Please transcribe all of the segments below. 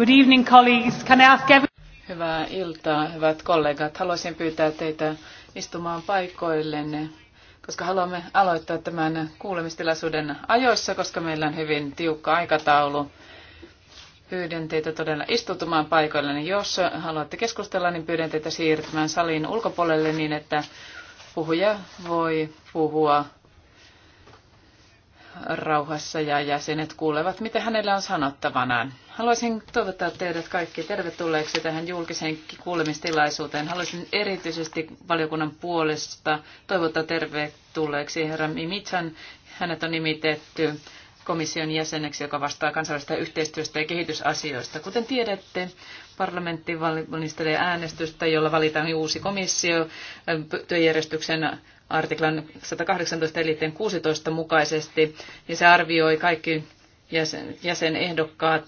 Good evening, colleagues. Can I ask every... Hyvää iltaa, hyvät kollegat. Haluaisin pyytää teitä istumaan paikoillenne, koska haluamme aloittaa tämän kuulemistilaisuuden ajoissa, koska meillä on hyvin tiukka aikataulu. Pyydän teitä todella istutumaan niin Jos haluatte keskustella, niin pyydän teitä siirtymään salin ulkopuolelle niin, että puhuja voi puhua rauhassa ja jäsenet kuulevat, mitä hänellä on sanottavanaan. Haluaisin toivottaa teidät kaikki tervetulleeksi tähän julkiseen kuulemistilaisuuteen. Haluaisin erityisesti valiokunnan puolesta toivottaa tervetulleeksi herra Mimitsan. Hänet on nimitetty komission jäseneksi, joka vastaa kansallisesta yhteistyöstä ja kehitysasioista. Kuten tiedätte, parlamentti valmistelee äänestystä, jolla valitaan uusi komissio työjärjestyksen artiklan 118 liitteen 16 mukaisesti, ja niin se arvioi kaikki jäsen, jäsenehdokkaat,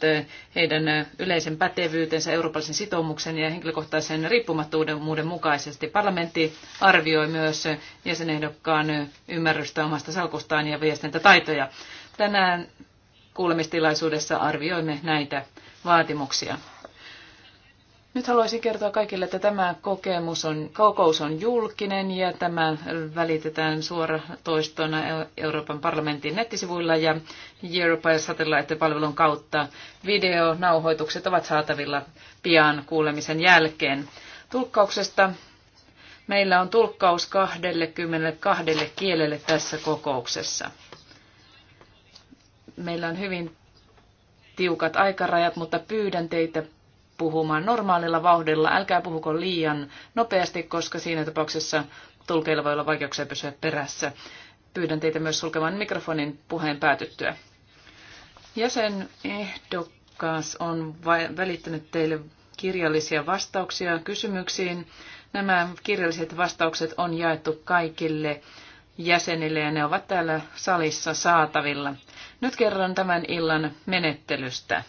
heidän yleisen pätevyytensä, eurooppalaisen sitoumuksen ja henkilökohtaisen riippumattomuuden mukaisesti. Parlamentti arvioi myös jäsenehdokkaan ymmärrystä omasta salkustaan ja viestintätaitoja. Tänään kuulemistilaisuudessa arvioimme näitä vaatimuksia. Nyt haluaisin kertoa kaikille, että tämä kokemus on, kokous on julkinen ja tämä välitetään suora toistona Euroopan parlamentin nettisivuilla ja Euroopan Satellite-palvelun kautta. Videonauhoitukset ovat saatavilla pian kuulemisen jälkeen. Tulkkauksesta meillä on tulkkaus 22 kielelle tässä kokouksessa. Meillä on hyvin tiukat aikarajat, mutta pyydän teitä puhumaan normaalilla vauhdilla. Älkää puhuko liian nopeasti, koska siinä tapauksessa tulkeilla voi olla vaikeuksia pysyä perässä. Pyydän teitä myös sulkemaan mikrofonin puheen päätyttyä. ehdokkaas on välittänyt teille kirjallisia vastauksia kysymyksiin. Nämä kirjalliset vastaukset on jaettu kaikille jäsenille ja ne ovat täällä salissa saatavilla. Nyt kerron tämän illan menettelystä.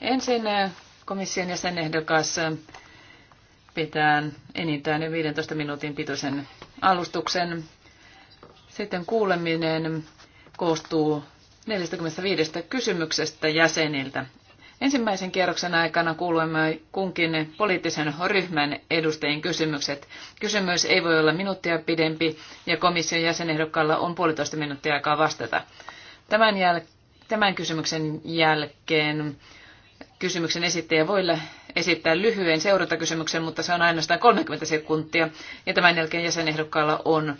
Ensin komission jäsenehdokas pitää enintään 15 minuutin pituisen alustuksen. Sitten kuuleminen koostuu 45 kysymyksestä jäseniltä. Ensimmäisen kierroksen aikana kuulemme kunkin poliittisen ryhmän edustajien kysymykset. Kysymys ei voi olla minuuttia pidempi ja komission jäsenehdokkaalla on puolitoista minuuttia aikaa vastata. Tämän, jäl- tämän kysymyksen jälkeen kysymyksen esittäjä voi esittää lyhyen seurantakysymyksen, mutta se on ainoastaan 30 sekuntia. Ja tämän jälkeen jäsenehdokkaalla on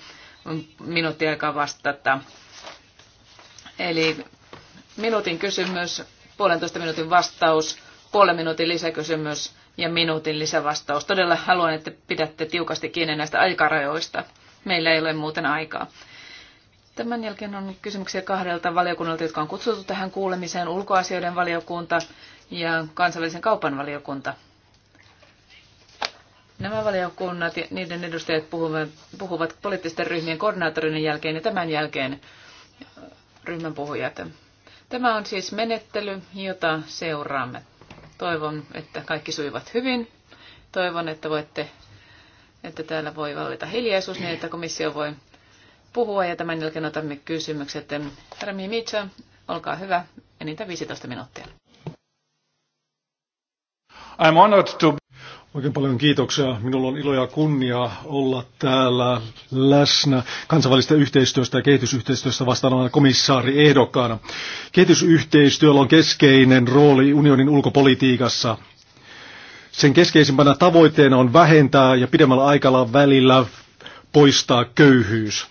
minuutti aikaa vastata. Eli minuutin kysymys, puolentoista minuutin vastaus, puolen minuutin lisäkysymys ja minuutin lisävastaus. Todella haluan, että pidätte tiukasti kiinni näistä aikarajoista. Meillä ei ole muuten aikaa. Tämän jälkeen on kysymyksiä kahdelta valiokunnalta, jotka on kutsuttu tähän kuulemiseen, ulkoasioiden valiokunta ja kansainvälisen kaupan valiokunta. Nämä valiokunnat ja niiden edustajat puhuvat, puhuvat poliittisten ryhmien koordinaattorin jälkeen ja tämän jälkeen ryhmän puhujat. Tämä on siis menettely, jota seuraamme. Toivon, että kaikki sujuvat hyvin. Toivon, että voitte, että täällä voi vallita hiljaisuus niin, että komissio voi puhua ja tämän jälkeen otamme kysymykset. Herra Mimitsa, olkaa hyvä, enintään 15 minuuttia. I'm honored to... Oikein paljon kiitoksia. Minulla on ilo ja kunnia olla täällä läsnä kansainvälistä yhteistyöstä ja kehitysyhteistyöstä vastaavana komissaari ehdokkaana. Kehitysyhteistyöllä on keskeinen rooli unionin ulkopolitiikassa. Sen keskeisimpänä tavoitteena on vähentää ja pidemmällä aikalla välillä poistaa köyhyys.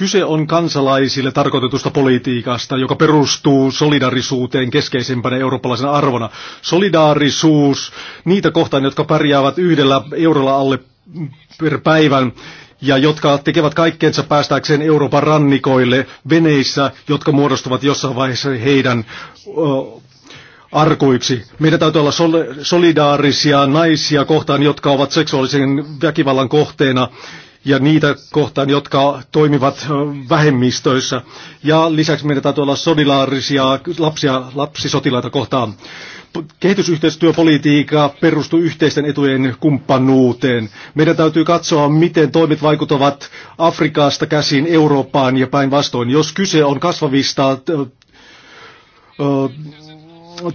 Kyse on kansalaisille tarkoitetusta politiikasta, joka perustuu solidarisuuteen keskeisimpänä eurooppalaisena arvona. Solidaarisuus niitä kohtaan, jotka pärjäävät yhdellä eurolla alle per päivän ja jotka tekevät kaikkeensa päästäkseen Euroopan rannikoille veneissä, jotka muodostuvat jossain vaiheessa heidän o, arkuiksi. Meidän täytyy olla sol- solidaarisia naisia kohtaan, jotka ovat seksuaalisen väkivallan kohteena ja niitä kohtaan, jotka toimivat vähemmistöissä. Ja lisäksi meidän täytyy olla sodilaarisia lapsia, lapsisotilaita kohtaan. Kehitysyhteistyöpolitiikka perustuu yhteisten etujen kumppanuuteen. Meidän täytyy katsoa, miten toimet vaikuttavat Afrikasta käsiin Eurooppaan ja päinvastoin. Jos kyse on kasvavista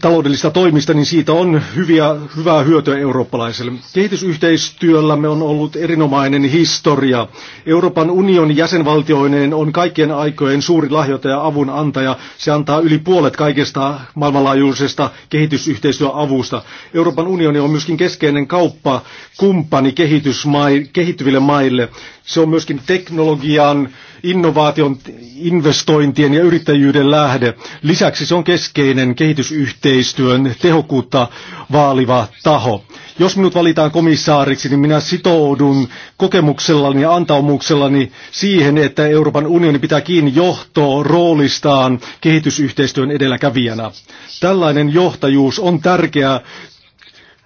taloudellista toimista, niin siitä on hyviä, hyvää hyötyä eurooppalaiselle. Kehitysyhteistyöllämme on ollut erinomainen historia. Euroopan unionin jäsenvaltioineen on kaikkien aikojen suuri lahjoittaja avun antaja. Se antaa yli puolet kaikesta maailmanlaajuisesta kehitysyhteistyöavusta. Euroopan unioni on myöskin keskeinen kauppakumppani kehitysmai, kehittyville maille. Se on myöskin teknologian, innovaation, investointien ja yrittäjyyden lähde. Lisäksi se on keskeinen kehitysyhteistyön tehokkuutta vaaliva taho. Jos minut valitaan komissaariksi, niin minä sitoudun kokemuksellani ja antaumuksellani siihen, että Euroopan unioni pitää kiinni johtoa roolistaan kehitysyhteistyön edelläkävijänä. Tällainen johtajuus on tärkeää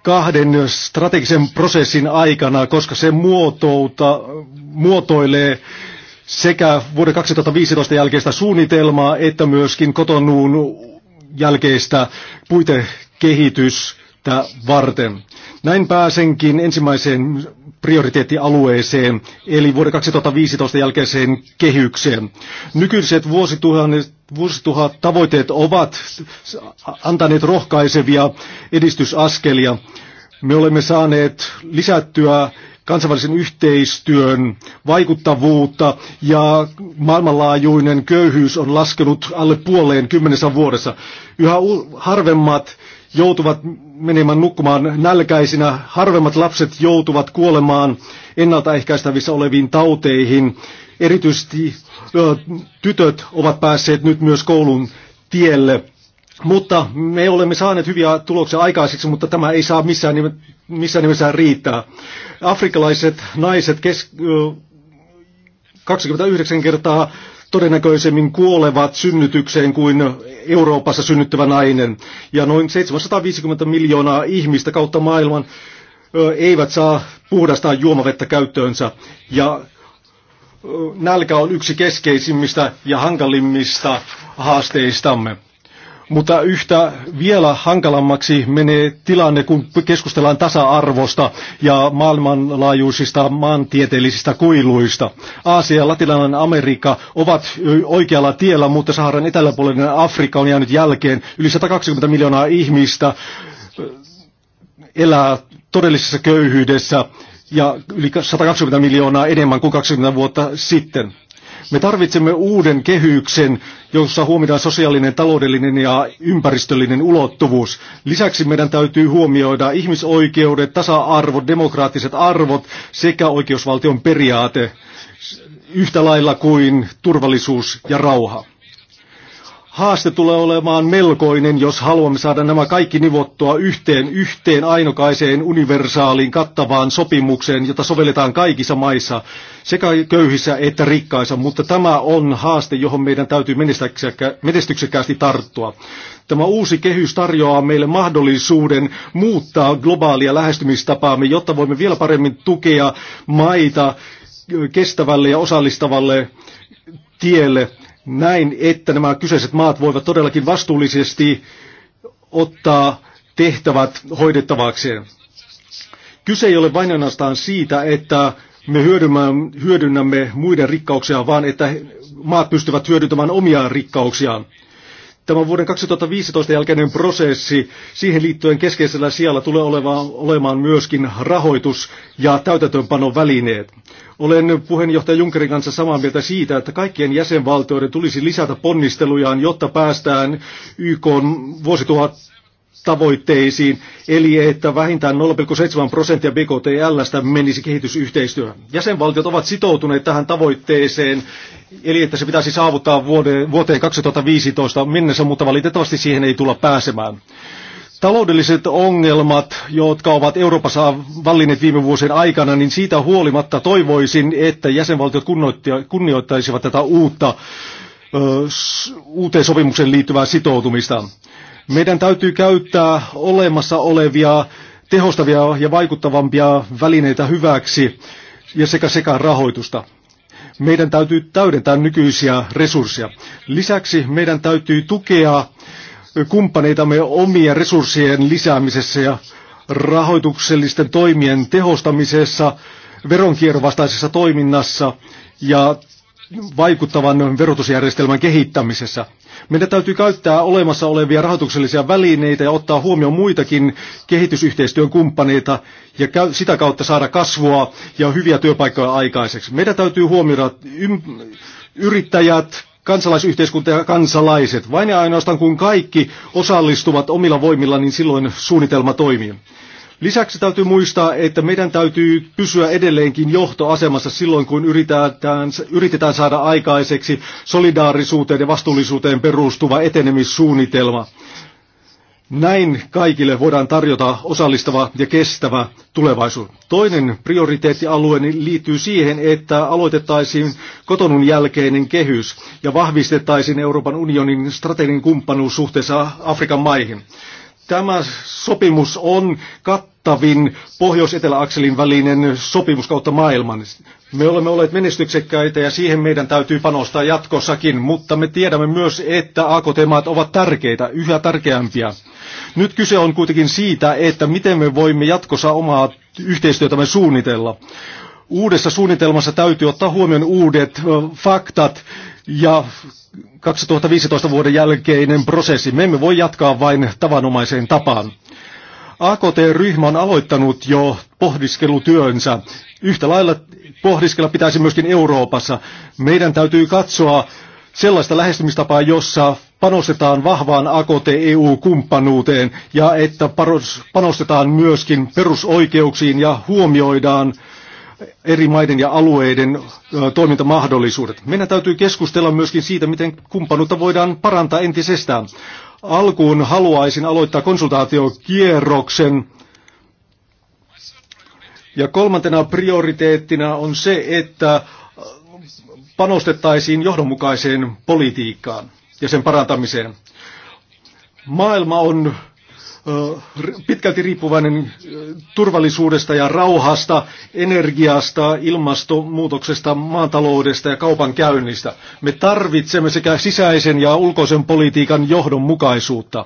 kahden strategisen prosessin aikana, koska se muotouta, muotoilee sekä vuoden 2015 jälkeistä suunnitelmaa että myöskin kotonuun jälkeistä puitekehitystä varten. Näin pääsenkin ensimmäiseen prioriteettialueeseen, eli vuoden 2015 jälkeiseen kehykseen. Nykyiset vuosituhannet vuosituhat tavoitteet ovat antaneet rohkaisevia edistysaskelia. Me olemme saaneet lisättyä kansainvälisen yhteistyön vaikuttavuutta ja maailmanlaajuinen köyhyys on laskenut alle puoleen kymmenessä vuodessa. Yhä harvemmat joutuvat menemään nukkumaan nälkäisinä, harvemmat lapset joutuvat kuolemaan ennaltaehkäistävissä oleviin tauteihin. Erityisesti tytöt ovat päässeet nyt myös koulun tielle. Mutta me olemme saaneet hyviä tuloksia aikaisiksi, mutta tämä ei saa missään, nime, missään nimessä riittää. Afrikalaiset naiset kes, 29 kertaa todennäköisemmin kuolevat synnytykseen kuin Euroopassa synnyttävä nainen. Ja noin 750 miljoonaa ihmistä kautta maailman eivät saa puhdasta juomavettä käyttöönsä. Ja nälkä on yksi keskeisimmistä ja hankalimmista haasteistamme. Mutta yhtä vielä hankalammaksi menee tilanne, kun keskustellaan tasa-arvosta ja maailmanlaajuisista maantieteellisistä kuiluista. Aasia ja Latinalainen Amerikka ovat oikealla tiellä, mutta Saharan eteläpuolinen Afrikka on jäänyt jälkeen. Yli 120 miljoonaa ihmistä eh, elää todellisessa köyhyydessä ja yli 120 miljoonaa enemmän kuin 20 vuotta sitten. Me tarvitsemme uuden kehyksen, jossa huomioidaan sosiaalinen, taloudellinen ja ympäristöllinen ulottuvuus. Lisäksi meidän täytyy huomioida ihmisoikeudet, tasa-arvot, demokraattiset arvot sekä oikeusvaltion periaate yhtä lailla kuin turvallisuus ja rauha. Haaste tulee olemaan melkoinen, jos haluamme saada nämä kaikki nivottua yhteen, yhteen ainokaiseen universaaliin kattavaan sopimukseen, jota sovelletaan kaikissa maissa, sekä köyhissä että rikkaissa, mutta tämä on haaste, johon meidän täytyy menestyksekkäästi tarttua. Tämä uusi kehys tarjoaa meille mahdollisuuden muuttaa globaalia lähestymistapaamme, jotta voimme vielä paremmin tukea maita kestävälle ja osallistavalle tielle näin, että nämä kyseiset maat voivat todellakin vastuullisesti ottaa tehtävät hoidettavakseen. Kyse ei ole vain ainoastaan siitä, että me hyödynnämme muiden rikkauksia, vaan että maat pystyvät hyödyntämään omia rikkauksiaan. Tämä vuoden 2015 jälkeinen prosessi, siihen liittyen keskeisellä sijalla tulee oleva, olemaan myöskin rahoitus ja täytäntöönpanon välineet. Olen puheenjohtaja Junckerin kanssa samaa mieltä siitä, että kaikkien jäsenvaltioiden tulisi lisätä ponnistelujaan, jotta päästään YK vuosituhat tavoitteisiin, eli että vähintään 0,7 prosenttia BKTLstä menisi kehitysyhteistyöhön. Jäsenvaltiot ovat sitoutuneet tähän tavoitteeseen, eli että se pitäisi saavuttaa vuoteen 2015 mennessä, mutta valitettavasti siihen ei tulla pääsemään. Taloudelliset ongelmat, jotka ovat Euroopassa vallinneet viime vuosien aikana, niin siitä huolimatta toivoisin, että jäsenvaltiot kunnioittaisivat tätä uutta, uuteen sopimukseen liittyvää sitoutumista. Meidän täytyy käyttää olemassa olevia tehostavia ja vaikuttavampia välineitä hyväksi ja sekä sekä rahoitusta. Meidän täytyy täydentää nykyisiä resursseja. Lisäksi meidän täytyy tukea kumppaneitamme omien resurssien lisäämisessä ja rahoituksellisten toimien tehostamisessa, veronkierrovastaisessa toiminnassa ja vaikuttavan verotusjärjestelmän kehittämisessä. Meidän täytyy käyttää olemassa olevia rahoituksellisia välineitä ja ottaa huomioon muitakin kehitysyhteistyön kumppaneita ja sitä kautta saada kasvua ja hyviä työpaikkoja aikaiseksi. Meidän täytyy huomioida yrittäjät, kansalaisyhteiskunta ja kansalaiset. Vain ja ainoastaan kun kaikki osallistuvat omilla voimilla, niin silloin suunnitelma toimii. Lisäksi täytyy muistaa, että meidän täytyy pysyä edelleenkin johtoasemassa silloin, kun yritetään, yritetään saada aikaiseksi solidaarisuuteen ja vastuullisuuteen perustuva etenemissuunnitelma. Näin kaikille voidaan tarjota osallistava ja kestävä tulevaisuus. Toinen prioriteettialue liittyy siihen, että aloitettaisiin kotonun jälkeinen kehys ja vahvistettaisiin Euroopan unionin strateginen kumppanuus suhteessa Afrikan maihin. Tämä sopimus on kattavin Pohjois-Etelä-akselin välinen sopimus kautta maailman. Me olemme olleet menestyksekkäitä ja siihen meidän täytyy panostaa jatkossakin, mutta me tiedämme myös, että AKT-maat ovat tärkeitä, yhä tärkeämpiä. Nyt kyse on kuitenkin siitä, että miten me voimme jatkossa omaa yhteistyötämme suunnitella. Uudessa suunnitelmassa täytyy ottaa huomioon uudet faktat ja 2015 vuoden jälkeinen prosessi. Me emme voi jatkaa vain tavanomaiseen tapaan. AKT-ryhmä on aloittanut jo pohdiskelutyönsä. Yhtä lailla pohdiskella pitäisi myöskin Euroopassa. Meidän täytyy katsoa sellaista lähestymistapaa, jossa panostetaan vahvaan AKT-EU-kumppanuuteen ja että panostetaan myöskin perusoikeuksiin ja huomioidaan eri maiden ja alueiden toimintamahdollisuudet. Meidän täytyy keskustella myöskin siitä, miten kumppanuutta voidaan parantaa entisestään. Alkuun haluaisin aloittaa konsultaatiokierroksen. Ja kolmantena prioriteettina on se, että panostettaisiin johdonmukaiseen politiikkaan ja sen parantamiseen. Maailma on pitkälti riippuvainen turvallisuudesta ja rauhasta, energiasta, ilmastonmuutoksesta, maataloudesta ja kaupan käynnistä. Me tarvitsemme sekä sisäisen ja ulkoisen politiikan johdonmukaisuutta.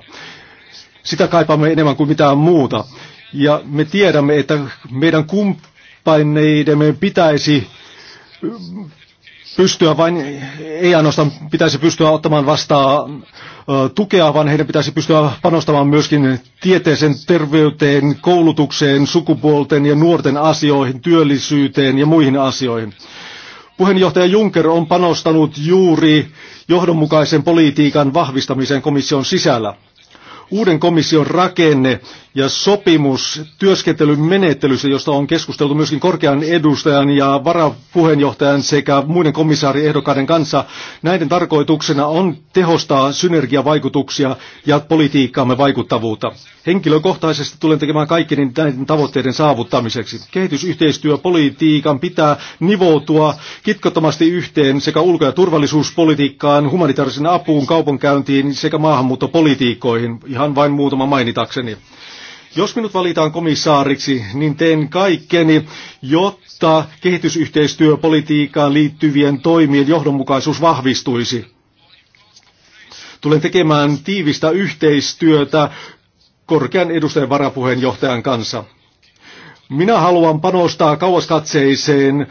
Sitä kaipaamme enemmän kuin mitään muuta. Ja me tiedämme, että meidän kumppaneidemme pitäisi pystyä vain, ei ainoastaan pitäisi pystyä ottamaan vastaan tukea, vaan heidän pitäisi pystyä panostamaan myöskin tieteeseen, terveyteen, koulutukseen, sukupuolten ja nuorten asioihin, työllisyyteen ja muihin asioihin. Puheenjohtaja Juncker on panostanut juuri johdonmukaisen politiikan vahvistamiseen komission sisällä uuden komission rakenne ja sopimus työskentelyn menettelyssä, josta on keskusteltu myöskin korkean edustajan ja varapuheenjohtajan sekä muiden komissaariehdokkaiden kanssa. Näiden tarkoituksena on tehostaa synergiavaikutuksia ja politiikkaamme vaikuttavuutta. Henkilökohtaisesti tulen tekemään kaikki näiden tavoitteiden saavuttamiseksi. Kehitysyhteistyöpolitiikan pitää nivoutua kitkottomasti yhteen sekä ulko- ja turvallisuuspolitiikkaan, humanitaarisen apuun, kaupankäyntiin sekä maahanmuuttopolitiikkoihin, ihan vain muutama mainitakseni. Jos minut valitaan komissaariksi, niin teen kaikkeni, jotta kehitysyhteistyöpolitiikkaan liittyvien toimien johdonmukaisuus vahvistuisi. Tulen tekemään tiivistä yhteistyötä korkean edustajan varapuheenjohtajan kanssa. Minä haluan panostaa kauaskatseiseen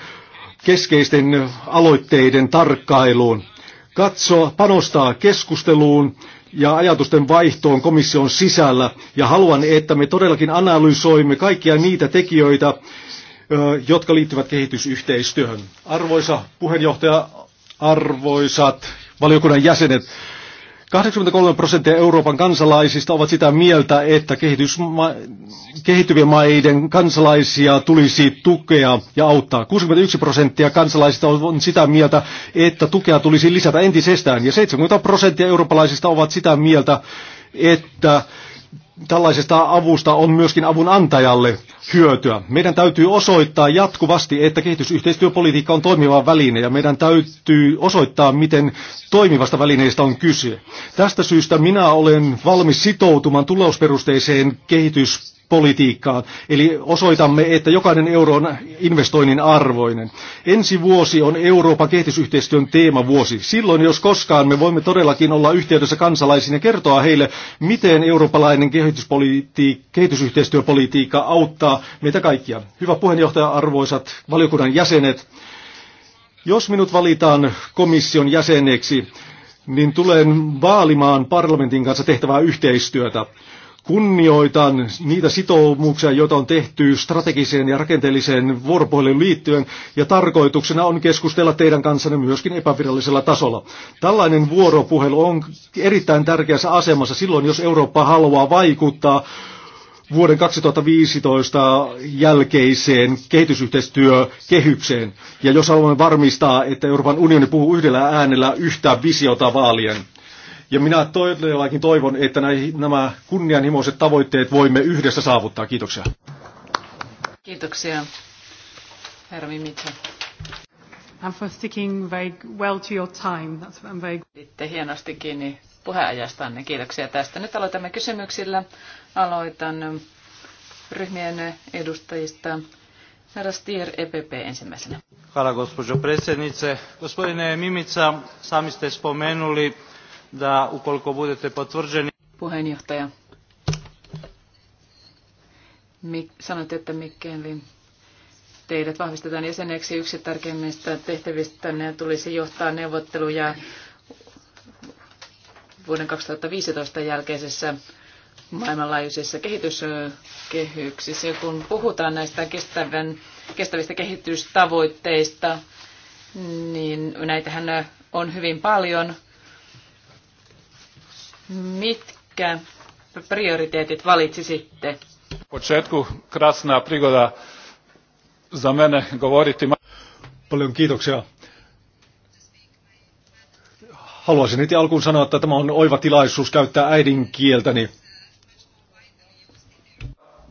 keskeisten aloitteiden tarkkailuun. Katso, panostaa keskusteluun ja ajatusten vaihtoon komission sisällä. Ja haluan, että me todellakin analysoimme kaikkia niitä tekijöitä, jotka liittyvät kehitysyhteistyöhön. Arvoisa puheenjohtaja, arvoisat valiokunnan jäsenet, 83 prosenttia Euroopan kansalaisista ovat sitä mieltä, että kehittyvien maiden kansalaisia tulisi tukea ja auttaa. 61 prosenttia kansalaisista on sitä mieltä, että tukea tulisi lisätä entisestään. Ja 70 prosenttia eurooppalaisista ovat sitä mieltä, että tällaisesta avusta on myöskin avun antajalle hyötyä. Meidän täytyy osoittaa jatkuvasti, että kehitysyhteistyöpolitiikka on toimiva väline ja meidän täytyy osoittaa, miten toimivasta välineestä on kyse. Tästä syystä minä olen valmis sitoutumaan tulosperusteiseen kehitys politiikkaan. Eli osoitamme, että jokainen euro on investoinnin arvoinen. Ensi vuosi on Euroopan kehitysyhteistyön teemavuosi. Silloin, jos koskaan, me voimme todellakin olla yhteydessä kansalaisiin ja kertoa heille, miten eurooppalainen kehitysyhteistyöpolitiikka auttaa meitä kaikkia. Hyvä puheenjohtaja, arvoisat valiokunnan jäsenet. Jos minut valitaan komission jäseneksi, niin tulen vaalimaan parlamentin kanssa tehtävää yhteistyötä kunnioitan niitä sitoumuksia, joita on tehty strategiseen ja rakenteelliseen vuoropuheluun liittyen, ja tarkoituksena on keskustella teidän kanssanne myöskin epävirallisella tasolla. Tällainen vuoropuhelu on erittäin tärkeässä asemassa silloin, jos Eurooppa haluaa vaikuttaa vuoden 2015 jälkeiseen kehitysyhteistyökehykseen. Ja jos haluamme varmistaa, että Euroopan unioni puhuu yhdellä äänellä yhtä visiota vaalien ja minä todellakin toivon, että nämä kunnianhimoiset tavoitteet voimme yhdessä saavuttaa. Kiitoksia. Kiitoksia, herra Mimitsa. I'm for sticking very well to your time. That's what I'm very... Sitten hienosti kiinni puheenajastanne. Kiitoksia tästä. Nyt aloitamme kysymyksillä. Aloitan ryhmien edustajista. Herra Stier, EPP ensimmäisenä. Hvala, gospođo predsjednice. Gospodine Mimica, sami ste spomenuli da ukoliko budete potvrđeni... Puheenjohtaja. Mik, sanot, että Mikkeli, teidät vahvistetaan jäseneksi yksi tärkeimmistä tehtävistä, ne tulisi johtaa neuvotteluja vuoden 2015 jälkeisessä maailmanlaajuisessa kehityskehyksissä. Kun puhutaan näistä kestävän, kestävistä kehitystavoitteista, niin näitähän on hyvin paljon. Mitkä prioriteetit valitsisitte? Početku krasna prigoda za mene govoriti. Paljon kiitoksia. Haluaisin heti alkuun sanoa, että tämä on oiva tilaisuus käyttää äidinkieltäni.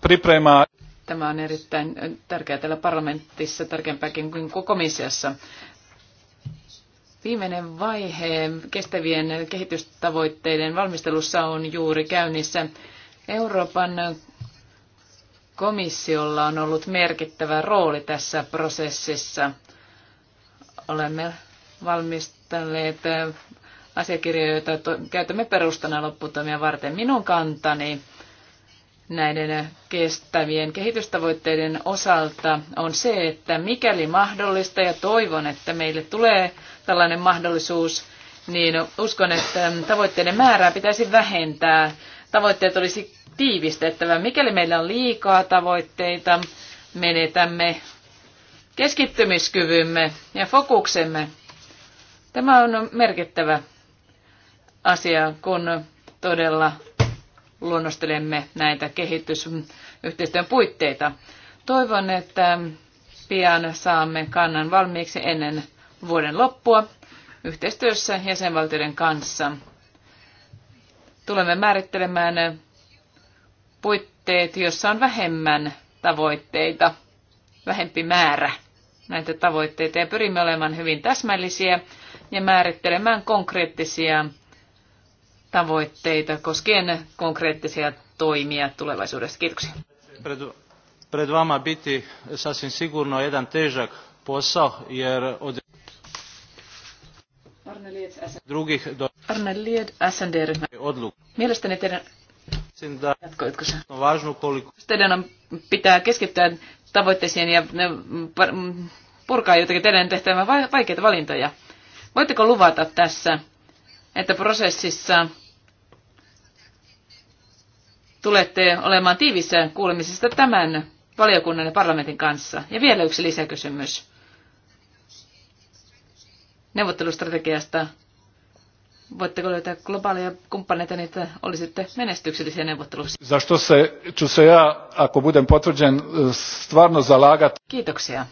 Priprema. Tämä on erittäin tärkeää täällä parlamentissa, tärkeämpääkin kuin komissiossa. Viimeinen vaihe kestävien kehitystavoitteiden valmistelussa on juuri käynnissä. Euroopan komissiolla on ollut merkittävä rooli tässä prosessissa. Olemme valmistelleet äh, asiakirjoja, joita käytämme perustana lopputoimia varten. Minun kantani näiden kestävien kehitystavoitteiden osalta on se, että mikäli mahdollista, ja toivon, että meille tulee tällainen mahdollisuus, niin uskon, että tavoitteiden määrää pitäisi vähentää. Tavoitteet olisi tiivistettävä. Mikäli meillä on liikaa tavoitteita, menetämme keskittymiskyvymme ja fokuksemme. Tämä on merkittävä asia, kun todella luonnostelemme näitä kehitysyhteistyön puitteita. Toivon, että pian saamme kannan valmiiksi ennen vuoden loppua yhteistyössä jäsenvaltioiden kanssa. Tulemme määrittelemään puitteet, jossa on vähemmän tavoitteita, vähempi määrä näitä tavoitteita ja pyrimme olemaan hyvin täsmällisiä ja määrittelemään konkreettisia tavoitteita koskien konkreettisia toimia tulevaisuudessa. Kiitoksia. Pred, pred vama biti sasvim sigurno jedan težak posao, jer od drugih do... Arne Lied, SND-ryhmä. Mielestäni teidän... Jatkoitko sä? Teidän on, pitää keskittyä tavoitteisiin ja purkaa jotenkin teidän tehtävän vaikeita valintoja. Voitteko luvata tässä, että prosessissa tulette olemaan tiivissä kuulemisesta tämän valiokunnan ja parlamentin kanssa. Ja vielä yksi lisäkysymys neuvottelustrategiasta. Voitteko löytää globaaleja kumppaneita, niin että olisitte menestyksellisiä neuvottelussa? Za što se, ću se ja, ako budem potvrđen, stvarno zalagat. Kiitoksia.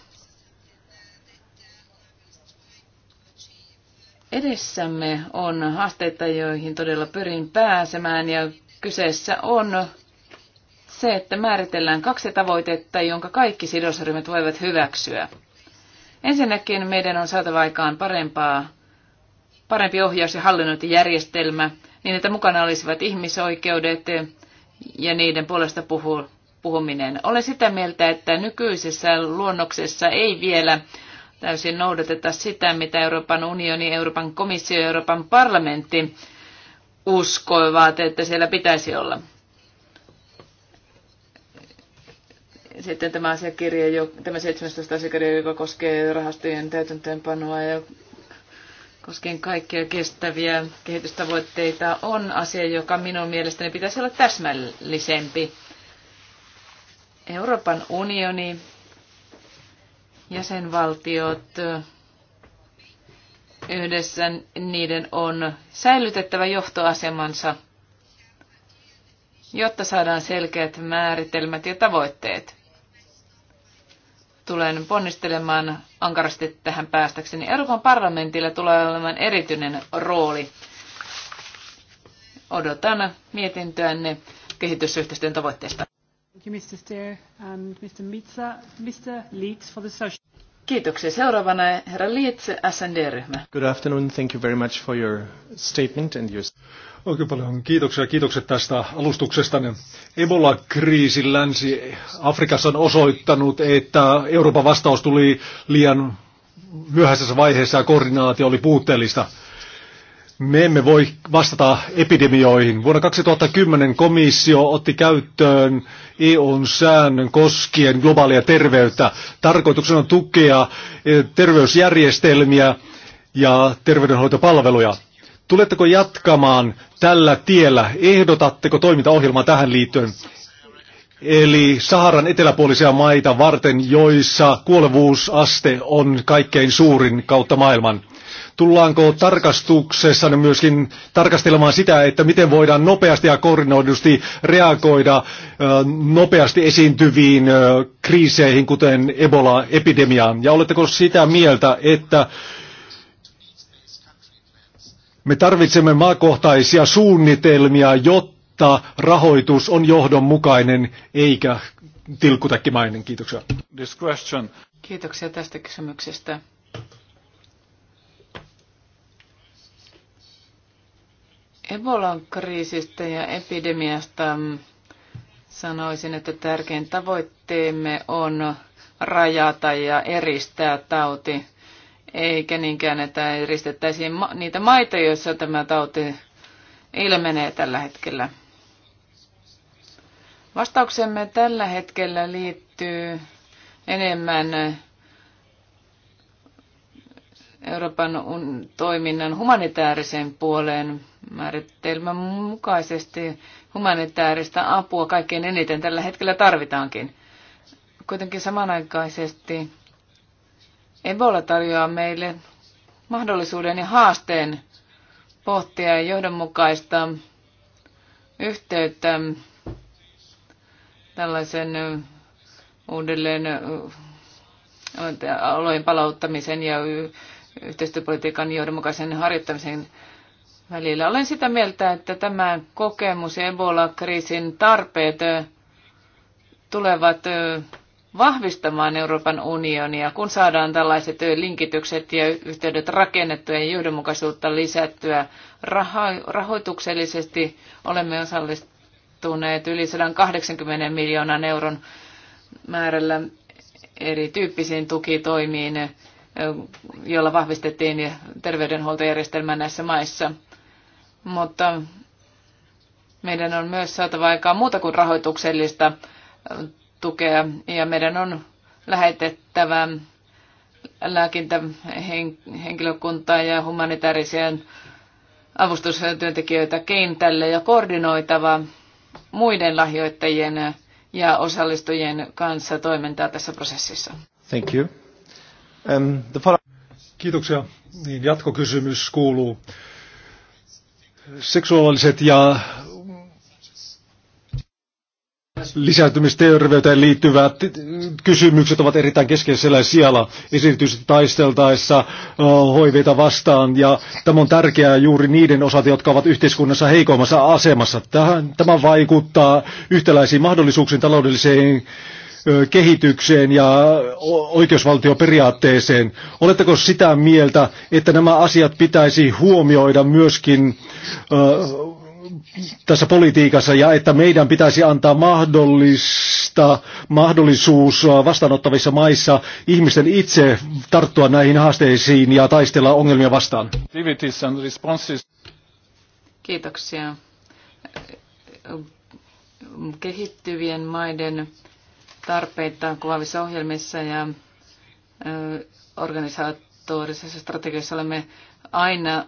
Edessämme on haasteita, joihin todella pyrin pääsemään ja Kyseessä on se, että määritellään kaksi tavoitetta, jonka kaikki sidosryhmät voivat hyväksyä. Ensinnäkin meidän on saatava aikaan parempaa, parempi ohjaus- ja hallinnointijärjestelmä, niin että mukana olisivat ihmisoikeudet ja niiden puolesta puhu, puhuminen. Olen sitä mieltä, että nykyisessä luonnoksessa ei vielä täysin noudateta sitä, mitä Euroopan unioni, Euroopan komissio ja Euroopan parlamentti uskoivat, että siellä pitäisi olla. Sitten tämä asiakirja, tämä 17 asiakirja, joka koskee rahastojen täytäntöönpanoa ja koskien kaikkia kestäviä kehitystavoitteita, on asia, joka minun mielestäni pitäisi olla täsmällisempi. Euroopan unioni, jäsenvaltiot, Yhdessä niiden on säilytettävä johtoasemansa, jotta saadaan selkeät määritelmät ja tavoitteet. Tulen ponnistelemaan ankarasti tähän päästäkseni. Euroopan parlamentilla tulee olemaan erityinen rooli. Odotan mietintöänne kehitysyhteistyön tavoitteista. Thank you, Mr. Steer and Mr. Mitsa. Mr. Leeds for the social. Kiitoksia. Seuraavana herra Liitse, SND-ryhmä. Good afternoon. Thank you very much for your statement and your... Oikein paljon kiitoksia. Kiitokset tästä alustuksesta. Ebola-kriisi Länsi-Afrikassa on osoittanut, että Euroopan vastaus tuli liian myöhäisessä vaiheessa ja koordinaatio oli puutteellista. Me emme voi vastata epidemioihin. Vuonna 2010 komissio otti käyttöön EUn säännön koskien globaalia terveyttä. Tarkoituksena on tukea eh, terveysjärjestelmiä ja terveydenhoitopalveluja. Tuletteko jatkamaan tällä tiellä? Ehdotatteko toimintaohjelmaa tähän liittyen? Eli Saharan eteläpuolisia maita varten, joissa kuolevuusaste on kaikkein suurin kautta maailman. Tullaanko tarkastuksessa myöskin tarkastelemaan sitä, että miten voidaan nopeasti ja koordinoidusti reagoida nopeasti esiintyviin kriiseihin, kuten Ebola-epidemiaan? Ja oletteko sitä mieltä, että me tarvitsemme maakohtaisia suunnitelmia, jotta rahoitus on johdonmukainen eikä tilkkutäkkimäinen? Kiitoksia. Kiitoksia tästä kysymyksestä. Ebolan kriisistä ja epidemiasta sanoisin, että tärkein tavoitteemme on rajata ja eristää tauti, eikä niinkään, että eristettäisiin niitä maita, joissa tämä tauti ilmenee tällä hetkellä. Vastauksemme tällä hetkellä liittyy enemmän Euroopan toiminnan humanitaariseen puoleen määritelmän mukaisesti humanitaarista apua kaikkein eniten tällä hetkellä tarvitaankin. Kuitenkin samanaikaisesti Ebola tarjoaa meille mahdollisuuden ja haasteen pohtia johdonmukaista yhteyttä tällaisen uudelleen alojen palauttamisen ja yhteistyöpolitiikan johdonmukaisen harjoittamisen välillä. Olen sitä mieltä, että tämä kokemus ja Ebola-kriisin tarpeet tulevat vahvistamaan Euroopan unionia, kun saadaan tällaiset linkitykset ja yhteydet rakennettua ja johdonmukaisuutta lisättyä. rahoituksellisesti olemme osallistuneet yli 180 miljoonan euron määrällä erityyppisiin tukitoimiin, joilla vahvistettiin terveydenhuoltojärjestelmää näissä maissa mutta meidän on myös saatava aikaa muuta kuin rahoituksellista tukea ja meidän on lähetettävä lääkintähenkilökuntaa ja humanitaarisia avustustyöntekijöitä kentälle ja koordinoitava muiden lahjoittajien ja osallistujien kanssa toimintaa tässä prosessissa. Thank you. Um, the... Kiitoksia. Niin, jatkokysymys kuuluu seksuaaliset ja lisääntymisterveyteen liittyvät kysymykset ovat erittäin keskeisellä siellä esityisesti taisteltaessa hoiveita vastaan ja tämä on tärkeää juuri niiden osat, jotka ovat yhteiskunnassa heikoimmassa asemassa. Tämä vaikuttaa yhtäläisiin mahdollisuuksiin taloudelliseen kehitykseen ja oikeusvaltioperiaatteeseen. Oletteko sitä mieltä, että nämä asiat pitäisi huomioida myöskin tässä politiikassa ja että meidän pitäisi antaa mahdollista, mahdollisuus vastaanottavissa maissa ihmisten itse tarttua näihin haasteisiin ja taistella ongelmia vastaan? Kiitoksia. Kehittyvien maiden tarpeita kuvaavissa ohjelmissa ja organisaattorisessa strategiassa olemme aina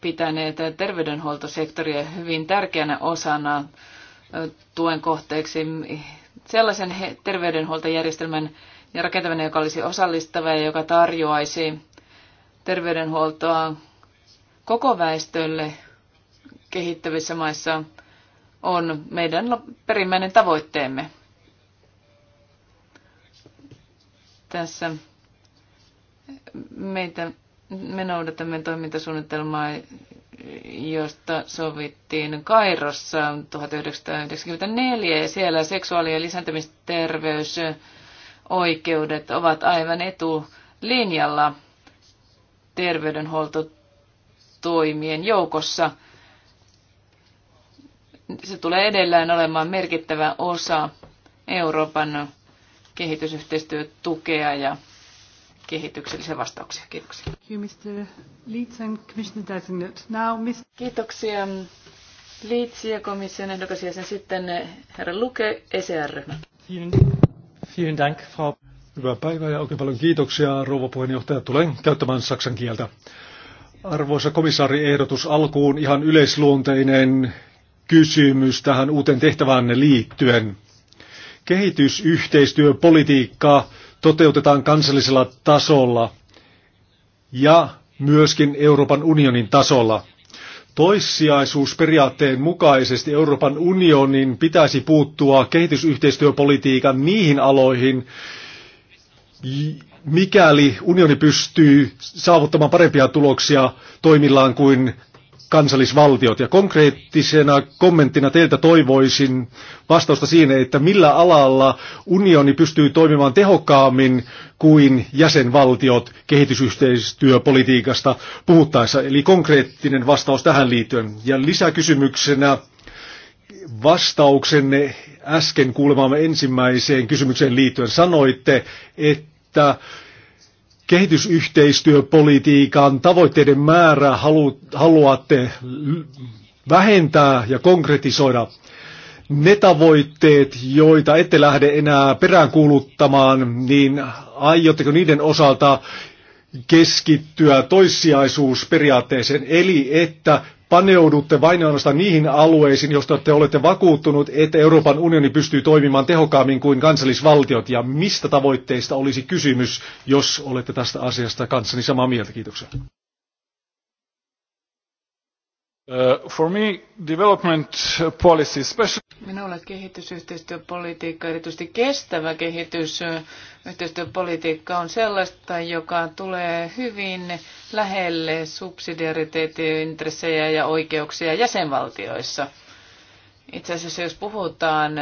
pitäneet terveydenhuoltosektoria hyvin tärkeänä osana tuen kohteeksi sellaisen terveydenhuoltojärjestelmän ja rakentaminen, joka olisi osallistava ja joka tarjoaisi terveydenhuoltoa koko väestölle kehittävissä maissa on meidän perimmäinen tavoitteemme. Tässä meitä, me noudatamme toimintasuunnitelmaa, josta sovittiin Kairossa 1994 ja siellä seksuaali- ja lisääntymisterveysoikeudet ovat aivan etulinjalla terveydenhuoltotoimien joukossa. Se tulee edelleen olemaan merkittävä osa Euroopan kehitysyhteistyötukea ja kehityksellisiä vastauksia. Kiitoksia. Kiitoksia. Liitsi ja komission ehdokas ja sen sitten eh, herra Luke, ECR-ryhmä. Vielen Dank, Frau. Hyvää päivää ja oikein paljon kiitoksia, rouva puheenjohtaja. Tulen käyttämään saksan kieltä. Arvoisa komissaari, ehdotus alkuun ihan yleisluonteinen kysymys tähän uuteen tehtävään liittyen. Kehitysyhteistyöpolitiikkaa toteutetaan kansallisella tasolla ja myöskin Euroopan unionin tasolla. Toissijaisuusperiaatteen mukaisesti Euroopan unionin pitäisi puuttua kehitysyhteistyöpolitiikan niihin aloihin, mikäli unioni pystyy saavuttamaan parempia tuloksia toimillaan kuin kansallisvaltiot. Ja konkreettisena kommenttina teiltä toivoisin vastausta siihen, että millä alalla unioni pystyy toimimaan tehokkaammin kuin jäsenvaltiot kehitysyhteistyöpolitiikasta puhuttaessa. Eli konkreettinen vastaus tähän liittyen. Ja lisäkysymyksenä vastauksenne äsken kuulemaamme ensimmäiseen kysymykseen liittyen sanoitte, että kehitysyhteistyöpolitiikan tavoitteiden määrää haluatte vähentää ja konkretisoida? Ne tavoitteet, joita ette lähde enää peräänkuuluttamaan, niin aiotteko niiden osalta keskittyä toissijaisuusperiaatteeseen, eli että paneudutte vain ja ainoastaan niihin alueisiin, joista te olette vakuuttunut, että Euroopan unioni pystyy toimimaan tehokkaammin kuin kansallisvaltiot. Ja mistä tavoitteista olisi kysymys, jos olette tästä asiasta kanssani samaa mieltä? Kiitoksia. Uh, kehitysyhteistyöpolitiikka, erityisesti kestävä kehitys, yhteistyöpolitiikka on sellaista, joka tulee hyvin lähelle subsidiariteettiintressejä ja oikeuksia jäsenvaltioissa. Itse asiassa jos puhutaan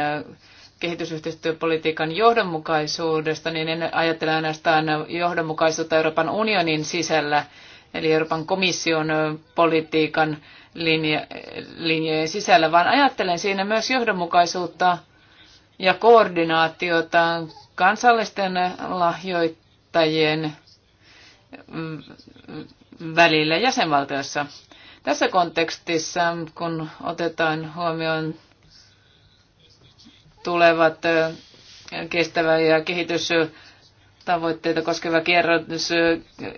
kehitysyhteistyöpolitiikan johdonmukaisuudesta, niin en ajattele ainoastaan johdonmukaisuutta Euroopan unionin sisällä, eli Euroopan komission politiikan linja, linjojen sisällä, vaan ajattelen siinä myös johdonmukaisuutta ja koordinaatiota kansallisten lahjoittajien välillä jäsenvaltioissa. Tässä kontekstissa, kun otetaan huomioon tulevat kestävä ja kehitystavoitteita koskeva kierros,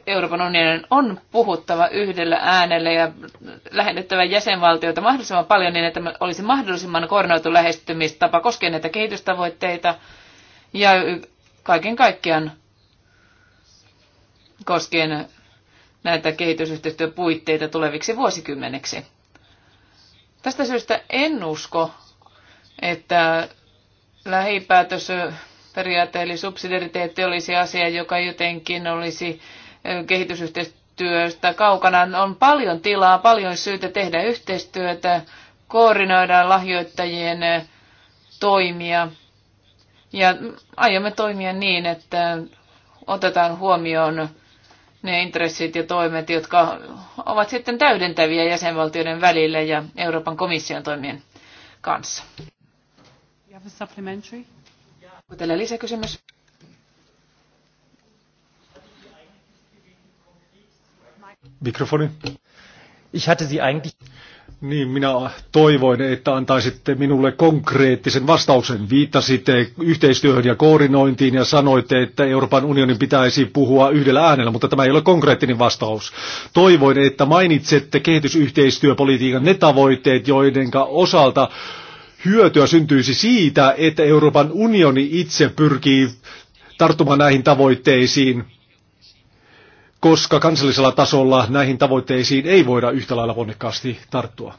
Euroopan unionin on puhuttava yhdellä äänellä ja lähennettävä jäsenvaltioita mahdollisimman paljon niin, että olisi mahdollisimman koordinoitu lähestymistapa koskien näitä kehitystavoitteita, ja kaiken kaikkiaan koskien näitä kehitysyhteistyöpuitteita tuleviksi vuosikymmeneksi. Tästä syystä en usko, että periaate eli subsidiariteetti olisi asia, joka jotenkin olisi kehitysyhteistyöstä kaukana. On paljon tilaa, paljon syytä tehdä yhteistyötä, koordinoida lahjoittajien toimia ja aiomme toimia niin, että otetaan huomioon ne intressit ja toimet, jotka ovat sitten täydentäviä jäsenvaltioiden välillä ja Euroopan komission toimien kanssa. Onko lisäkysymys? Mikrofoni. Ich hatte Sie eigentlich... Niin, minä toivoin, että antaisitte minulle konkreettisen vastauksen. Viittasitte yhteistyöhön ja koordinointiin ja sanoitte, että Euroopan unionin pitäisi puhua yhdellä äänellä, mutta tämä ei ole konkreettinen vastaus. Toivoin, että mainitsette kehitysyhteistyöpolitiikan ne tavoitteet, joiden osalta hyötyä syntyisi siitä, että Euroopan unioni itse pyrkii tarttumaan näihin tavoitteisiin koska kansallisella tasolla näihin tavoitteisiin ei voida yhtä lailla ponnekkaasti tarttua.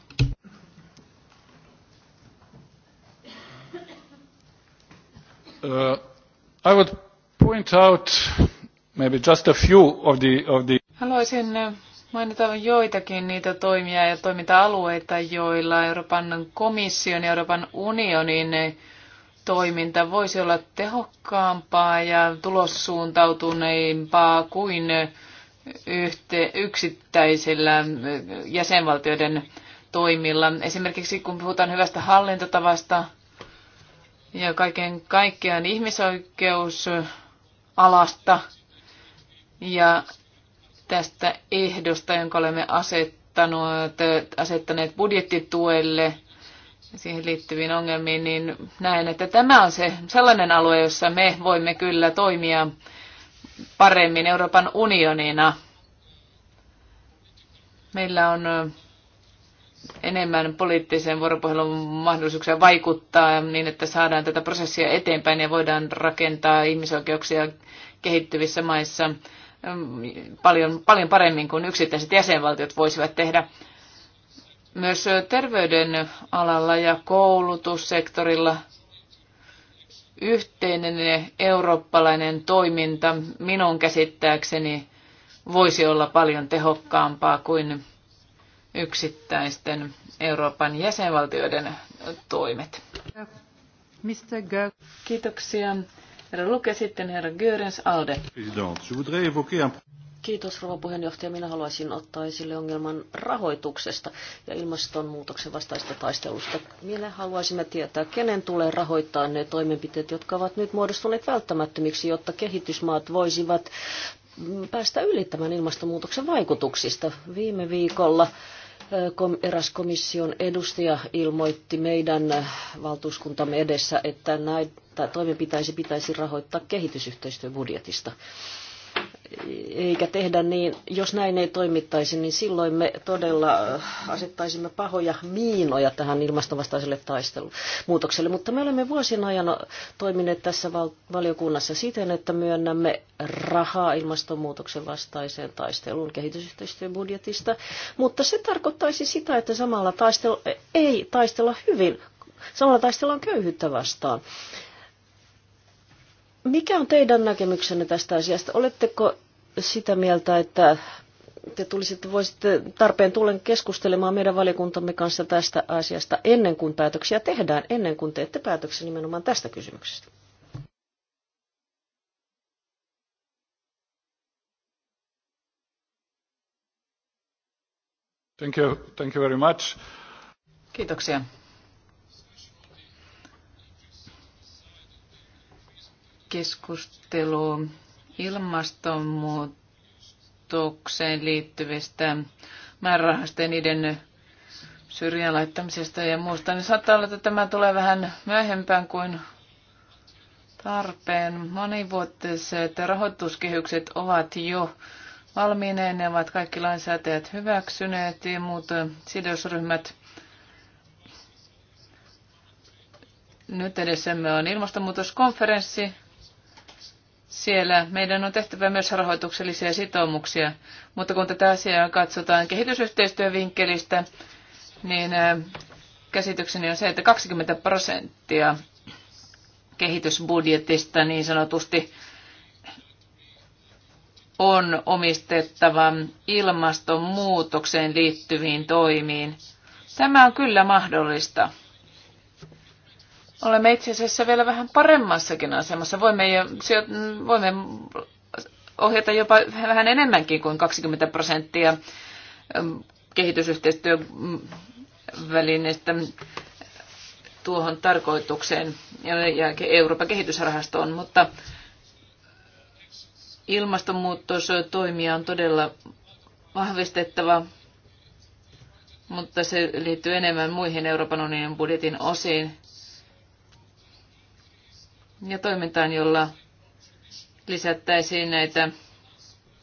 Uh, I would point out maybe just a few of the, of the... Haluaisin mainita joitakin niitä toimia ja toiminta-alueita, joilla Euroopan komission ja Euroopan unionin toiminta voisi olla tehokkaampaa ja tulossuuntautuneimpaa kuin yhte, yksittäisillä jäsenvaltioiden toimilla. Esimerkiksi kun puhutaan hyvästä hallintotavasta ja kaiken kaikkiaan ihmisoikeusalasta ja tästä ehdosta, jonka olemme asettanut, asettaneet budjettituelle siihen liittyviin ongelmiin, niin näen, että tämä on se sellainen alue, jossa me voimme kyllä toimia paremmin Euroopan unionina. Meillä on enemmän poliittisen vuoropuhelun mahdollisuuksia vaikuttaa niin, että saadaan tätä prosessia eteenpäin ja voidaan rakentaa ihmisoikeuksia kehittyvissä maissa paljon, paljon paremmin kuin yksittäiset jäsenvaltiot voisivat tehdä. Myös terveyden alalla ja koulutussektorilla yhteinen eurooppalainen toiminta minun käsittääkseni voisi olla paljon tehokkaampaa kuin yksittäisten Euroopan jäsenvaltioiden toimet. Mr. Kiitoksia. Herra Luke, sitten herra Görens Alde. Kiitos rouva puheenjohtaja. Minä haluaisin ottaa esille ongelman rahoituksesta ja ilmastonmuutoksen vastaista taistelusta. Minä haluaisimme tietää, kenen tulee rahoittaa ne toimenpiteet, jotka ovat nyt muodostuneet välttämättömiksi, jotta kehitysmaat voisivat päästä ylittämään ilmastonmuutoksen vaikutuksista. Viime viikolla eräs komission edustaja ilmoitti meidän valtuuskuntamme edessä, että näitä toimenpiteitä pitäisi rahoittaa kehitysyhteistyöbudjetista. budjetista eikä tehdä niin, jos näin ei toimittaisi, niin silloin me todella äh, asettaisimme pahoja miinoja tähän ilmastovastaiselle taistelumuutokselle. Mutta me olemme vuosien ajan toimineet tässä valiokunnassa siten, että myönnämme rahaa ilmastonmuutoksen vastaiseen taisteluun budjetista. mutta se tarkoittaisi sitä, että samalla taistelu, ei taistella hyvin, samalla taistellaan köyhyyttä vastaan. Mikä on teidän näkemyksenne tästä asiasta? Oletteko sitä mieltä, että te tulisitte, voisitte tarpeen tullen keskustelemaan meidän valiokuntamme kanssa tästä asiasta ennen kuin päätöksiä tehdään, ennen kuin teette päätöksen nimenomaan tästä kysymyksestä? Thank you, thank you very much. Kiitoksia. keskustelu ilmastonmuutokseen liittyvistä määrärahasta ja niiden syrjään laittamisesta ja muusta, niin saattaa olla, että tämä tulee vähän myöhempään kuin tarpeen. Monivuotiset rahoituskehykset ovat jo valmiineen, ne ovat kaikki lainsäätäjät hyväksyneet ja muut sidosryhmät. Nyt edessämme on ilmastonmuutoskonferenssi, siellä meidän on tehtävä myös rahoituksellisia sitoumuksia. Mutta kun tätä asiaa katsotaan kehitysyhteistyövinkkelistä, niin käsitykseni on se, että 20 prosenttia kehitysbudjetista niin sanotusti on omistettava ilmastonmuutokseen liittyviin toimiin. Tämä on kyllä mahdollista olemme itse asiassa vielä vähän paremmassakin asemassa. Voimme, jo, voimme ohjata jopa vähän enemmänkin kuin 20 prosenttia mm, kehitysyhteistyövälineistä tuohon tarkoitukseen ja Euroopan kehitysrahastoon, mutta toimia on todella vahvistettava, mutta se liittyy enemmän muihin Euroopan unionin budjetin osiin ja toimintaan, jolla lisättäisiin näitä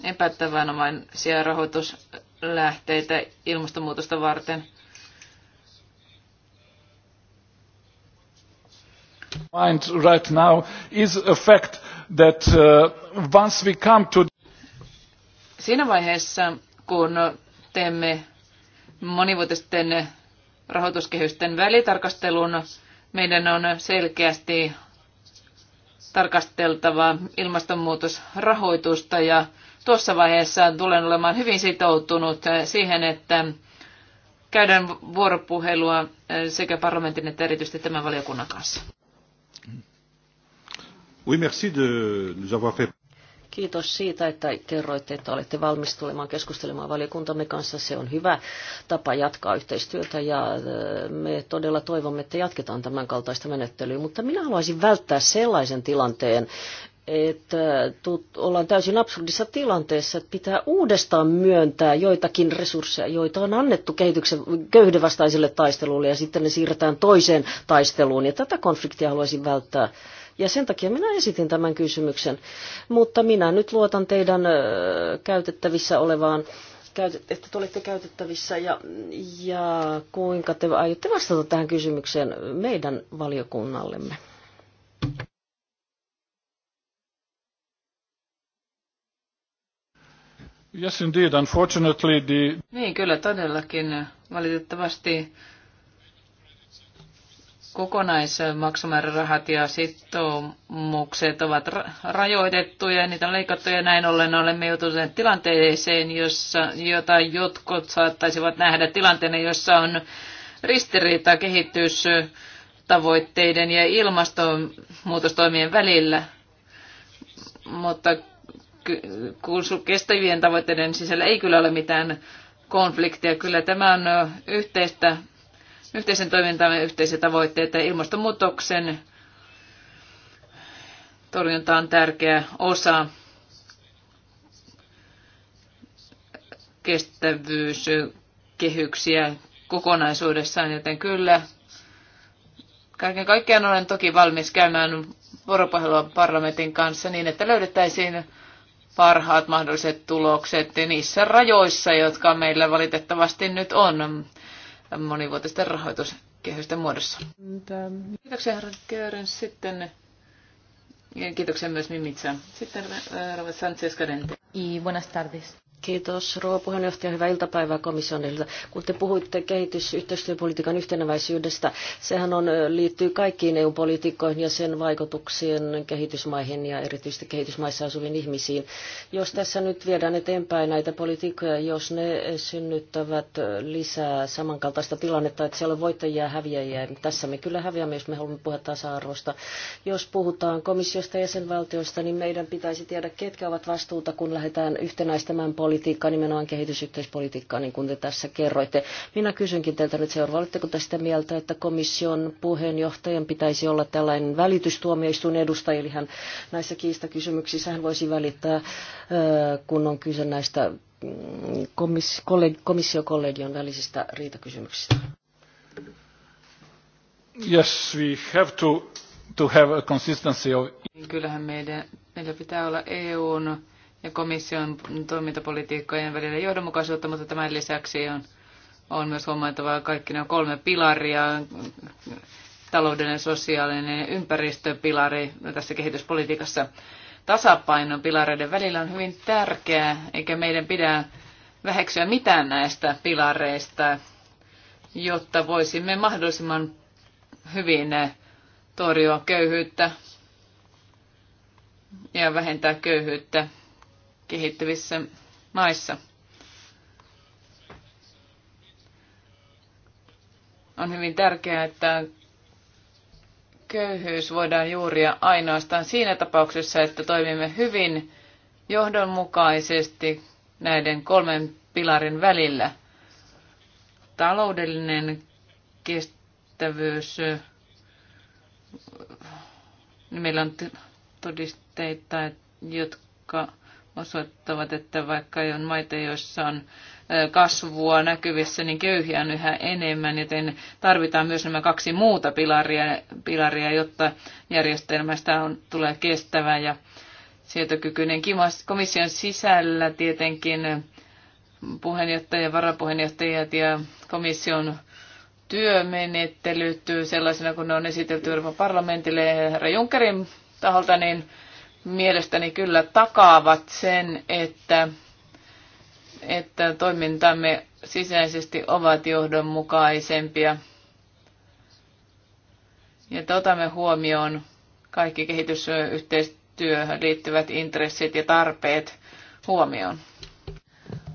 epätavanomaisia rahoituslähteitä ilmastonmuutosta varten. Mind right now is a fact that uh, once we come to Siinä vaiheessa, kun teemme monivuotisten rahoituskehysten välitarkastelun, meidän on selkeästi tarkasteltava ilmastonmuutosrahoitusta ja tuossa vaiheessa tulen olemaan hyvin sitoutunut siihen, että käydään vuoropuhelua sekä parlamentin että erityisesti tämän valiokunnan kanssa. Oui, merci de nous avoir fait... Kiitos siitä, että kerroitte, että olette valmis tulemaan keskustelemaan valiokuntamme kanssa. Se on hyvä tapa jatkaa yhteistyötä ja äh, me todella toivomme, että jatketaan tämän kaltaista menettelyä. Mutta minä haluaisin välttää sellaisen tilanteen, että ollaan täysin absurdissa tilanteessa, että pitää uudestaan myöntää joitakin resursseja, joita on annettu kehityksen köyhdevastaiselle taistelulle ja sitten ne siirretään toiseen taisteluun. Ja tätä konfliktia haluaisin välttää. Ja sen takia minä esitin tämän kysymyksen. Mutta minä nyt luotan teidän käytettävissä olevaan että te olette käytettävissä ja, ja kuinka te aiotte vastata tähän kysymykseen meidän valiokunnallemme. Yes, indeed. Unfortunately, the... Niin, kyllä todellakin. Valitettavasti kokonaismaksumäärärahat ja sitoumukset ovat rajoitettuja ja niitä on leikattu ja näin ollen olemme joutuneet tilanteeseen, jossa, jota jotkut saattaisivat nähdä tilanteena, jossa on ristiriita kehitystavoitteiden ja ilmastonmuutostoimien välillä. Mutta kestävien tavoitteiden sisällä ei kyllä ole mitään konfliktia. Kyllä tämä on yhteistä yhteisen toimintamme yhteisiä tavoitteita ja ilmastonmuutoksen torjunta on tärkeä osa kestävyyskehyksiä kokonaisuudessaan, joten kyllä kaiken kaikkiaan olen toki valmis käymään vuoropuhelua parlamentin kanssa niin, että löydettäisiin parhaat mahdolliset tulokset niissä rajoissa, jotka meillä valitettavasti nyt on monivuotisten rahoituskehysten muodossa. Kiitoksia herra Kören. Sitten kiitoksia myös Mimitsa. Sitten herra äh, Sanchez Cadente. Y buenas tardes. Kiitos rouva puheenjohtaja. Hyvää iltapäivää komissionilta. Kun te puhuitte kehitysyhteistyöpolitiikan yhtenäväisyydestä, sehän on, liittyy kaikkiin EU-politiikkoihin ja sen vaikutuksien kehitysmaihin ja erityisesti kehitysmaissa asuviin ihmisiin. Jos tässä nyt viedään eteenpäin näitä politiikkoja, jos ne synnyttävät lisää samankaltaista tilannetta, että siellä on voittajia ja häviäjiä, niin tässä me kyllä häviämme, jos me haluamme puhua tasa-arvosta. Jos puhutaan komissiosta ja jäsenvaltioista, niin meidän pitäisi tiedä, ketkä ovat vastuuta, kun lähdetään yhtenäistämään politiikkaa politiikkaa, nimenomaan kehitysyhteispolitiikkaa, niin kuin te tässä kerroitte. Minä kysynkin teiltä nyt seuraava, oletteko te sitä mieltä, että komission puheenjohtajan pitäisi olla tällainen välitystuomioistuin edustaja, eli hän näissä kiistakysymyksissä hän voisi välittää, kun on kyse näistä mm, komissiokollegion välisistä riitakysymyksistä? Yes, we have to, to have a consistency of... Niin kyllähän meidän, meillä pitää olla EUn ja komission toimintapolitiikkojen välillä johdonmukaisuutta, mutta tämän lisäksi on, on myös huomattava kaikki nämä kolme pilaria, taloudellinen, sosiaalinen ja ympäristöpilari tässä kehityspolitiikassa. Tasapainon pilareiden välillä on hyvin tärkeää, eikä meidän pidä väheksyä mitään näistä pilareista, jotta voisimme mahdollisimman hyvin torjua köyhyyttä ja vähentää köyhyyttä kehittyvissä maissa. On hyvin tärkeää, että köyhyys voidaan juuria ainoastaan siinä tapauksessa, että toimimme hyvin johdonmukaisesti näiden kolmen pilarin välillä. Taloudellinen kestävyys, meillä on todisteita, jotka osoittavat, että vaikka on maita, joissa on kasvua näkyvissä, niin köyhiä on yhä enemmän, joten tarvitaan myös nämä kaksi muuta pilaria, pilaria jotta järjestelmästä on, tulee kestävä ja sietokykyinen. Komission sisällä tietenkin puheenjohtaja, varapuheenjohtajat ja komission työmenettelyt sellaisena, kun ne on esitelty Euroopan parlamentille herra Junckerin taholta, niin mielestäni kyllä takaavat sen, että, että toimintamme sisäisesti ovat johdonmukaisempia ja että otamme huomioon kaikki kehitysyhteistyöhön liittyvät intressit ja tarpeet huomioon.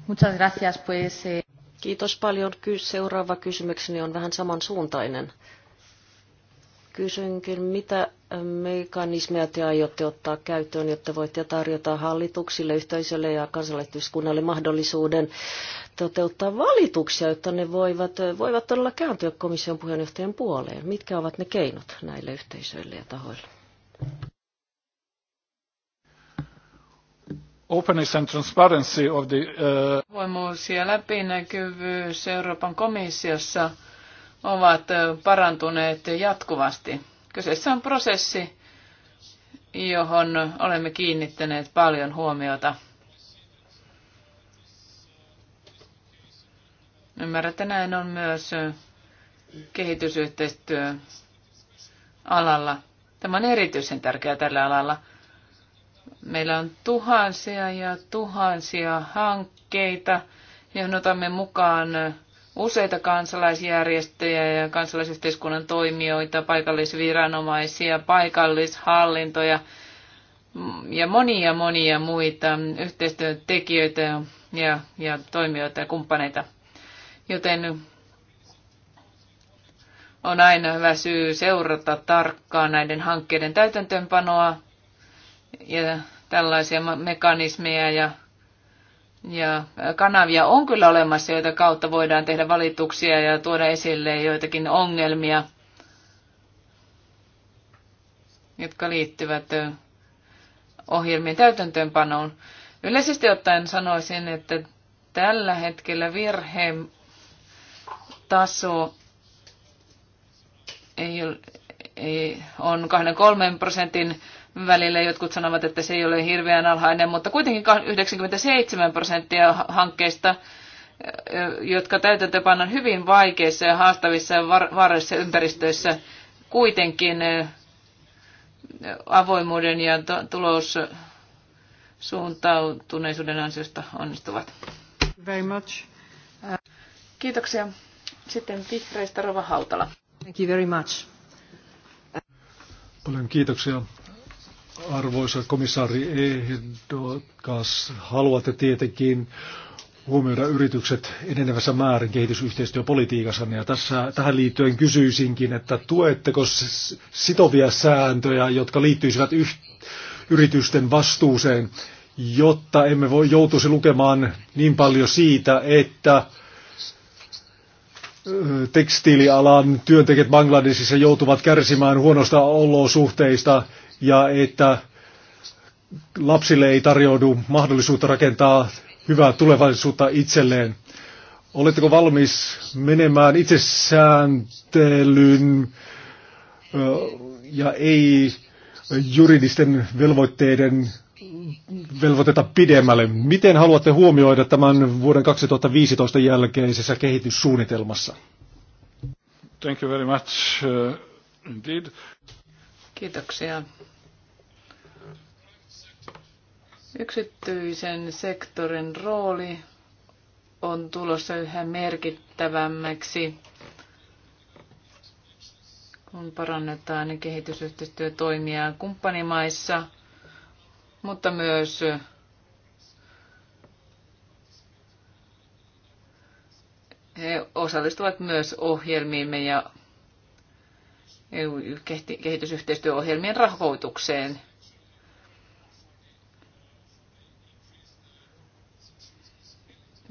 Muchas gracias, pues. Eh. Kiitos paljon. Seuraava kysymykseni on vähän samansuuntainen. Kysynkin, mitä mekanismeja te aiotte ottaa käyttöön, jotta voitte tarjota hallituksille, yhteisölle ja kansalaisyhteiskunnalle mahdollisuuden toteuttaa valituksia, jotta ne voivat, voivat todella kääntyä komission puheenjohtajan puoleen? Mitkä ovat ne keinot näille yhteisöille ja tahoille? openness and transparency of the, uh... Avoimuus ja läpinäkyvyys Euroopan komissiossa ovat parantuneet jatkuvasti. Kyseessä on prosessi, johon olemme kiinnittäneet paljon huomiota. Ymmärrätte, näin on myös kehitysyhteistyö alalla. Tämä on erityisen tärkeää tällä alalla. Meillä on tuhansia ja tuhansia hankkeita, joihin otamme mukaan useita kansalaisjärjestöjä ja kansalaisyhteiskunnan toimijoita, paikallisviranomaisia, paikallishallintoja ja monia monia muita yhteistyöntekijöitä ja, ja toimijoita ja kumppaneita. Joten on aina hyvä syy seurata tarkkaan näiden hankkeiden täytäntöönpanoa ja tällaisia mekanismeja ja ja äh, kanavia on kyllä olemassa, joita kautta voidaan tehdä valituksia ja tuoda esille joitakin ongelmia, jotka liittyvät äh, ohjelmien täytäntöönpanoon. Yleisesti ottaen sanoisin, että tällä hetkellä virheen taso ei, ei, on 2-3 prosentin välillä jotkut sanovat, että se ei ole hirveän alhainen, mutta kuitenkin 97 prosenttia hankkeista, jotka täytäntöpannaan hyvin vaikeissa ja haastavissa ja vaarallisissa ympäristöissä, kuitenkin avoimuuden ja tulos suuntautuneisuuden ansiosta onnistuvat. Very much. Kiitoksia. Sitten vihreistä Rova Hautala. Thank you very much. Paljon kiitoksia. Arvoisa komissaari ehdokas, haluatte tietenkin huomioida yritykset enenevässä määrin kehitysyhteistyöpolitiikassa. Ja tässä, tähän liittyen kysyisinkin, että tuetteko sitovia sääntöjä, jotka liittyisivät yh, yritysten vastuuseen, jotta emme voi joutuisi lukemaan niin paljon siitä, että tekstiilialan työntekijät Bangladesissa joutuvat kärsimään huonosta olosuhteista ja että lapsille ei tarjoudu mahdollisuutta rakentaa hyvää tulevaisuutta itselleen. Oletteko valmis menemään itsesääntelyn ja ei juridisten velvoitteiden velvoiteta pidemmälle? Miten haluatte huomioida tämän vuoden 2015 jälkeisessä kehityssuunnitelmassa? Thank you very much uh, indeed. Kiitoksia Yksityisen sektorin rooli on tulossa yhä merkittävämmäksi, kun parannetaan kehitysyhteistyötoimia kumppanimaissa, mutta myös he osallistuvat myös ohjelmiimme ja e kehitysyhteistyöohjelmien rahoitukseen.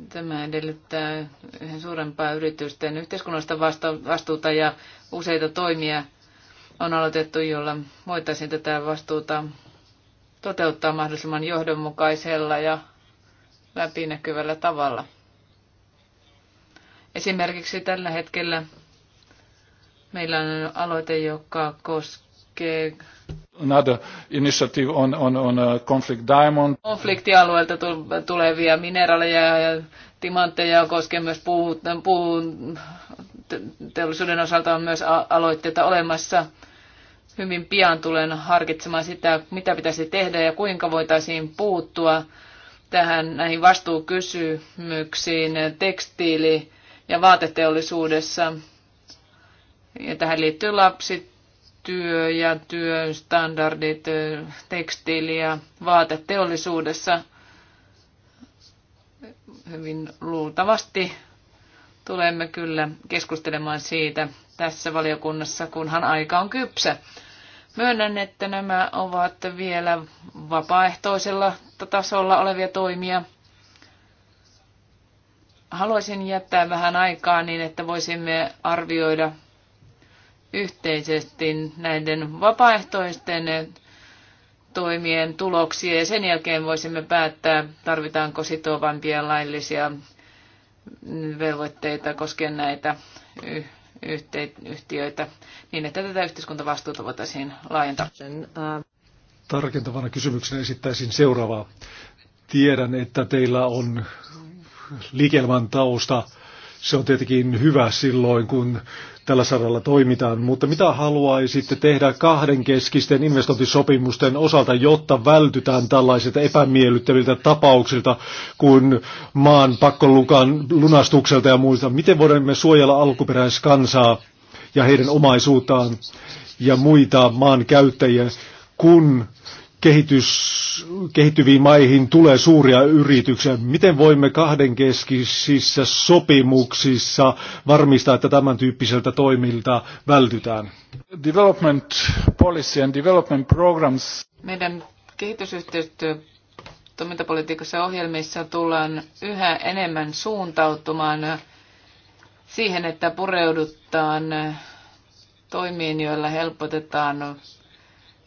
Tämä edellyttää yhden suurempaa yritysten yhteiskunnallista vastuuta ja useita toimia on aloitettu, joilla voitaisiin tätä vastuuta toteuttaa mahdollisimman johdonmukaisella ja läpinäkyvällä tavalla. Esimerkiksi tällä hetkellä meillä on aloite, joka koskee another initiative on, on, on uh, conflict diamond. Konfliktialueelta tulevia mineraaleja ja timantteja koskee myös puun, puun teollisuuden osalta on myös aloitteita olemassa. Hyvin pian tulen harkitsemaan sitä, mitä pitäisi tehdä ja kuinka voitaisiin puuttua tähän näihin vastuukysymyksiin tekstiili- ja vaateteollisuudessa. Ja tähän liittyy lapsi, työ ja työn standardit tekstiili- ja vaateteollisuudessa hyvin luultavasti tulemme kyllä keskustelemaan siitä tässä valiokunnassa, kunhan aika on kypsä. Myönnän, että nämä ovat vielä vapaaehtoisella tasolla olevia toimia. Haluaisin jättää vähän aikaa niin, että voisimme arvioida yhteisesti näiden vapaaehtoisten toimien tuloksia ja sen jälkeen voisimme päättää, tarvitaanko sitovampia laillisia velvoitteita koskien näitä yhtiöitä niin, että tätä yhteiskuntavastuuta voitaisiin laajentaa. Tarkentavana kysymyksenä esittäisin seuraavaa. Tiedän, että teillä on liikelman tausta se on tietenkin hyvä silloin, kun tällä saralla toimitaan, mutta mitä haluaisitte tehdä kahdenkeskisten investointisopimusten osalta, jotta vältytään tällaisilta epämiellyttäviltä tapauksilta kuin maan pakkolukan lunastukselta ja muista? Miten voimme suojella alkuperäiskansaa ja heidän omaisuuttaan ja muita maan käyttäjiä, kun kehitys, kehittyviin maihin tulee suuria yrityksiä. Miten voimme kahdenkeskisissä sopimuksissa varmistaa, että tämän tyyppiseltä toimilta vältytään? Development policy and development programs. Meidän kehitysyhteistyö toimintapolitiikassa ohjelmissa tullaan yhä enemmän suuntautumaan siihen, että pureuduttaan toimiin, joilla helpotetaan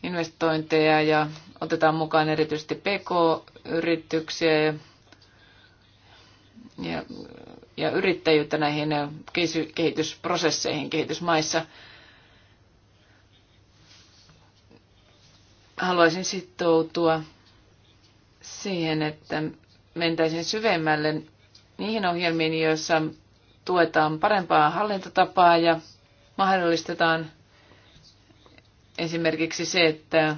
investointeja ja otetaan mukaan erityisesti PK-yrityksiä ja, ja, ja yrittäjyyttä näihin kehitysprosesseihin kehitysmaissa. Haluaisin sitoutua siihen, että mentäisin syvemmälle niihin ohjelmiin, joissa tuetaan parempaa hallintotapaa ja mahdollistetaan Esimerkiksi se, että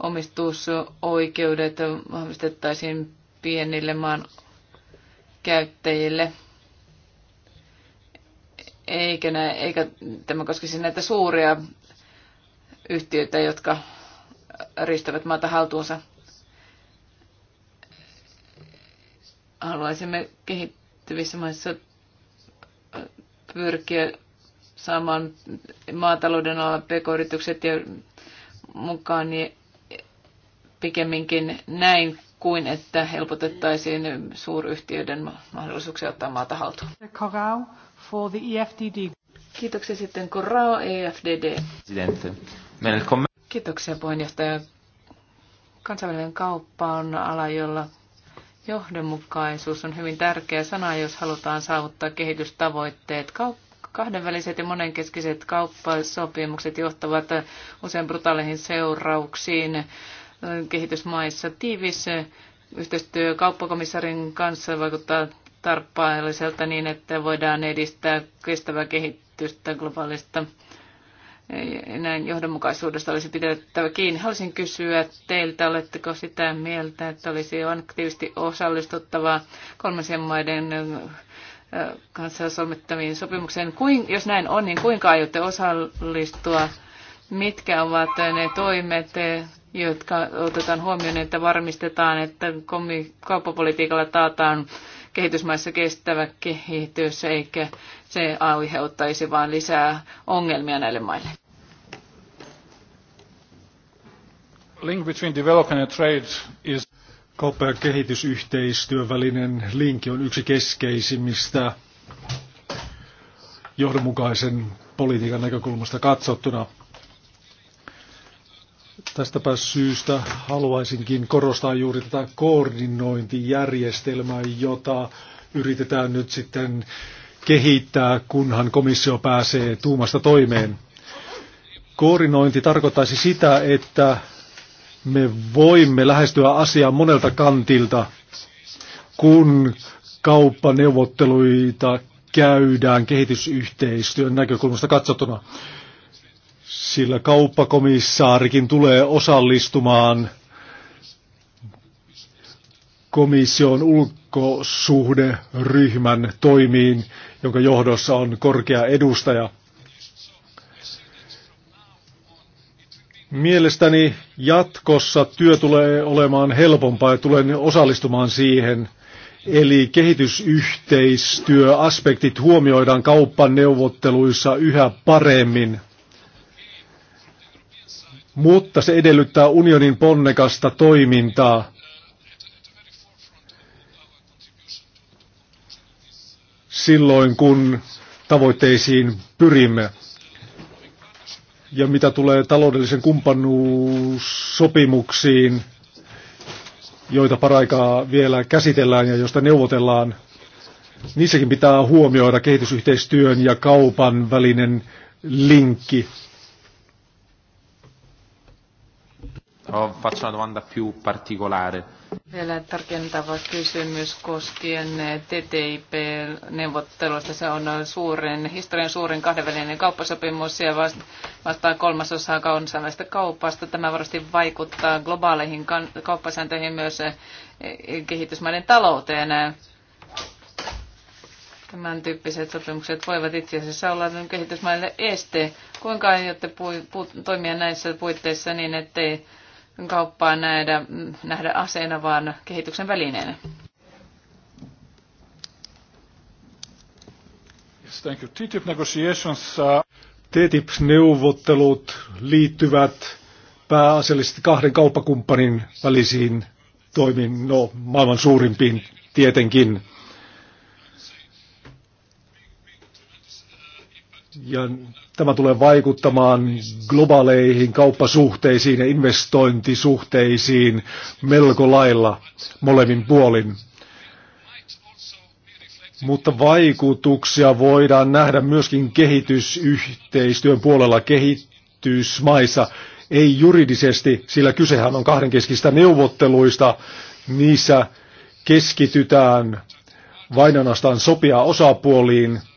omistusoikeudet vahvistettaisiin pienille maan käyttäjille. Eikä, nä, eikä tämä koskisi näitä suuria yhtiöitä, jotka ristävät maata haltuunsa. Haluaisimme kehittyvissä maissa pyrkiä saamaan maatalouden alla pk-yritykset ja mukaan niin pikemminkin näin kuin että helpotettaisiin suuryhtiöiden mahdollisuuksia ottaa maata haltuun. For the EFDD. Kiitoksia sitten Corrao EFDD. Kiitoksia puheenjohtaja. Kansainvälinen kauppa on ala, jolla johdonmukaisuus on hyvin tärkeä sana, jos halutaan saavuttaa kehitystavoitteet. Kauppa Kahdenväliset ja monenkeskiset kauppasopimukset johtavat usein brutaaleihin seurauksiin kehitysmaissa. Tiivis yhteistyö kauppakomissarin kanssa vaikuttaa tarpeelliselta niin, että voidaan edistää kestävää kehitystä globaalista näin johdonmukaisuudesta olisi pidettävä kiinni. Haluaisin kysyä teiltä, oletteko sitä mieltä, että olisi aktiivisesti osallistuttava kolmansien maiden kanssa solmittaviin sopimukseen. Kuin, jos näin on, niin kuinka aiotte osallistua? Mitkä ovat ne toimet, jotka otetaan huomioon, että varmistetaan, että kauppapolitiikalla taataan kehitysmaissa kestävä kehitys, eikä se aiheuttaisi vain lisää ongelmia näille maille? Link between development and trade is Kauppa- ja kehitysyhteistyön välinen linkki on yksi keskeisimmistä johdonmukaisen politiikan näkökulmasta katsottuna. Tästäpä syystä haluaisinkin korostaa juuri tätä koordinointijärjestelmää, jota yritetään nyt sitten kehittää, kunhan komissio pääsee tuumasta toimeen. Koordinointi tarkoittaisi sitä, että me voimme lähestyä asiaa monelta kantilta, kun kauppaneuvotteluita käydään kehitysyhteistyön näkökulmasta katsottuna. Sillä kauppakomissaarikin tulee osallistumaan komission ulkosuhderyhmän toimiin, jonka johdossa on korkea edustaja – Mielestäni jatkossa työ tulee olemaan helpompaa ja tulen osallistumaan siihen. Eli kehitysyhteistyöaspektit huomioidaan kauppaneuvotteluissa yhä paremmin. Mutta se edellyttää unionin ponnekasta toimintaa. Silloin kun tavoitteisiin pyrimme. Ja mitä tulee taloudellisen kumppanuussopimuksiin, joita paraikaa vielä käsitellään ja joista neuvotellaan, niissäkin pitää huomioida kehitysyhteistyön ja kaupan välinen linkki. Faccio una domanda più particolare. Vielä tarkentava kysymys koskien TTIP-neuvottelusta. Se on suurin, historian suurin kahdenvälinen kauppasopimus ja vastaa kolmasosaa kansainvälistä kaupasta. Tämä varmasti vaikuttaa globaaleihin kauppasääntöihin myös eh, kehitysmaiden talouteen. Tämän tyyppiset sopimukset voivat itse asiassa olla kehitysmaille este. Kuinka aiotte toimia näissä puitteissa niin, ettei kauppaa nähdä, nähdä aseena, vaan kehityksen välineenä. thank you. TTIP negotiations, uh, TTIP-neuvottelut liittyvät pääasiallisesti kahden kauppakumppanin välisiin toimiin, no maailman suurimpiin tietenkin. Ja Tämä tulee vaikuttamaan globaaleihin kauppasuhteisiin ja investointisuhteisiin melko lailla molemmin puolin. Mutta vaikutuksia voidaan nähdä myöskin kehitysyhteistyön puolella kehitysmaissa. Ei juridisesti, sillä kysehän on kahdenkeskistä neuvotteluista. Niissä keskitytään vain ainoastaan sopia osapuoliin –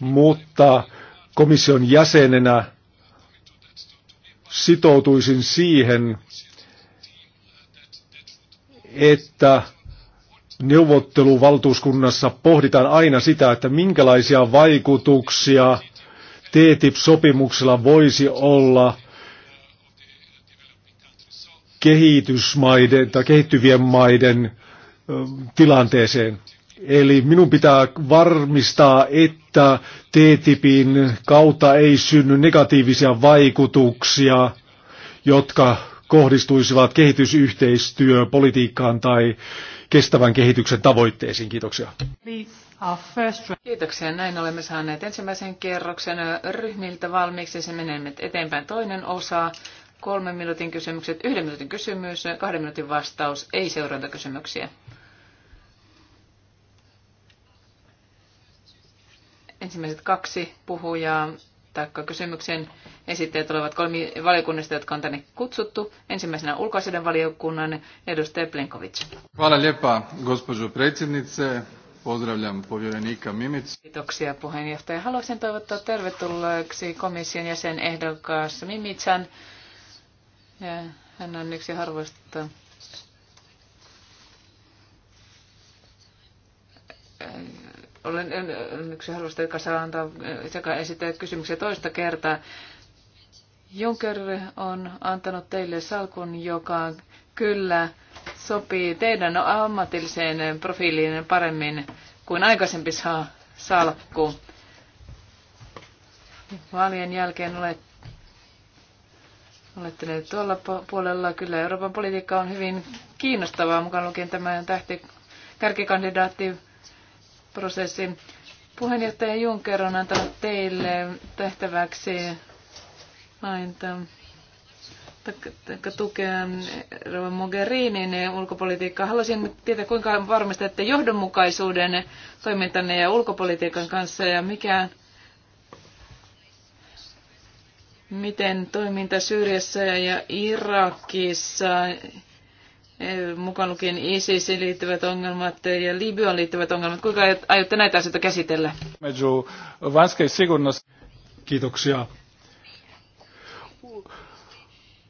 mutta komission jäsenenä sitoutuisin siihen, että neuvotteluvaltuuskunnassa pohditaan aina sitä, että minkälaisia vaikutuksia TTIP-sopimuksella voisi olla kehitysmaiden tai kehittyvien maiden tilanteeseen. Eli minun pitää varmistaa, että TTIPin kautta ei synny negatiivisia vaikutuksia, jotka kohdistuisivat kehitysyhteistyöpolitiikkaan tai kestävän kehityksen tavoitteisiin. Kiitoksia. Kiitoksia. Näin olemme saaneet ensimmäisen kerroksen ryhmiltä valmiiksi. Se menemme eteenpäin toinen osa. Kolmen minuutin kysymykset, yhden minuutin kysymys, kahden minuutin vastaus, ei seurantakysymyksiä. kysymyksiä. ensimmäiset kaksi puhujaa tai kysymyksen esittäjät olivat kolmi valiokunnista, jotka on tänne kutsuttu. Ensimmäisenä ulkoasioiden valiokunnan edustaja Plenkovic. Hvala lijepa, gospođo predsjednice. Pozdravljam povjerenika Mimic. Kiitoksia puheenjohtaja. Haluaisin toivottaa tervetulleeksi komission jäsen ehdokas Mimitsan. Ja hän on yksi harvoista olen yksi halusta, joka saa antaa sekä esittää kysymyksiä toista kertaa. Juncker on antanut teille salkun, joka kyllä sopii teidän ammatilliseen profiiliin paremmin kuin aikaisempi saa salkku. Vaalien jälkeen olet, olette tuolla puolella. Kyllä Euroopan politiikka on hyvin kiinnostavaa, mukaan lukien tämä tähti kärkikandidaatti prosessin. Puheenjohtaja Juncker on antanut teille tehtäväksi lainta tukea Rova Mogherinin ulkopolitiikkaa. Haluaisin tietää, kuinka varmistatte johdonmukaisuuden toimintanne ja ulkopolitiikan kanssa ja mikä, miten toiminta Syyriassa ja Irakissa mukaan lukien ISISiin liittyvät ongelmat ja Libyan liittyvät ongelmat. Kuinka aiotte näitä asioita käsitellä? Kiitoksia.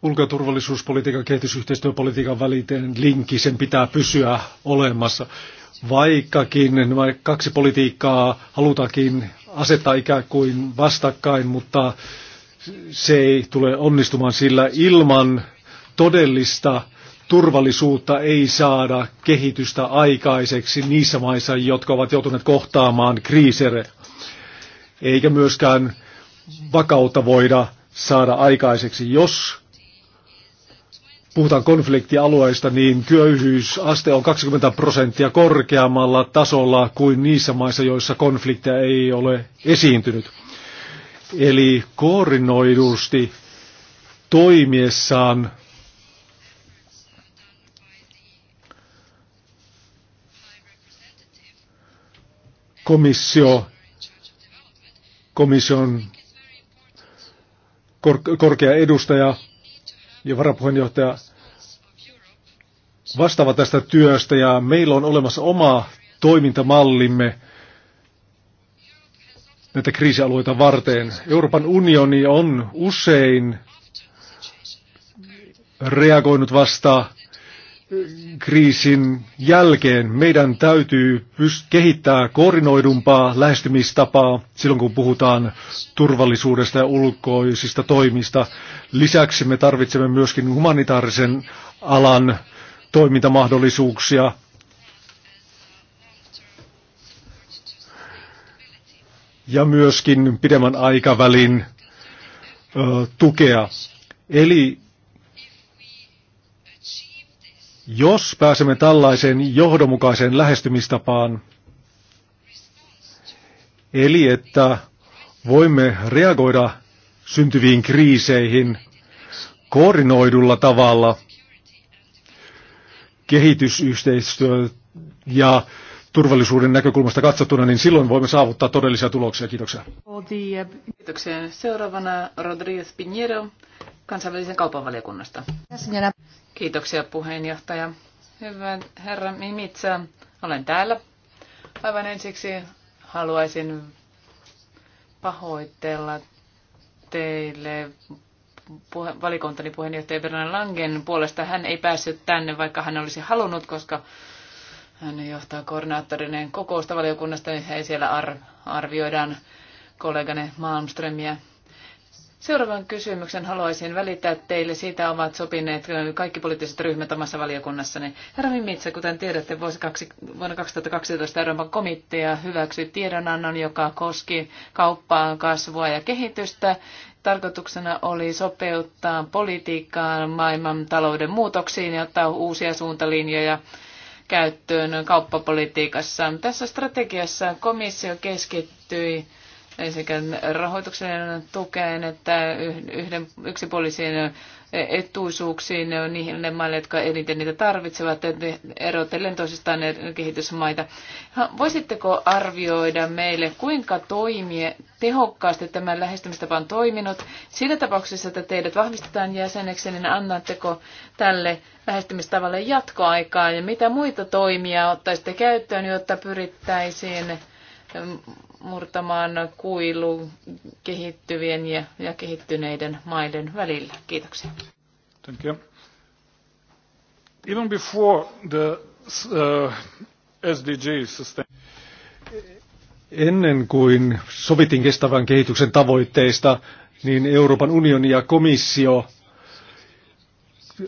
Ulko- ja turvallisuuspolitiikan ja kehitysyhteistyöpolitiikan välinen linkki, sen pitää pysyä olemassa. Vaikkakin kaksi politiikkaa halutakin asettaa ikään kuin vastakkain, mutta se ei tule onnistumaan sillä ilman todellista turvallisuutta ei saada kehitystä aikaiseksi niissä maissa, jotka ovat joutuneet kohtaamaan kriisere. Eikä myöskään vakautta voida saada aikaiseksi. Jos puhutaan konfliktialueista, niin köyhyysaste on 20 prosenttia korkeammalla tasolla kuin niissä maissa, joissa konflikteja ei ole esiintynyt. Eli koordinoidusti toimiessaan komissio, komission kor, korkea edustaja ja varapuheenjohtaja vastaava tästä työstä ja meillä on olemassa oma toimintamallimme näitä kriisialueita varten. Euroopan unioni on usein reagoinut vasta kriisin jälkeen meidän täytyy kehittää koordinoidumpaa lähestymistapaa silloin, kun puhutaan turvallisuudesta ja ulkoisista toimista. Lisäksi me tarvitsemme myöskin humanitaarisen alan toimintamahdollisuuksia. Ja myöskin pidemmän aikavälin ö, tukea. Eli jos pääsemme tällaiseen johdonmukaiseen lähestymistapaan, eli että voimme reagoida syntyviin kriiseihin koordinoidulla tavalla kehitysyhteistyö ja turvallisuuden näkökulmasta katsottuna, niin silloin voimme saavuttaa todellisia tuloksia. Kiitoksia. Kiitoksia. Seuraavana Rodríguez Piñero kansainvälisen kaupan valiokunnasta. Kiitoksia puheenjohtaja. Hyvä herra Mimitsa, olen täällä. Aivan ensiksi haluaisin pahoitella teille puhe, valikuntani puheenjohtaja Bernard Langen puolesta. Hän ei päässyt tänne, vaikka hän olisi halunnut, koska hän johtaa koordinaattorinen kokousta valiokunnasta. He siellä ar- arvioidaan kollegane Malmströmiä Seuraavan kysymyksen haluaisin välittää teille. Siitä ovat sopineet kaikki poliittiset ryhmät omassa valiokunnassani? Herra Mimitsa, kuten tiedätte, vuosi kaksi, vuonna 2012 Euroopan komitea hyväksyi tiedonannon, joka koski kauppaa, kasvua ja kehitystä. Tarkoituksena oli sopeuttaa politiikkaa maailman talouden muutoksiin ja ottaa uusia suuntalinjoja käyttöön kauppapolitiikassa. Tässä strategiassa komissio keskittyi sekä rahoituksen tukeen että yhden, yksipuolisiin etuisuuksiin niihin ne maille, jotka eniten niitä tarvitsevat, erotellen toisistaan ne kehitysmaita. Voisitteko arvioida meille, kuinka toimii tehokkaasti tämä lähestymistapa on toiminut? Siinä tapauksessa, että teidät vahvistetaan jäseneksi, niin annatteko tälle lähestymistavalle jatkoaikaa ja mitä muita toimia ottaisitte käyttöön, jotta pyrittäisiin murtamaan kuilu kehittyvien ja, ja kehittyneiden maiden välillä. Kiitoksia. Thank you. Even before the uh, SDG system. Ennen kuin sovittiin kestävän kehityksen tavoitteista, niin Euroopan unioni ja komissio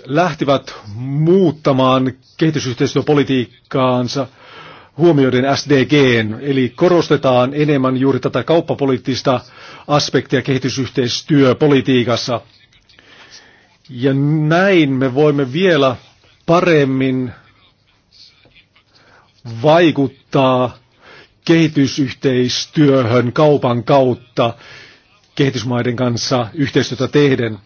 lähtivät muuttamaan kehitysyhteistyöpolitiikkaansa – huomioiden SDGn, eli korostetaan enemmän juuri tätä kauppapoliittista aspektia kehitysyhteistyöpolitiikassa. Ja näin me voimme vielä paremmin vaikuttaa kehitysyhteistyöhön kaupan kautta kehitysmaiden kanssa yhteistyötä tehden.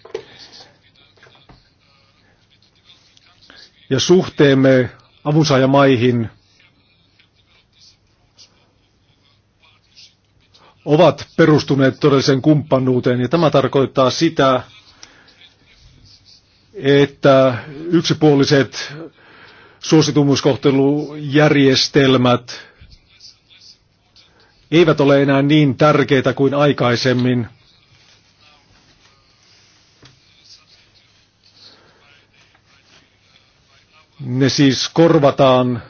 Ja suhteemme avunsaajamaihin ovat perustuneet todelliseen kumppanuuteen. Ja tämä tarkoittaa sitä, että yksipuoliset suositumuskohtelujärjestelmät eivät ole enää niin tärkeitä kuin aikaisemmin. Ne siis korvataan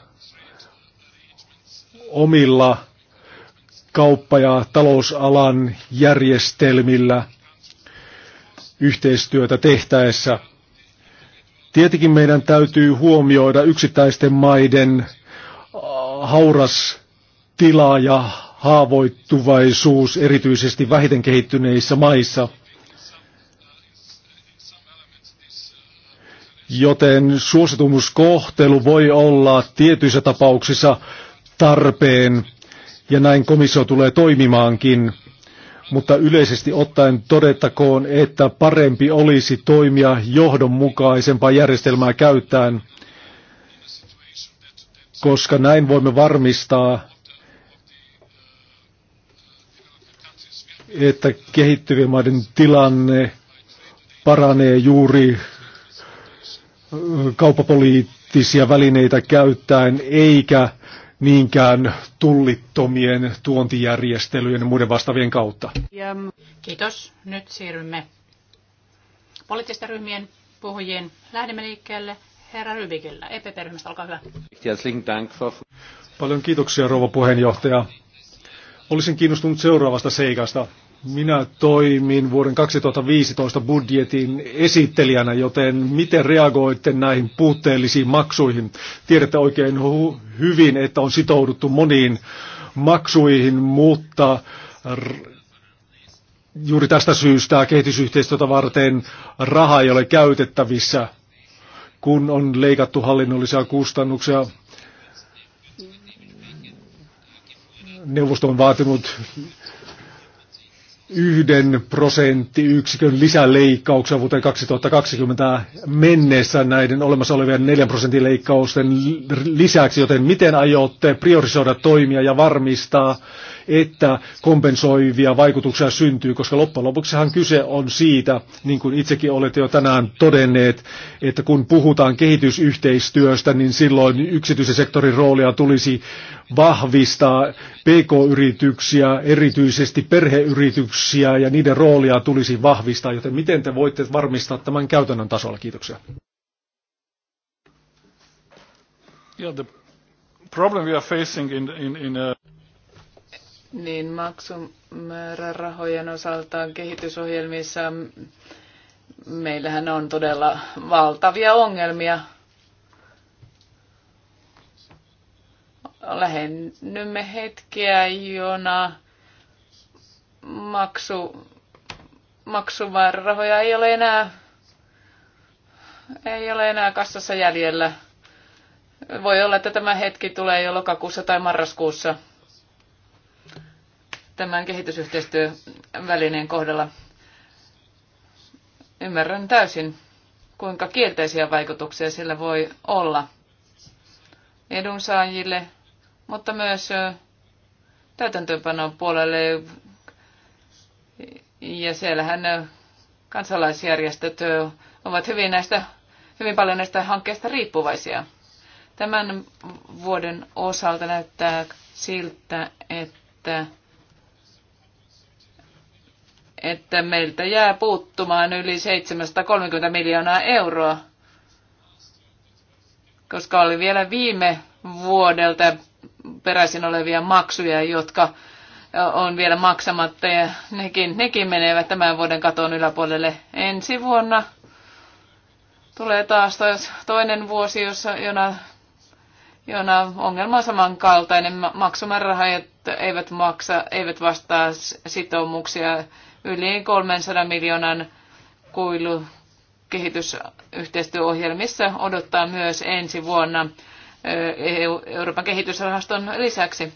omilla kauppa- ja talousalan järjestelmillä yhteistyötä tehtäessä. Tietenkin meidän täytyy huomioida yksittäisten maiden äh, hauras tila ja haavoittuvaisuus, erityisesti vähiten kehittyneissä maissa. Joten suositumuskohtelu voi olla tietyissä tapauksissa tarpeen ja näin komissio tulee toimimaankin. Mutta yleisesti ottaen todettakoon, että parempi olisi toimia johdonmukaisempaa järjestelmää käyttäen, koska näin voimme varmistaa, että kehittyvien maiden tilanne paranee juuri kauppapoliittisia välineitä käyttäen, eikä niinkään tullittomien tuontijärjestelyjen ja muiden vastaavien kautta. Kiitos. Nyt siirrymme poliittisten ryhmien puhujien. Lähdemme liikkeelle. Herra Rybikillä, EPP-ryhmästä, olkaa hyvä. Paljon kiitoksia, rouva puheenjohtaja. Olisin kiinnostunut seuraavasta seikasta. Minä toimin vuoden 2015 budjetin esittelijänä, joten miten reagoitte näihin puutteellisiin maksuihin? Tiedätte oikein hyvin, että on sitouduttu moniin maksuihin, mutta juuri tästä syystä kehitysyhteistyötä varten raha ei ole käytettävissä, kun on leikattu hallinnollisia kustannuksia. Neuvosto on vaatinut yhden prosenttiyksikön lisäleikkauksia vuoteen 2020 mennessä näiden olemassa olevien 4 prosentin leikkausten lisäksi, joten miten aiotte priorisoida toimia ja varmistaa, että kompensoivia vaikutuksia syntyy, koska loppujen lopuksihan kyse on siitä, niin kuin itsekin olette jo tänään todenneet, että kun puhutaan kehitysyhteistyöstä, niin silloin yksityisen sektorin roolia tulisi vahvistaa PK-yrityksiä, erityisesti perheyrityksiä ja niiden roolia tulisi vahvistaa, joten miten te voitte varmistaa tämän käytännön tasolla? Kiitoksia. Yeah, the problem we are facing in, in, in a... Uh, niin maksumäärärahojen osalta kehitysohjelmissa meillähän on todella valtavia ongelmia lähennymme hetkeä jona maksu, maksumäärärahoja ei ole enää ei ole enää kassassa jäljellä. Voi olla, että tämä hetki tulee jo lokakuussa tai marraskuussa tämän kehitysyhteistyövälineen kohdalla. Ymmärrän täysin, kuinka kielteisiä vaikutuksia sillä voi olla edunsaajille, mutta myös täytäntöönpanon puolelle. Ja siellähän kansalaisjärjestöt ovat hyvin, näistä, hyvin paljon näistä hankkeista riippuvaisia. Tämän vuoden osalta näyttää siltä, että, että meiltä jää puuttumaan yli 730 miljoonaa euroa, koska oli vielä viime vuodelta peräisin olevia maksuja, jotka on vielä maksamatta ja nekin, nekin menevät tämän vuoden katon yläpuolelle ensi vuonna. Tulee taas toinen vuosi, jossa, jona, jona ongelma on samankaltainen. Maksumäärärahat eivät, maksa, eivät vastaa sitoumuksia yli 300 miljoonan kuilu kehitysyhteistyöohjelmissa odottaa myös ensi vuonna E Euroopan kehitysrahaston lisäksi.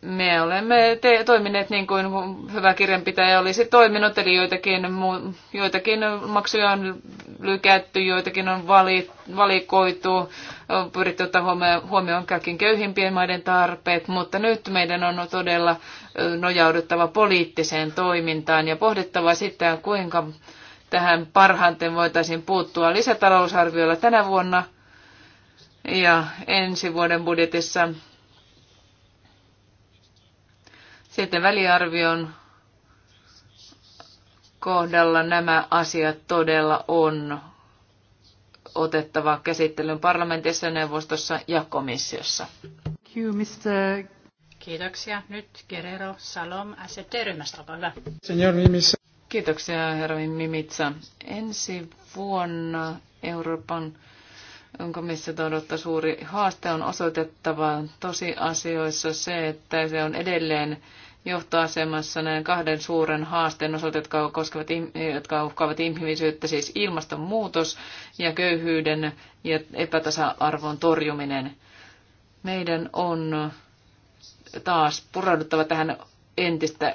Me olemme te- toimineet niin kuin hyvä kirjanpitäjä olisi toiminut, eli joitakin, mu- joitakin maksuja on lykätty, joitakin on vali- valikoitu, on pyritty ottaa huomioon, huomioon kaikkien köyhimpien maiden tarpeet, mutta nyt meidän on todella nojauduttava poliittiseen toimintaan ja pohdittava sitä, kuinka tähän parhaiten voitaisiin puuttua lisätalousarviolla tänä vuonna – ja ensi vuoden budjetissa. Sitten väliarvion kohdalla nämä asiat todella on otettava käsittelyn parlamentissa, neuvostossa ja komissiossa. Kiitoksia. Nyt Guerrero Salom ST-ryhmästä, olkaa hyvä. Kiitoksia, herra Mimitsa. Ensi vuonna Euroopan jonka missä todottaa suuri haaste on osoitettava tosiasioissa se, että se on edelleen johtoasemassa näin kahden suuren haasteen osalta, jotka, koskevat, jotka uhkaavat ihmisyyttä, siis ilmastonmuutos ja köyhyyden ja epätasa-arvon torjuminen. Meidän on taas puraduttava tähän entistä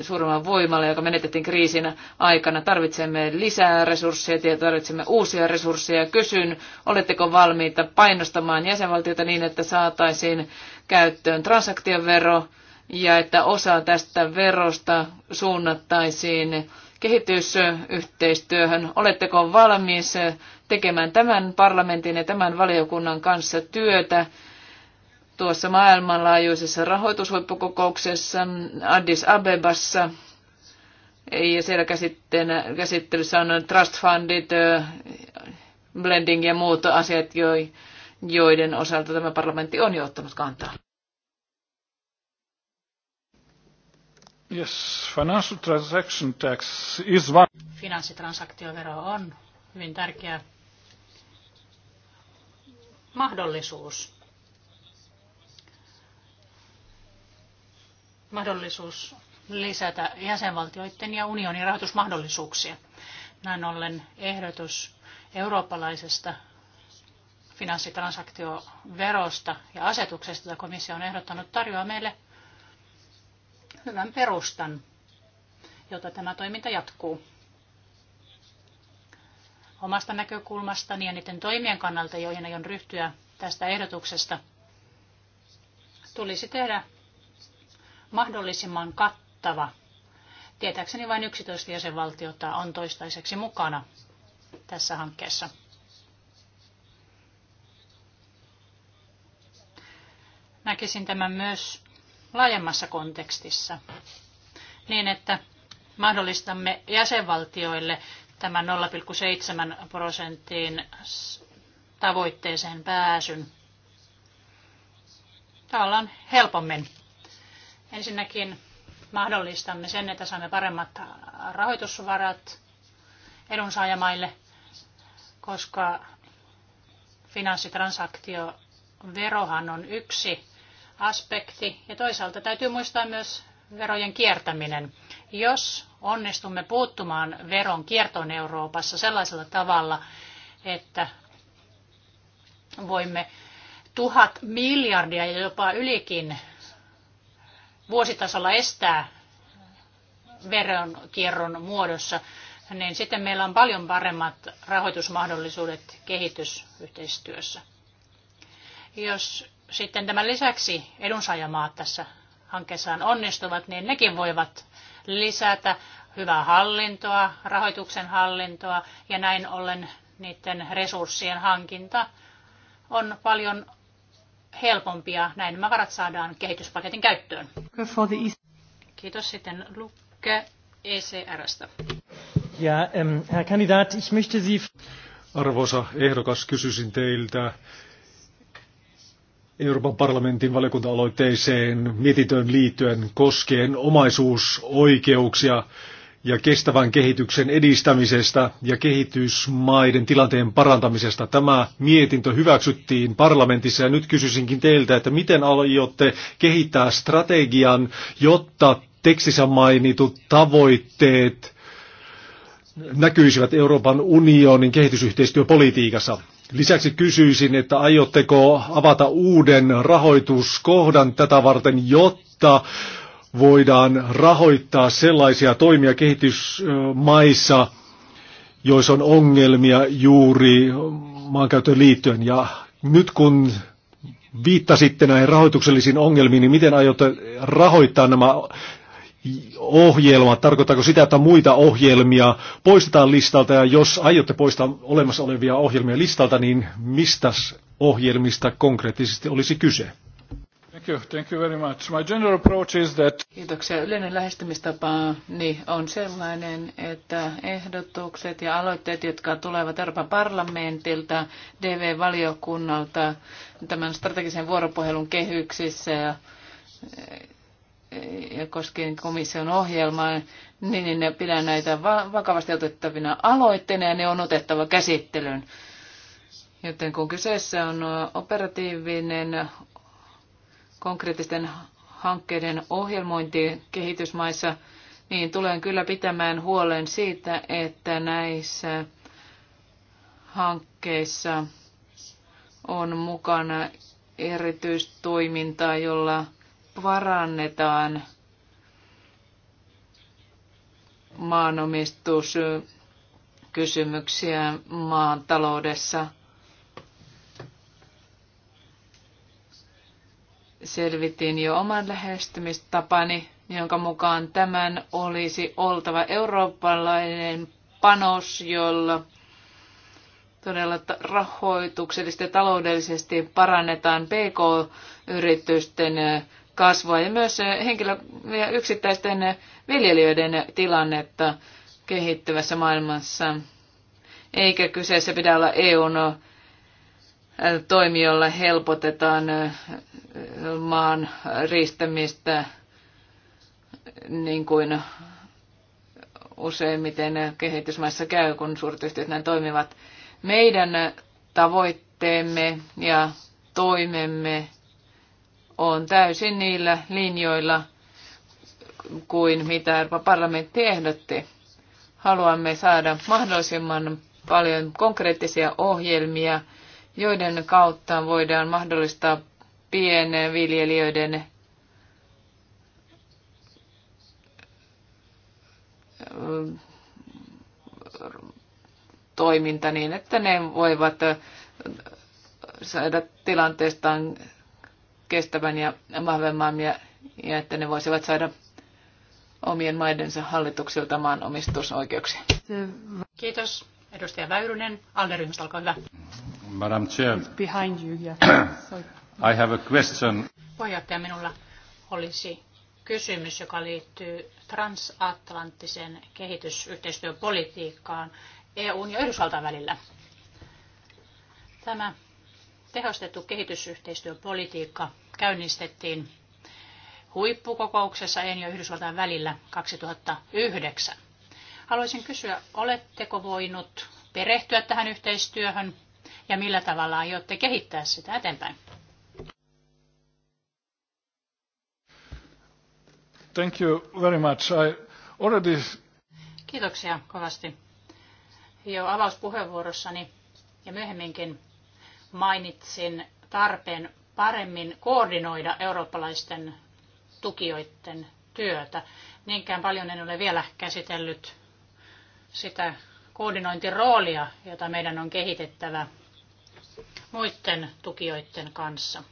suuremman voimalla, joka menetettiin kriisin aikana. Tarvitsemme lisää resursseja ja tarvitsemme uusia resursseja. Kysyn, oletteko valmiita painostamaan jäsenvaltiota niin, että saataisiin käyttöön transaktiovero ja että osa tästä verosta suunnattaisiin kehitysyhteistyöhön. Oletteko valmis tekemään tämän parlamentin ja tämän valiokunnan kanssa työtä tuossa maailmanlaajuisessa rahoitushuippukokouksessa Addis Abebassa. Ja siellä käsittelyssä on trust fundit, blending ja muut asiat, joiden osalta tämä parlamentti on jo ottanut kantaa. Yes, financial transaction tax is one. Finanssitransaktiovero on hyvin tärkeä mahdollisuus mahdollisuus lisätä jäsenvaltioiden ja unionin rahoitusmahdollisuuksia. Näin ollen ehdotus eurooppalaisesta finanssitransaktioverosta ja asetuksesta, jota komissio on ehdottanut, tarjoaa meille hyvän perustan, jota tämä toiminta jatkuu. Omasta näkökulmastani ja niiden toimien kannalta, joihin aion ryhtyä tästä ehdotuksesta, tulisi tehdä mahdollisimman kattava. Tietääkseni vain 11 jäsenvaltiota on toistaiseksi mukana tässä hankkeessa. Näkisin tämän myös laajemmassa kontekstissa, niin että mahdollistamme jäsenvaltioille tämän 0,7 prosentin tavoitteeseen pääsyn tavallaan helpommin Ensinnäkin mahdollistamme sen, että saamme paremmat rahoitusvarat edunsaajamaille, koska finanssitransaktioverohan on yksi aspekti ja toisaalta täytyy muistaa myös verojen kiertäminen. Jos onnistumme puuttumaan veron kiertoon Euroopassa sellaisella tavalla, että voimme tuhat miljardia ja jopa ylikin vuositasolla estää veronkierron muodossa, niin sitten meillä on paljon paremmat rahoitusmahdollisuudet kehitysyhteistyössä. Jos sitten tämän lisäksi edunsaajamaat tässä hankkeessaan onnistuvat, niin nekin voivat lisätä hyvää hallintoa, rahoituksen hallintoa ja näin ollen niiden resurssien hankinta on paljon helpompia. Näin nämä varat saadaan kehityspaketin käyttöön. Kiitos sitten Lukke ECRstä. Ja, ähm, Herr Kandidat, ich möchte Sie... Arvoisa ehdokas, kysyisin teiltä Euroopan parlamentin valiokunta-aloitteeseen mietintöön liittyen koskien omaisuusoikeuksia ja kestävän kehityksen edistämisestä ja kehitysmaiden tilanteen parantamisesta. Tämä mietintö hyväksyttiin parlamentissa ja nyt kysyisinkin teiltä, että miten aiotte kehittää strategian, jotta tekstissä mainitut tavoitteet näkyisivät Euroopan unionin kehitysyhteistyöpolitiikassa. Lisäksi kysyisin, että aiotteko avata uuden rahoituskohdan tätä varten, jotta voidaan rahoittaa sellaisia toimia kehitysmaissa, joissa on ongelmia juuri maankäytön liittyen. Ja nyt kun viittasitte näihin rahoituksellisiin ongelmiin, niin miten aiotte rahoittaa nämä ohjelmat? Tarkoittaako sitä, että muita ohjelmia poistetaan listalta? Ja jos aiotte poistaa olemassa olevia ohjelmia listalta, niin mistä ohjelmista konkreettisesti olisi kyse? Thank you, thank you very much. My general approach is that... Kiitoksia. Yleinen lähestymistapa on sellainen, että ehdotukset ja aloitteet, jotka tulevat Euroopan parlamentilta, DV-valiokunnalta, tämän strategisen vuoropuhelun kehyksissä ja, ja koskien komission ohjelmaa, niin, niin ne pidän näitä vakavasti otettavina aloitteina ja ne on otettava käsittelyyn. Joten kun kyseessä on operatiivinen konkreettisten hankkeiden ohjelmointi kehitysmaissa, niin tulen kyllä pitämään huolen siitä, että näissä hankkeissa on mukana erityistoimintaa, jolla parannetaan maanomistuskysymyksiä maan taloudessa – selvitin jo oman lähestymistapani, jonka mukaan tämän olisi oltava eurooppalainen panos, jolla todella rahoituksellisesti ja taloudellisesti parannetaan PK-yritysten kasvua ja myös henkilö- ja yksittäisten viljelijöiden tilannetta kehittyvässä maailmassa. Eikä kyseessä pidä olla EUn jolla helpotetaan maan riistämistä niin kuin useimmiten kehitysmaissa käy, kun suurtyhtiöt näin toimivat. Meidän tavoitteemme ja toimemme on täysin niillä linjoilla kuin mitä parlamentti ehdotti. Haluamme saada mahdollisimman paljon konkreettisia ohjelmia joiden kautta voidaan mahdollistaa viljelijöiden toiminta niin, että ne voivat saada tilanteestaan kestävän ja vahvemman ja, ja että ne voisivat saada omien maidensa hallituksilta maanomistusoikeuksia. Kiitos. Edustaja Väyrynen, Alderyhmästä, olkaa hyvä. Madam Chair. It's behind you, yeah. I have a question. Puheenjohtaja, minulla olisi kysymys, joka liittyy transatlanttisen kehitysyhteistyöpolitiikkaan EUn ja Yhdysvaltain välillä. Tämä tehostettu kehitysyhteistyöpolitiikka käynnistettiin huippukokouksessa EUn ja Yhdysvaltain välillä 2009. Haluaisin kysyä, oletteko voinut perehtyä tähän yhteistyöhön ja millä tavalla aiotte kehittää sitä eteenpäin? Thank you very much. I already... Kiitoksia kovasti. Jo avauspuheenvuorossani ja myöhemminkin mainitsin tarpeen paremmin koordinoida eurooppalaisten tukijoiden työtä. Niinkään paljon en ole vielä käsitellyt sitä koordinointiroolia, jota meidän on kehitettävä muiden tukijoiden kanssa,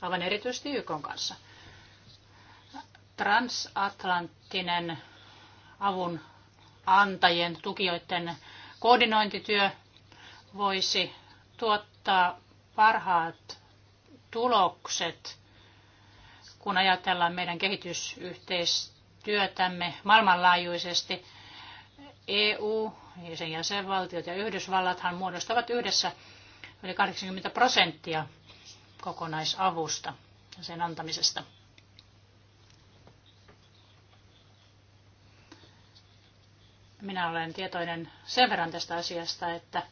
aivan erityisesti YK kanssa. Transatlanttinen avun antajien, tukijoiden koordinointityö voisi tuottaa parhaat tulokset, kun ajatellaan meidän kehitysyhteistyötämme maailmanlaajuisesti. EU ja sen jäsenvaltiot ja Yhdysvallathan muodostavat yhdessä yli 80 prosenttia kokonaisavusta ja sen antamisesta. Minä olen tietoinen sen verran tästä asiasta, että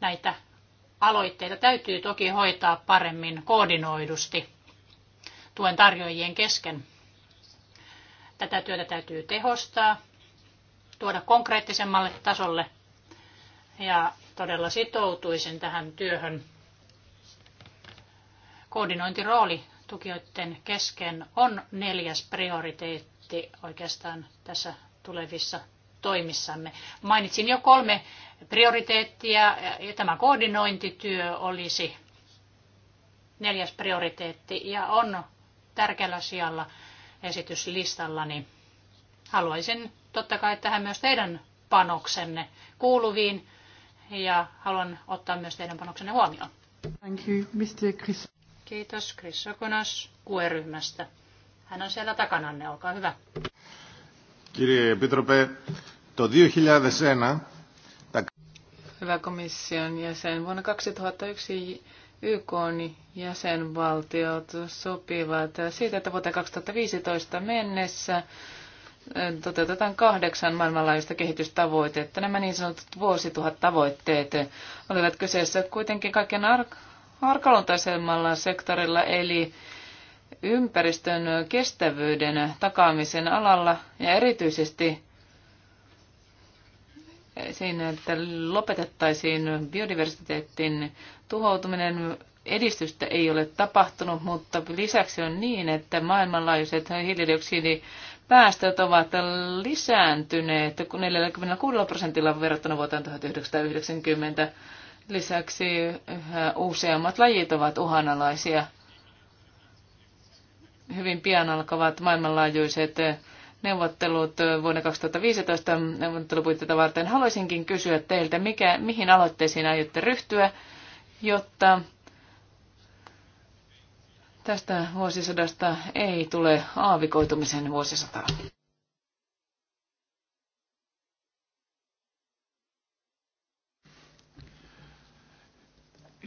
näitä aloitteita täytyy toki hoitaa paremmin koordinoidusti tuen tarjoajien kesken. Tätä työtä täytyy tehostaa, tuoda konkreettisemmalle tasolle ja todella sitoutuisin tähän työhön. Koordinointirooli tukijoiden kesken on neljäs prioriteetti oikeastaan tässä tulevissa toimissamme. Mainitsin jo kolme prioriteettia ja tämä koordinointityö olisi neljäs prioriteetti ja on tärkeällä sijalla esityslistallani. Haluaisin totta kai tähän myös teidän panoksenne kuuluviin ja haluan ottaa myös teidän panoksenne huomioon. Thank you, Mr. Chris. Kiitos Chris Sokonas QE-ryhmästä. Hän on siellä takananne, olkaa hyvä. Kirje Petrope, to 2001... Hyvä komission jäsen, vuonna 2001 YK jäsenvaltiot sopivat siitä, että vuoteen 2015 mennessä toteutetaan kahdeksan maailmanlaajuista kehitystavoitetta. Nämä niin sanotut vuosituhat tavoitteet olivat kyseessä kuitenkin kaiken arkaluontaisemmalla sektorilla, eli ympäristön kestävyyden takaamisen alalla ja erityisesti siinä, että lopetettaisiin biodiversiteetin tuhoutuminen. Edistystä ei ole tapahtunut, mutta lisäksi on niin, että maailmanlaajuiset hiilidioksidi päästöt ovat lisääntyneet 46 prosentilla verrattuna vuoteen 1990. Lisäksi yhä useammat lajit ovat uhanalaisia. Hyvin pian alkavat maailmanlaajuiset neuvottelut vuonna 2015 neuvottelupuitteita varten. Haluaisinkin kysyä teiltä, mikä, mihin aloitteisiin aiotte ryhtyä, jotta Tästä vuosisadasta ei tule aavikoitumisen vuosisataa.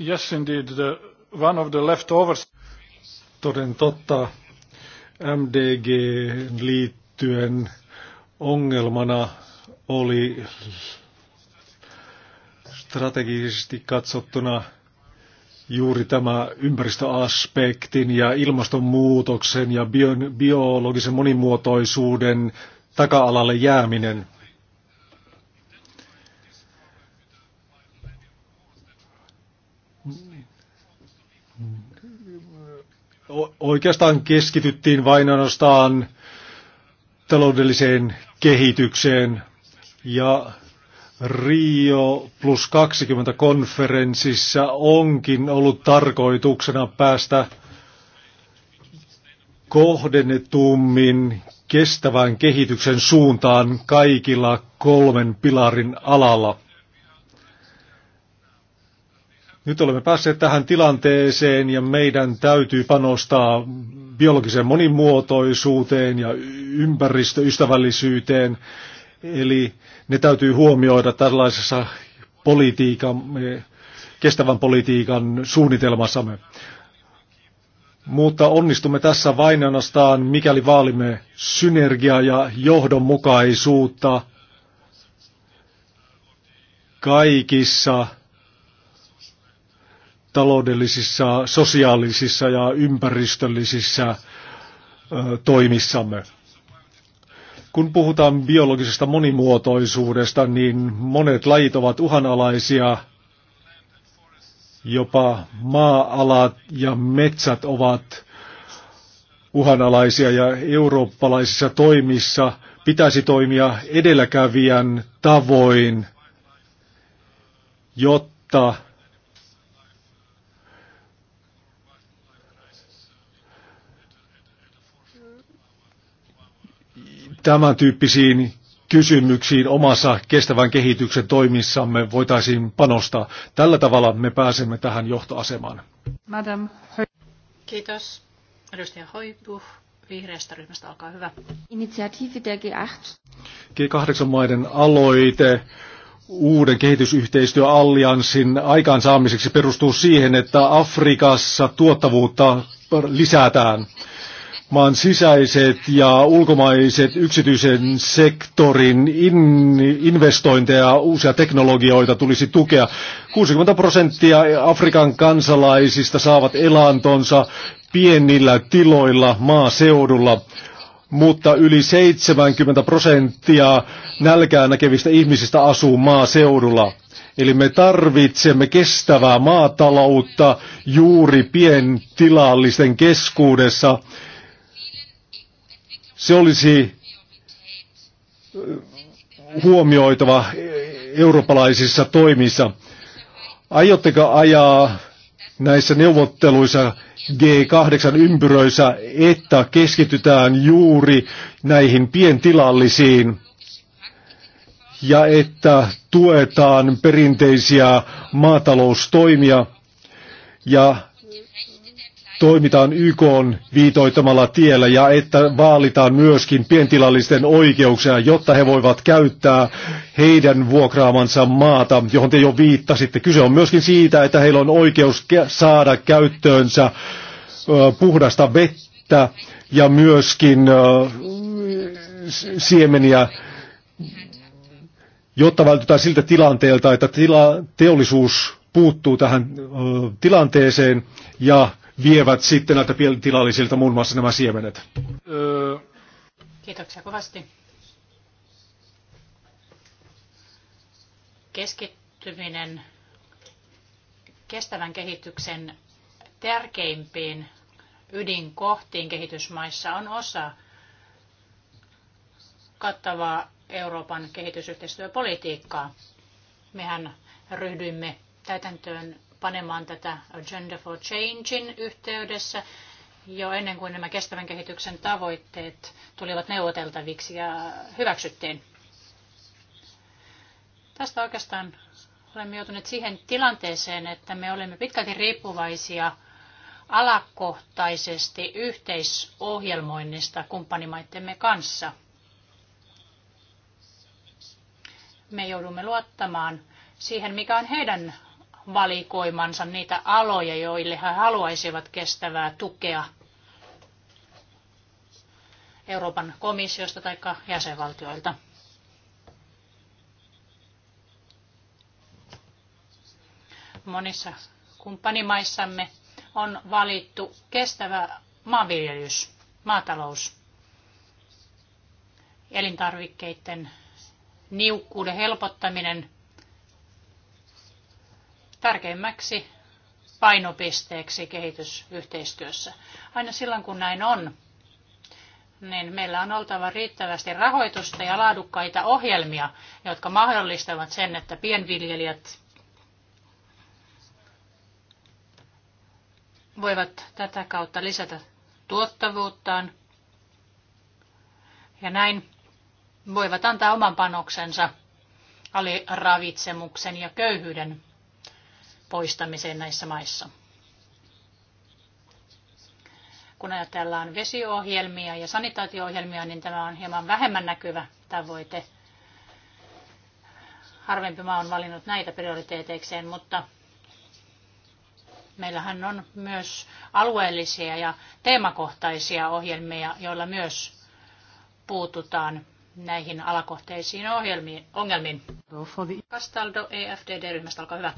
Yes, indeed. The, one of the leftovers. Toden totta, MDG liittyen ongelmana oli strategisesti katsottuna – juuri tämä ympäristöaspektin ja ilmastonmuutoksen ja bio, biologisen monimuotoisuuden taka-alalle jääminen. Oikeastaan keskityttiin vain ainoastaan taloudelliseen kehitykseen ja Rio plus 20 konferenssissa onkin ollut tarkoituksena päästä kohdennetummin kestävän kehityksen suuntaan kaikilla kolmen pilarin alalla. Nyt olemme päässeet tähän tilanteeseen ja meidän täytyy panostaa biologiseen monimuotoisuuteen ja ympäristöystävällisyyteen Eli ne täytyy huomioida tällaisessa politiikan, kestävän politiikan suunnitelmassamme. Mutta onnistumme tässä vain ainoastaan, mikäli vaalimme synergiaa ja johdonmukaisuutta kaikissa taloudellisissa, sosiaalisissa ja ympäristöllisissä toimissamme. Kun puhutaan biologisesta monimuotoisuudesta, niin monet lajit ovat uhanalaisia. Jopa maa-alat ja metsät ovat uhanalaisia ja eurooppalaisissa toimissa pitäisi toimia edelläkävijän tavoin, jotta tämän tyyppisiin kysymyksiin omassa kestävän kehityksen toimissamme voitaisiin panostaa. Tällä tavalla me pääsemme tähän johtoasemaan. Madam. Kiitos. Edustaja Hoibu, vihreästä ryhmästä, olkaa hyvä. Initiatiivi G8. G8-maiden aloite uuden kehitysyhteistyöallianssin aikaansaamiseksi perustuu siihen, että Afrikassa tuottavuutta lisätään maan sisäiset ja ulkomaiset yksityisen sektorin in, investointeja, uusia teknologioita tulisi tukea. 60 prosenttia Afrikan kansalaisista saavat elantonsa pienillä tiloilla maaseudulla, mutta yli 70 prosenttia nälkää näkevistä ihmisistä asuu maaseudulla. Eli me tarvitsemme kestävää maataloutta juuri pientilallisten keskuudessa se olisi huomioitava eurooppalaisissa toimissa. Aiotteko ajaa näissä neuvotteluissa G8-ympyröissä, että keskitytään juuri näihin pientilallisiin ja että tuetaan perinteisiä maataloustoimia ja toimitaan YK on viitoittamalla tiellä ja että vaalitaan myöskin pientilallisten oikeuksia, jotta he voivat käyttää heidän vuokraamansa maata, johon te jo viittasitte. Kyse on myöskin siitä, että heillä on oikeus saada käyttöönsä puhdasta vettä ja myöskin siemeniä, jotta vältytään siltä tilanteelta, että tila, teollisuus puuttuu tähän tilanteeseen ja vievät sitten näiltä tilallisilta muun muassa nämä siemenet. Kiitoksia kovasti. Keskittyminen kestävän kehityksen tärkeimpiin ydinkohtiin kehitysmaissa on osa kattavaa Euroopan kehitysyhteistyöpolitiikkaa. Mehän ryhdyimme täytäntöön panemaan tätä Agenda for Changein yhteydessä jo ennen kuin nämä kestävän kehityksen tavoitteet tulivat neuvoteltaviksi ja hyväksyttiin. Tästä oikeastaan olemme joutuneet siihen tilanteeseen, että me olemme pitkälti riippuvaisia alakohtaisesti yhteisohjelmoinnista kumppanimaittemme kanssa. Me joudumme luottamaan siihen, mikä on heidän valikoimansa niitä aloja, joille he haluaisivat kestävää tukea Euroopan komissiosta tai jäsenvaltioilta. Monissa kumppanimaissamme on valittu kestävä maanviljelys, maatalous, elintarvikkeiden niukkuuden helpottaminen – tärkeimmäksi painopisteeksi kehitysyhteistyössä. Aina silloin kun näin on, niin meillä on oltava riittävästi rahoitusta ja laadukkaita ohjelmia, jotka mahdollistavat sen, että pienviljelijät voivat tätä kautta lisätä tuottavuuttaan ja näin voivat antaa oman panoksensa aliravitsemuksen ja köyhyyden poistamiseen näissä maissa. Kun ajatellaan vesiohjelmia ja sanitaatioohjelmia, niin tämä on hieman vähemmän näkyvä tavoite. Harvempi maa on valinnut näitä prioriteeteikseen, mutta meillähän on myös alueellisia ja teemakohtaisia ohjelmia, joilla myös puututaan näihin alakohteisiin ohjelmiin, ongelmiin. Castaldo EFDD-ryhmästä, olkaa hyvä.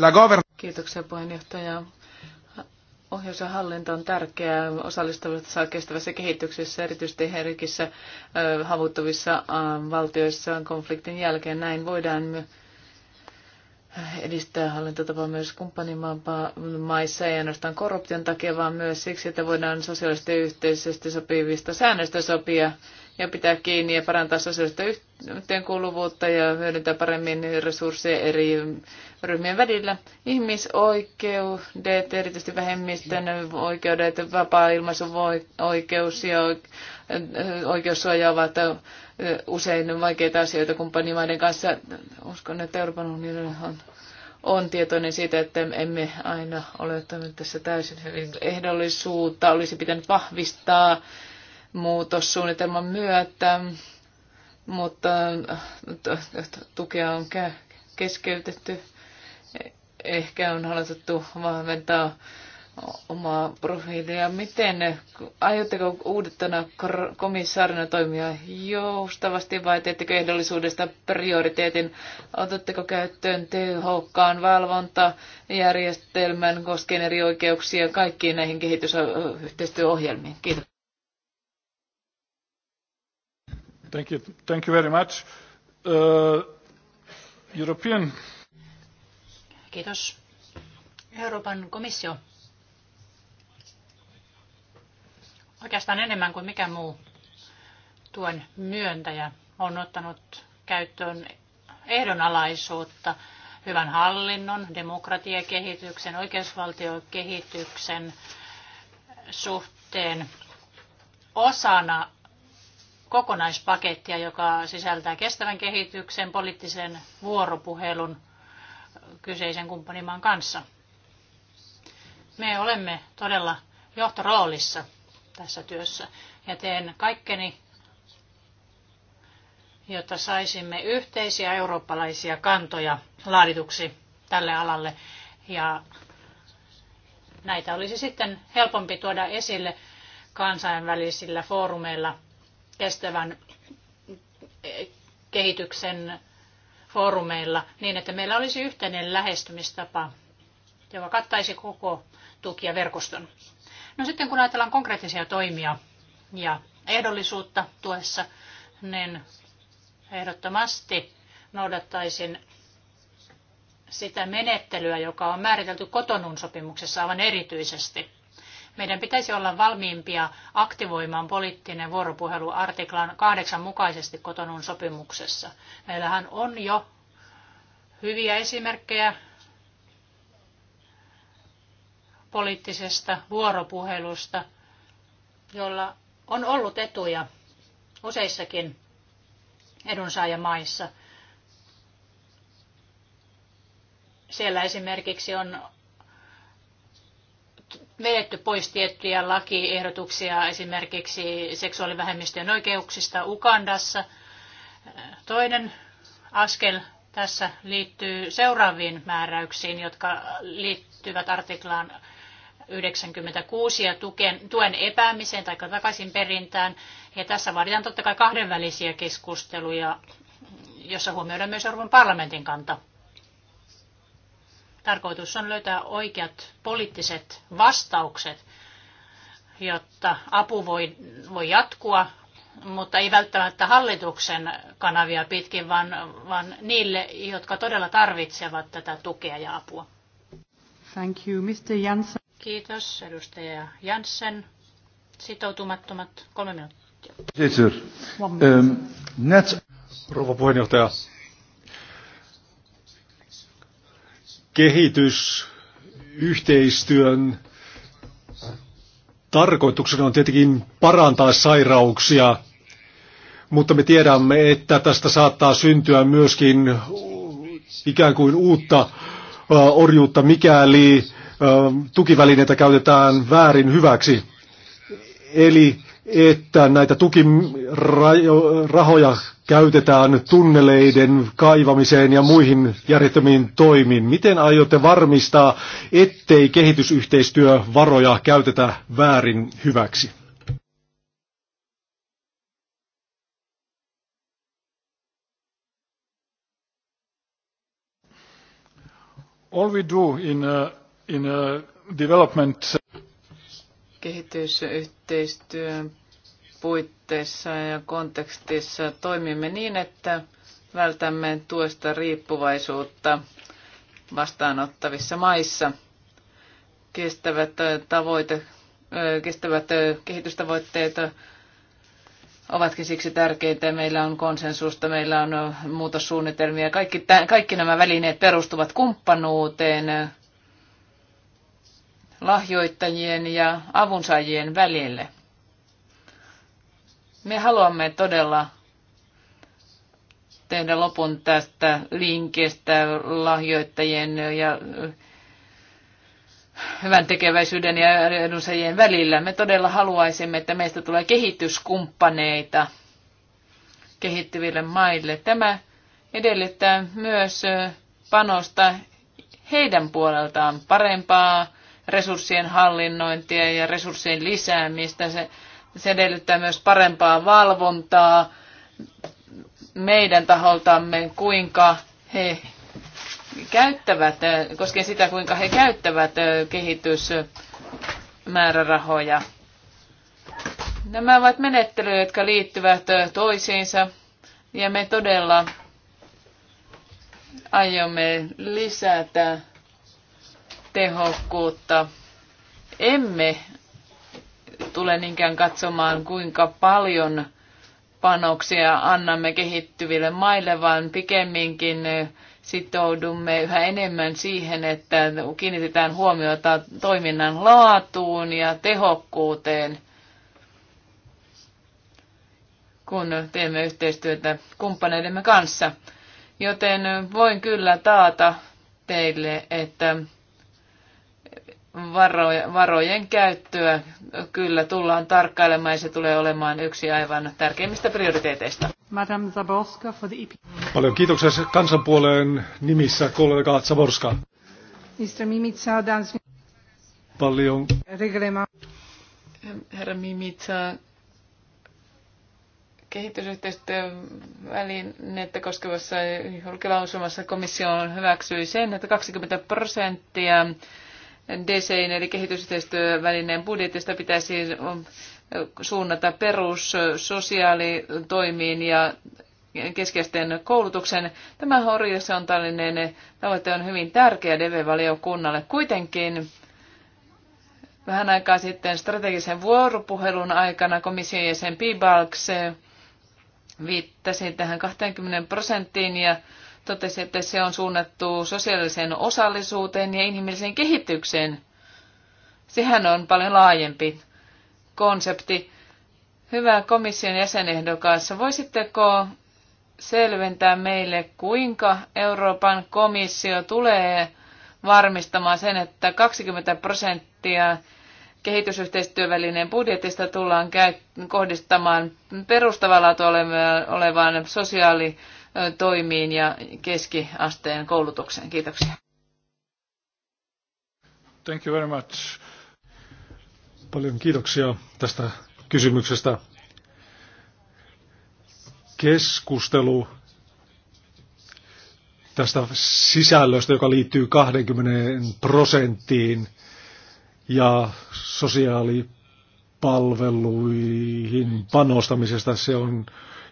La Kiitoksia puheenjohtaja. Ohjaus ja hallinta on tärkeää osallistavassa kestävässä kehityksessä, erityisesti herkissä havuttavissa valtioissa konfliktin jälkeen. Näin voidaan edistää hallintotapaa myös kumppanimaissa, ei ainoastaan korruption takia, vaan myös siksi, että voidaan sosiaalisesti ja yhteisesti sopivista säännöistä sopia ja pitää kiinni ja parantaa sosiaalista yhteenkuuluvuutta ja hyödyntää paremmin resursseja eri ryhmien välillä. Ihmisoikeudet, erityisesti vähemmistön oikeudet, vapaa-ilmaisun oikeus ja oikeussuoja ovat usein vaikeita asioita kumppanimaiden kanssa. Uskon, että Euroopan unionilla on on tietoinen siitä, että emme aina ole tässä täysin hyvin. Ehdollisuutta olisi pitänyt vahvistaa muutossuunnitelman myötä, mutta tukea on keskeytetty. Ehkä on haluttu vahventaa omaa profiilia. Miten, aiotteko uudettana komissaarina toimia joustavasti vai teettekö ehdollisuudesta prioriteetin? Otatteko käyttöön tehokkaan valvontajärjestelmän koskien eri oikeuksia kaikkiin näihin kehitysyhteistyöohjelmiin? Kiitos. Thank you, thank you very much. Uh, European... Kiitos. Euroopan komissio. Oikeastaan enemmän kuin mikä muu tuen myöntäjä on ottanut käyttöön ehdonalaisuutta hyvän hallinnon, demokratiakehityksen, oikeusvaltiokehityksen suhteen osana kokonaispakettia, joka sisältää kestävän kehityksen, poliittisen vuoropuhelun kyseisen kumppanimaan kanssa. Me olemme todella johtoroolissa tässä työssä ja teen kaikkeni, jotta saisimme yhteisiä eurooppalaisia kantoja laadituksi tälle alalle ja näitä olisi sitten helpompi tuoda esille kansainvälisillä foorumeilla – kestävän kehityksen foorumeilla niin, että meillä olisi yhteinen lähestymistapa, joka kattaisi koko tukijaverkoston. No sitten kun ajatellaan konkreettisia toimia ja ehdollisuutta tuessa, niin ehdottomasti noudattaisin sitä menettelyä, joka on määritelty kotonun sopimuksessa aivan erityisesti. Meidän pitäisi olla valmiimpia aktivoimaan poliittinen vuoropuhelu artiklan kahdeksan mukaisesti kotonun sopimuksessa. Meillähän on jo hyviä esimerkkejä poliittisesta vuoropuhelusta, jolla on ollut etuja useissakin edunsaajamaissa. Siellä esimerkiksi on vedetty pois tiettyjä lakiehdotuksia esimerkiksi seksuaalivähemmistöjen oikeuksista Ugandassa. Toinen askel tässä liittyy seuraaviin määräyksiin, jotka liittyvät artiklaan 96 ja tuken, tuen epäämiseen tai takaisinperintään. Ja tässä vaaditaan totta kai kahdenvälisiä keskusteluja, jossa huomioidaan myös Euroopan parlamentin kanta. Tarkoitus on löytää oikeat poliittiset vastaukset, jotta apu voi, voi jatkua, mutta ei välttämättä hallituksen kanavia pitkin, vaan, vaan niille, jotka todella tarvitsevat tätä tukea ja apua. Thank you, Mr. Janssen. Kiitos, edustaja Janssen. Sitoutumattomat kolme minuuttia. sir. Um, net... Rouva puheenjohtaja, kehitys yhteistyön tarkoituksena on tietenkin parantaa sairauksia, mutta me tiedämme, että tästä saattaa syntyä myöskin ikään kuin uutta orjuutta, mikäli tukivälineitä käytetään väärin hyväksi. Eli että näitä tukirahoja käytetään tunneleiden kaivamiseen ja muihin järjettömiin toimiin. Miten aiotte varmistaa, ettei kehitysyhteistyövaroja käytetä väärin hyväksi? All we do in, uh, in uh, development kehitysyhteistyön puitteissa ja kontekstissa toimimme niin, että vältämme tuosta riippuvaisuutta vastaanottavissa maissa. Kestävät, tavoite, kestävät kehitystavoitteet ovatkin siksi tärkeitä. Meillä on konsensusta, meillä on muutossuunnitelmia. Kaikki, kaikki nämä välineet perustuvat kumppanuuteen, lahjoittajien ja avunsaajien välille. Me haluamme todella tehdä lopun tästä linkistä lahjoittajien ja hyvän tekeväisyyden ja edunsaajien välillä. Me todella haluaisimme, että meistä tulee kehityskumppaneita kehittyville maille. Tämä edellyttää myös panosta heidän puoleltaan parempaa resurssien hallinnointia ja resurssien lisäämistä. Se, se edellyttää myös parempaa valvontaa meidän taholtamme, kuinka he käyttävät, koskien sitä, kuinka he käyttävät kehitysmäärärahoja. Nämä ovat menettelyjä, jotka liittyvät toisiinsa, ja me todella aiomme lisätä tehokkuutta. Emme tule niinkään katsomaan, kuinka paljon panoksia annamme kehittyville maille, vaan pikemminkin sitoudumme yhä enemmän siihen, että kiinnitetään huomiota toiminnan laatuun ja tehokkuuteen, kun teemme yhteistyötä kumppaneidemme kanssa. Joten voin kyllä taata teille, että varojen, varojen käyttöä kyllä tullaan tarkkailemaan ja se tulee olemaan yksi aivan tärkeimmistä prioriteeteista. Madame Zaborska for the EP. Paljon kiitoksia kansanpuoleen nimissä kollega Zaborska. Mr. Mimitsa, dance... Paljon. Reglema. Herra Mimitsa, kehitysyhteistyön välinettä koskevassa julkilausumassa komissio hyväksyi sen, että 20 prosenttia DCin eli kehitysyhteistyövälineen budjetista pitäisi um, suunnata perus sosiaalitoimiin ja keskeisten koulutuksen. Tämä horisontaalinen tavoite on hyvin tärkeä DV-valiokunnalle. Kuitenkin vähän aikaa sitten strategisen vuoropuhelun aikana komission jäsen Pibalks viittasi tähän 20 prosenttiin ja totesi, että se on suunnattu sosiaaliseen osallisuuteen ja inhimilliseen kehitykseen. Sehän on paljon laajempi konsepti. Hyvä komission jäsenehdokas, voisitteko selventää meille, kuinka Euroopan komissio tulee varmistamaan sen, että 20 prosenttia kehitysyhteistyövälineen budjetista tullaan kohdistamaan perustavalla olevaan sosiaali- toimiin ja keskiasteen koulutukseen. Kiitoksia. Thank you very much. Paljon kiitoksia tästä kysymyksestä. Keskustelu tästä sisällöstä, joka liittyy 20 prosenttiin ja sosiaalipalveluihin panostamisesta, se on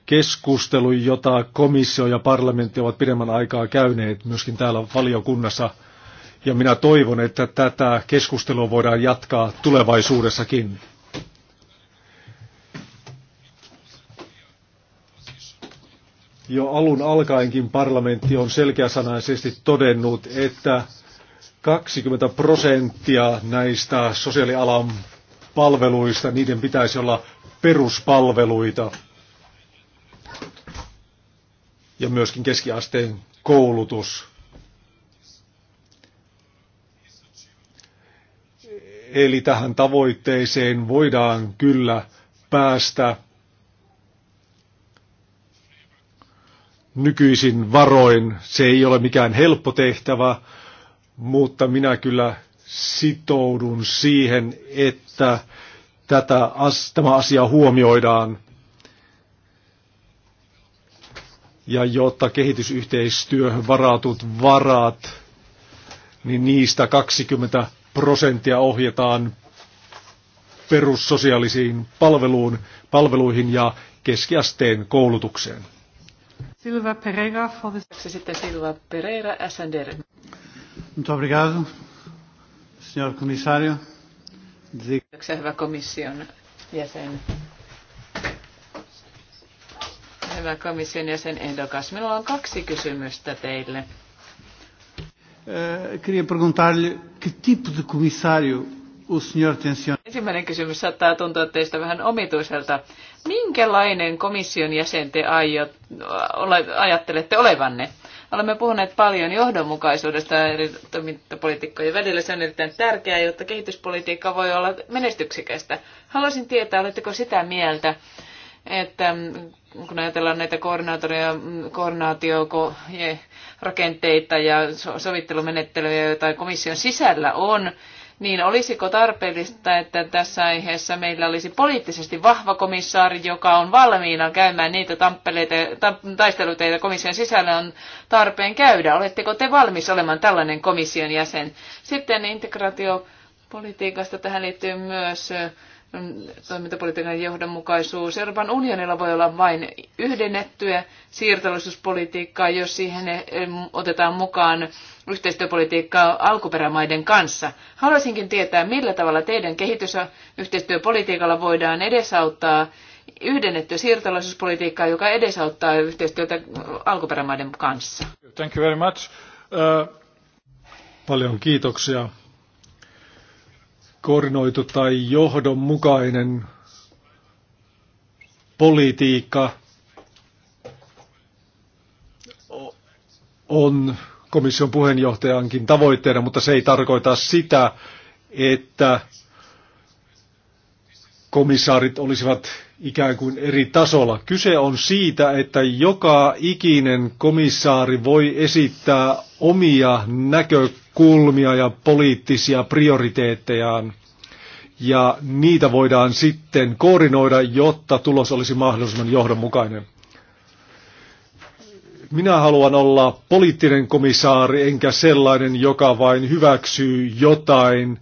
keskustelu, jota komissio ja parlamentti ovat pidemmän aikaa käyneet myöskin täällä valiokunnassa. Ja minä toivon, että tätä keskustelua voidaan jatkaa tulevaisuudessakin. Jo alun alkaenkin parlamentti on selkeäsanaisesti todennut, että 20 prosenttia näistä sosiaalialan palveluista, niiden pitäisi olla peruspalveluita ja myöskin keskiasteen koulutus. Eli tähän tavoitteeseen voidaan kyllä päästä nykyisin varoin. Se ei ole mikään helppo tehtävä, mutta minä kyllä sitoudun siihen, että tätä, tämä asia huomioidaan ja jotta kehitysyhteistyöhön varatut varat, niin niistä 20 prosenttia ohjataan perussosiaalisiin palveluun, palveluihin ja keskiasteen koulutukseen. Silva Pereira, for sitten Silva Pereira, SNDR. Muito obrigado, senhor comissário. Kiitoksia, hyvä komission jäsen. Hyvä komission jäsen ehdokas, minulla on kaksi kysymystä teille. Eh, queria perguntar-lhe que tipo de comissário o senhor tenciona? Ensimmäinen kysymys saattaa tuntua teistä vähän omituiselta. Minkälainen komission jäsen te aiot, ole, ajattelette olevanne? Olemme puhuneet paljon johdonmukaisuudesta eri toimintapolitiikkojen välillä. Se on erittäin tärkeää, jotta kehityspolitiikka voi olla menestyksekästä. Haluaisin tietää, oletteko sitä mieltä, että kun ajatellaan näitä koordinaatoria, rakenteita ja mm, sovittelumenettelyjä, joita komission sisällä on, niin olisiko tarpeellista, että tässä aiheessa meillä olisi poliittisesti vahva komissaari, joka on valmiina käymään niitä taisteluita, joita komission sisällä on tarpeen käydä? Oletteko te valmis olemaan tällainen komission jäsen? Sitten integraatiopolitiikasta tähän liittyy myös Mm, toimintapolitiikan johdonmukaisuus. Euroopan unionilla voi olla vain yhdennettyä siirtolaisuuspolitiikkaa, jos siihen otetaan mukaan yhteistyöpolitiikkaa alkuperämaiden kanssa. Haluaisinkin tietää, millä tavalla teidän kehitysyhteistyöpolitiikalla voidaan edesauttaa yhdennettyä siirtolaisuuspolitiikkaa, joka edesauttaa yhteistyötä alkuperämaiden kanssa. Thank you very much. Uh... Paljon kiitoksia koordinoitu tai johdonmukainen politiikka on komission puheenjohtajankin tavoitteena, mutta se ei tarkoita sitä, että komissaarit olisivat ikään kuin eri tasolla. Kyse on siitä, että joka ikinen komissaari voi esittää omia näkökulmia kulmia ja poliittisia prioriteettejaan. Ja niitä voidaan sitten koordinoida, jotta tulos olisi mahdollisimman johdonmukainen. Minä haluan olla poliittinen komissaari, enkä sellainen, joka vain hyväksyy jotain,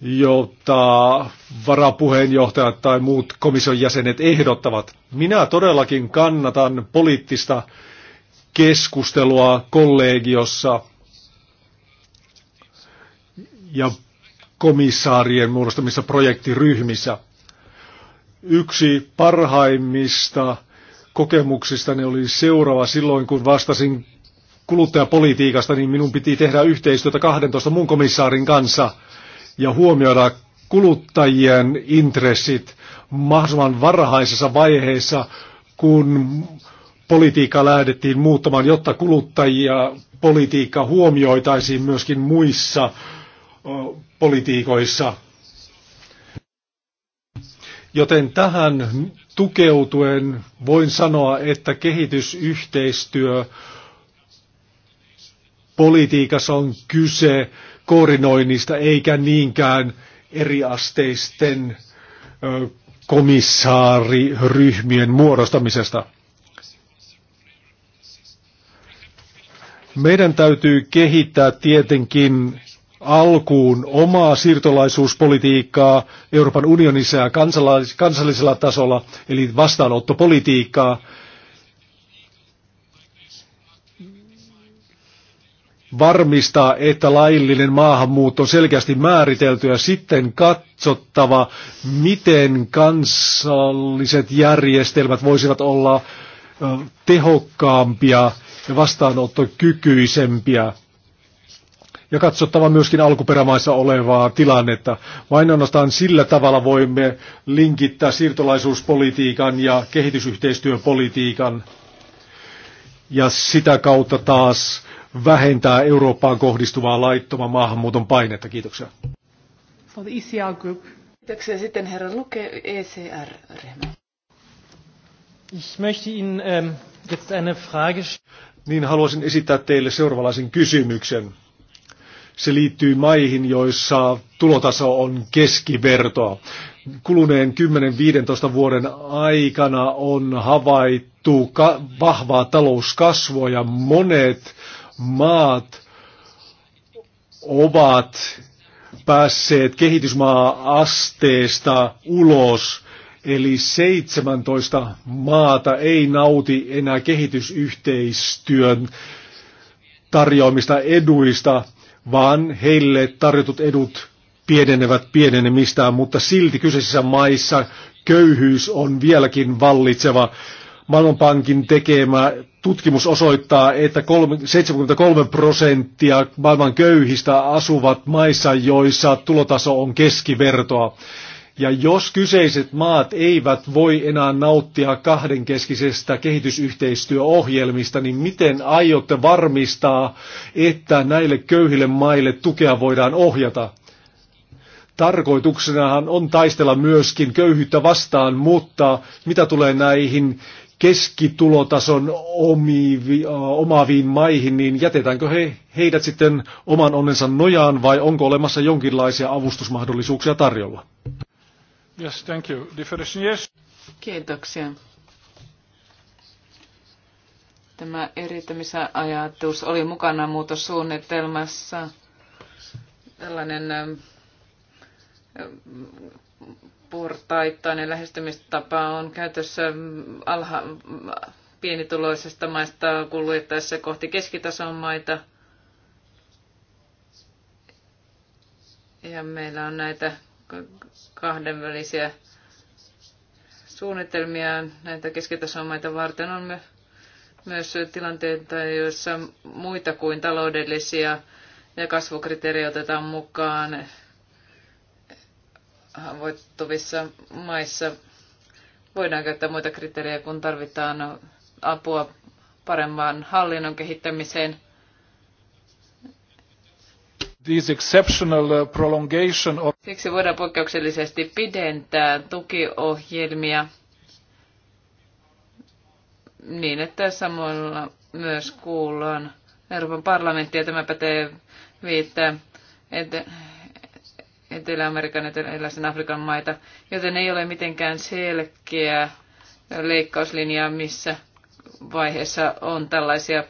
jota varapuheenjohtajat tai muut komission jäsenet ehdottavat. Minä todellakin kannatan poliittista keskustelua kollegiossa – ja komissaarien muodostamissa projektiryhmissä. Yksi parhaimmista kokemuksista ne oli seuraava silloin, kun vastasin kuluttajapolitiikasta, niin minun piti tehdä yhteistyötä 12 mun komissaarin kanssa ja huomioida kuluttajien intressit mahdollisimman varhaisessa vaiheessa, kun politiikka lähdettiin muuttamaan, jotta kuluttajia politiikka huomioitaisiin myöskin muissa politiikoissa. Joten tähän tukeutuen voin sanoa, että kehitysyhteistyö politiikassa on kyse koordinoinnista eikä niinkään eriasteisten komissaariryhmien muodostamisesta. Meidän täytyy kehittää tietenkin alkuun omaa siirtolaisuuspolitiikkaa Euroopan unionissa ja kansallisella tasolla, eli vastaanottopolitiikkaa, varmistaa, että laillinen maahanmuutto on selkeästi määritelty ja sitten katsottava, miten kansalliset järjestelmät voisivat olla tehokkaampia ja vastaanottokykyisempiä ja katsottava myöskin alkuperämaissa olevaa tilannetta. Vain ainoastaan sillä tavalla voimme linkittää siirtolaisuuspolitiikan ja kehitysyhteistyöpolitiikan ja sitä kautta taas vähentää Eurooppaan kohdistuvaa laittoman maahanmuuton painetta. Kiitoksia. For the ECR group. Kiitoksia sitten herra Luke, ECR-ryhmä. Ich möchte Ihnen ähm, jetzt eine Frage... Niin haluaisin esittää teille seuraavanlaisen kysymyksen. Se liittyy maihin, joissa tulotaso on keskivertoa. Kuluneen 10-15 vuoden aikana on havaittu vahvaa talouskasvua ja monet maat ovat päässeet kehitysmaa-asteesta ulos, eli 17 maata ei nauti enää kehitysyhteistyön tarjoamista eduista, vaan heille tarjotut edut pienenevät pienenemistään, mutta silti kyseisissä maissa köyhyys on vieläkin vallitseva. Maailmanpankin tekemä tutkimus osoittaa, että 73 prosenttia maailman köyhistä asuvat maissa, joissa tulotaso on keskivertoa. Ja jos kyseiset maat eivät voi enää nauttia kahdenkeskisestä kehitysyhteistyöohjelmista, niin miten aiotte varmistaa, että näille köyhille maille tukea voidaan ohjata? Tarkoituksenahan on taistella myöskin köyhyyttä vastaan, mutta mitä tulee näihin keskitulotason omivi, äh, omaaviin maihin, niin jätetäänkö he, heidät sitten oman onnensa nojaan vai onko olemassa jonkinlaisia avustusmahdollisuuksia tarjolla? Yes, thank you. Kiitoksia. Tämä eriyttämisajatus oli mukana muutossuunnitelmassa. Tällainen ähm, portaittainen lähestymistapa on käytössä ähm, alha, pienituloisesta maista kuluettaessa kohti keskitason maita. Ja meillä on näitä kahdenvälisiä suunnitelmia näitä keskitason maita varten. On myös myös tilanteita, joissa muita kuin taloudellisia ja kasvukriteerejä otetaan mukaan voittuvissa maissa. Voidaan käyttää muita kriteerejä, kun tarvitaan apua paremman hallinnon kehittämiseen. These exceptional uh, prolongation of... Siksi voidaan poikkeuksellisesti pidentää tukiohjelmia niin, että samalla myös kuullaan Euroopan ja Tämä pätee viittää Etelä-Amerikan ja Eteläisen Afrikan maita, joten ei ole mitenkään selkeä leikkauslinjaa, missä vaiheessa on tällaisia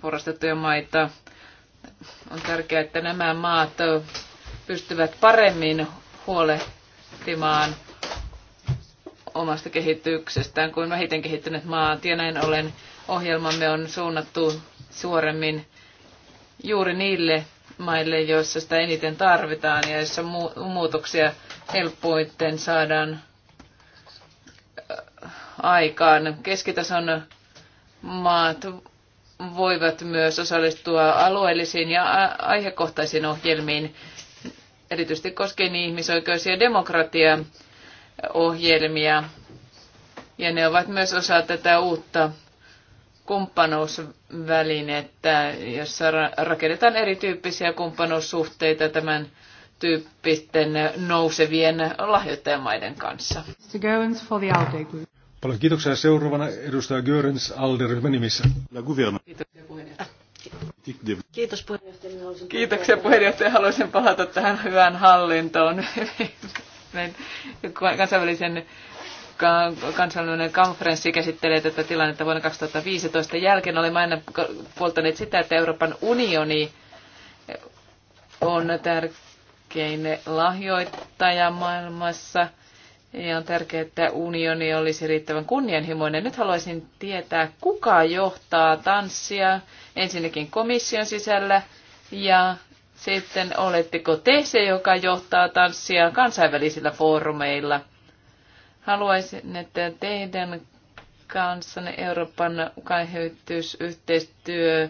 porastettuja maita. On tärkeää, että nämä maat pystyvät paremmin huolehtimaan omasta kehityksestään kuin vähiten kehittyneet maat. Ja näin ollen ohjelmamme on suunnattu suoremmin juuri niille maille, joissa sitä eniten tarvitaan ja joissa muutoksia helpoiten saadaan äh, aikaan. Keskitason maat voivat myös osallistua alueellisiin ja aihekohtaisiin ohjelmiin, erityisesti koskien ihmisoikeus- ja demokratiaohjelmia. Ja ne ovat myös osa tätä uutta kumppanuusvälinettä, jossa rakennetaan erityyppisiä kumppanuussuhteita tämän tyyppisten nousevien lahjoittajamaiden kanssa. Paljon kiitoksia. Seuraavana edustaja Görens Alder-ryhmän nimissä. Kiitoksia Kiitos puheenjohtaja. Haluaisin Kiitoksia puheenjohtaja. Haluaisin palata tähän hyvään hallintoon. Kansainvälisen kansallinen konferenssi käsittelee tätä tilannetta vuonna 2015 jälkeen. Olemme aina puoltaneet sitä, että Euroopan unioni on tärkein lahjoittaja maailmassa – ja on tärkeää, että unioni olisi riittävän kunnianhimoinen. Nyt haluaisin tietää, kuka johtaa tanssia ensinnäkin komission sisällä ja sitten oletteko te se, joka johtaa tanssia kansainvälisillä foorumeilla? Haluaisin, että teidän kanssanne Euroopan kaihyttyysyhteistyö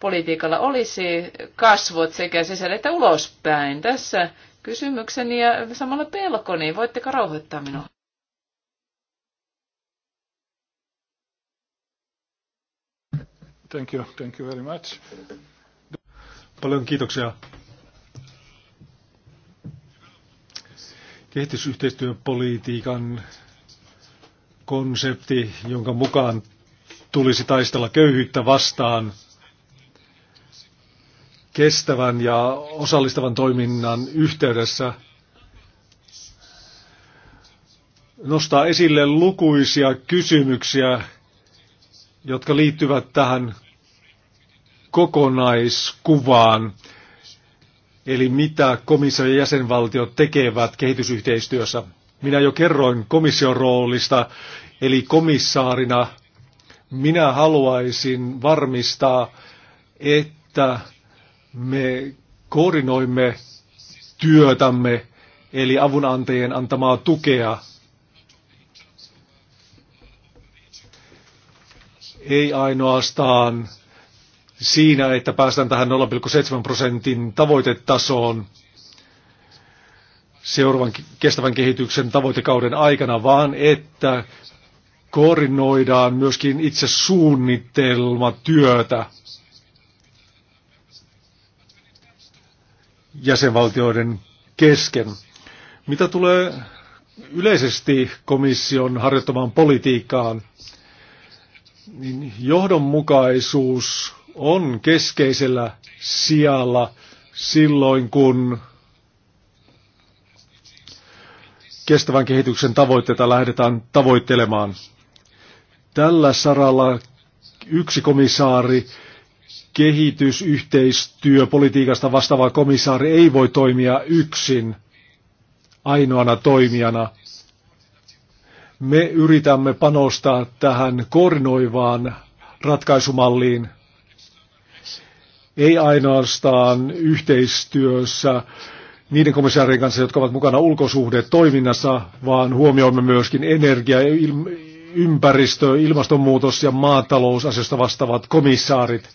politiikalla olisi kasvot sekä sisällä että ulospäin. Tässä kysymykseni ja samalla pelkoni. Voitteko rauhoittaa minua? Thank you, thank you very much. Paljon kiitoksia. politiikan konsepti, jonka mukaan tulisi taistella köyhyyttä vastaan – kestävän ja osallistavan toiminnan yhteydessä nostaa esille lukuisia kysymyksiä, jotka liittyvät tähän kokonaiskuvaan, eli mitä komissio ja jäsenvaltiot tekevät kehitysyhteistyössä. Minä jo kerroin komission roolista, eli komissaarina minä haluaisin varmistaa, että me koordinoimme työtämme, eli avunantajien antamaa tukea. Ei ainoastaan siinä, että päästään tähän 0,7 prosentin tavoitetasoon seuraavan kestävän kehityksen tavoitekauden aikana, vaan että koordinoidaan myöskin itse suunnitelmatyötä. työtä jäsenvaltioiden kesken. Mitä tulee yleisesti komission harjoittamaan politiikkaan, niin johdonmukaisuus on keskeisellä sijalla silloin, kun kestävän kehityksen tavoitteita lähdetään tavoittelemaan. Tällä saralla yksi komissaari kehitysyhteistyöpolitiikasta vastaava komissaari ei voi toimia yksin ainoana toimijana. Me yritämme panostaa tähän koordinoivaan ratkaisumalliin, ei ainoastaan yhteistyössä niiden komissaarien kanssa, jotka ovat mukana ulkosuhdetoiminnassa, vaan huomioimme myöskin energia- ympäristö, ilmastonmuutos ja maatalousasiasta vastaavat komissaarit –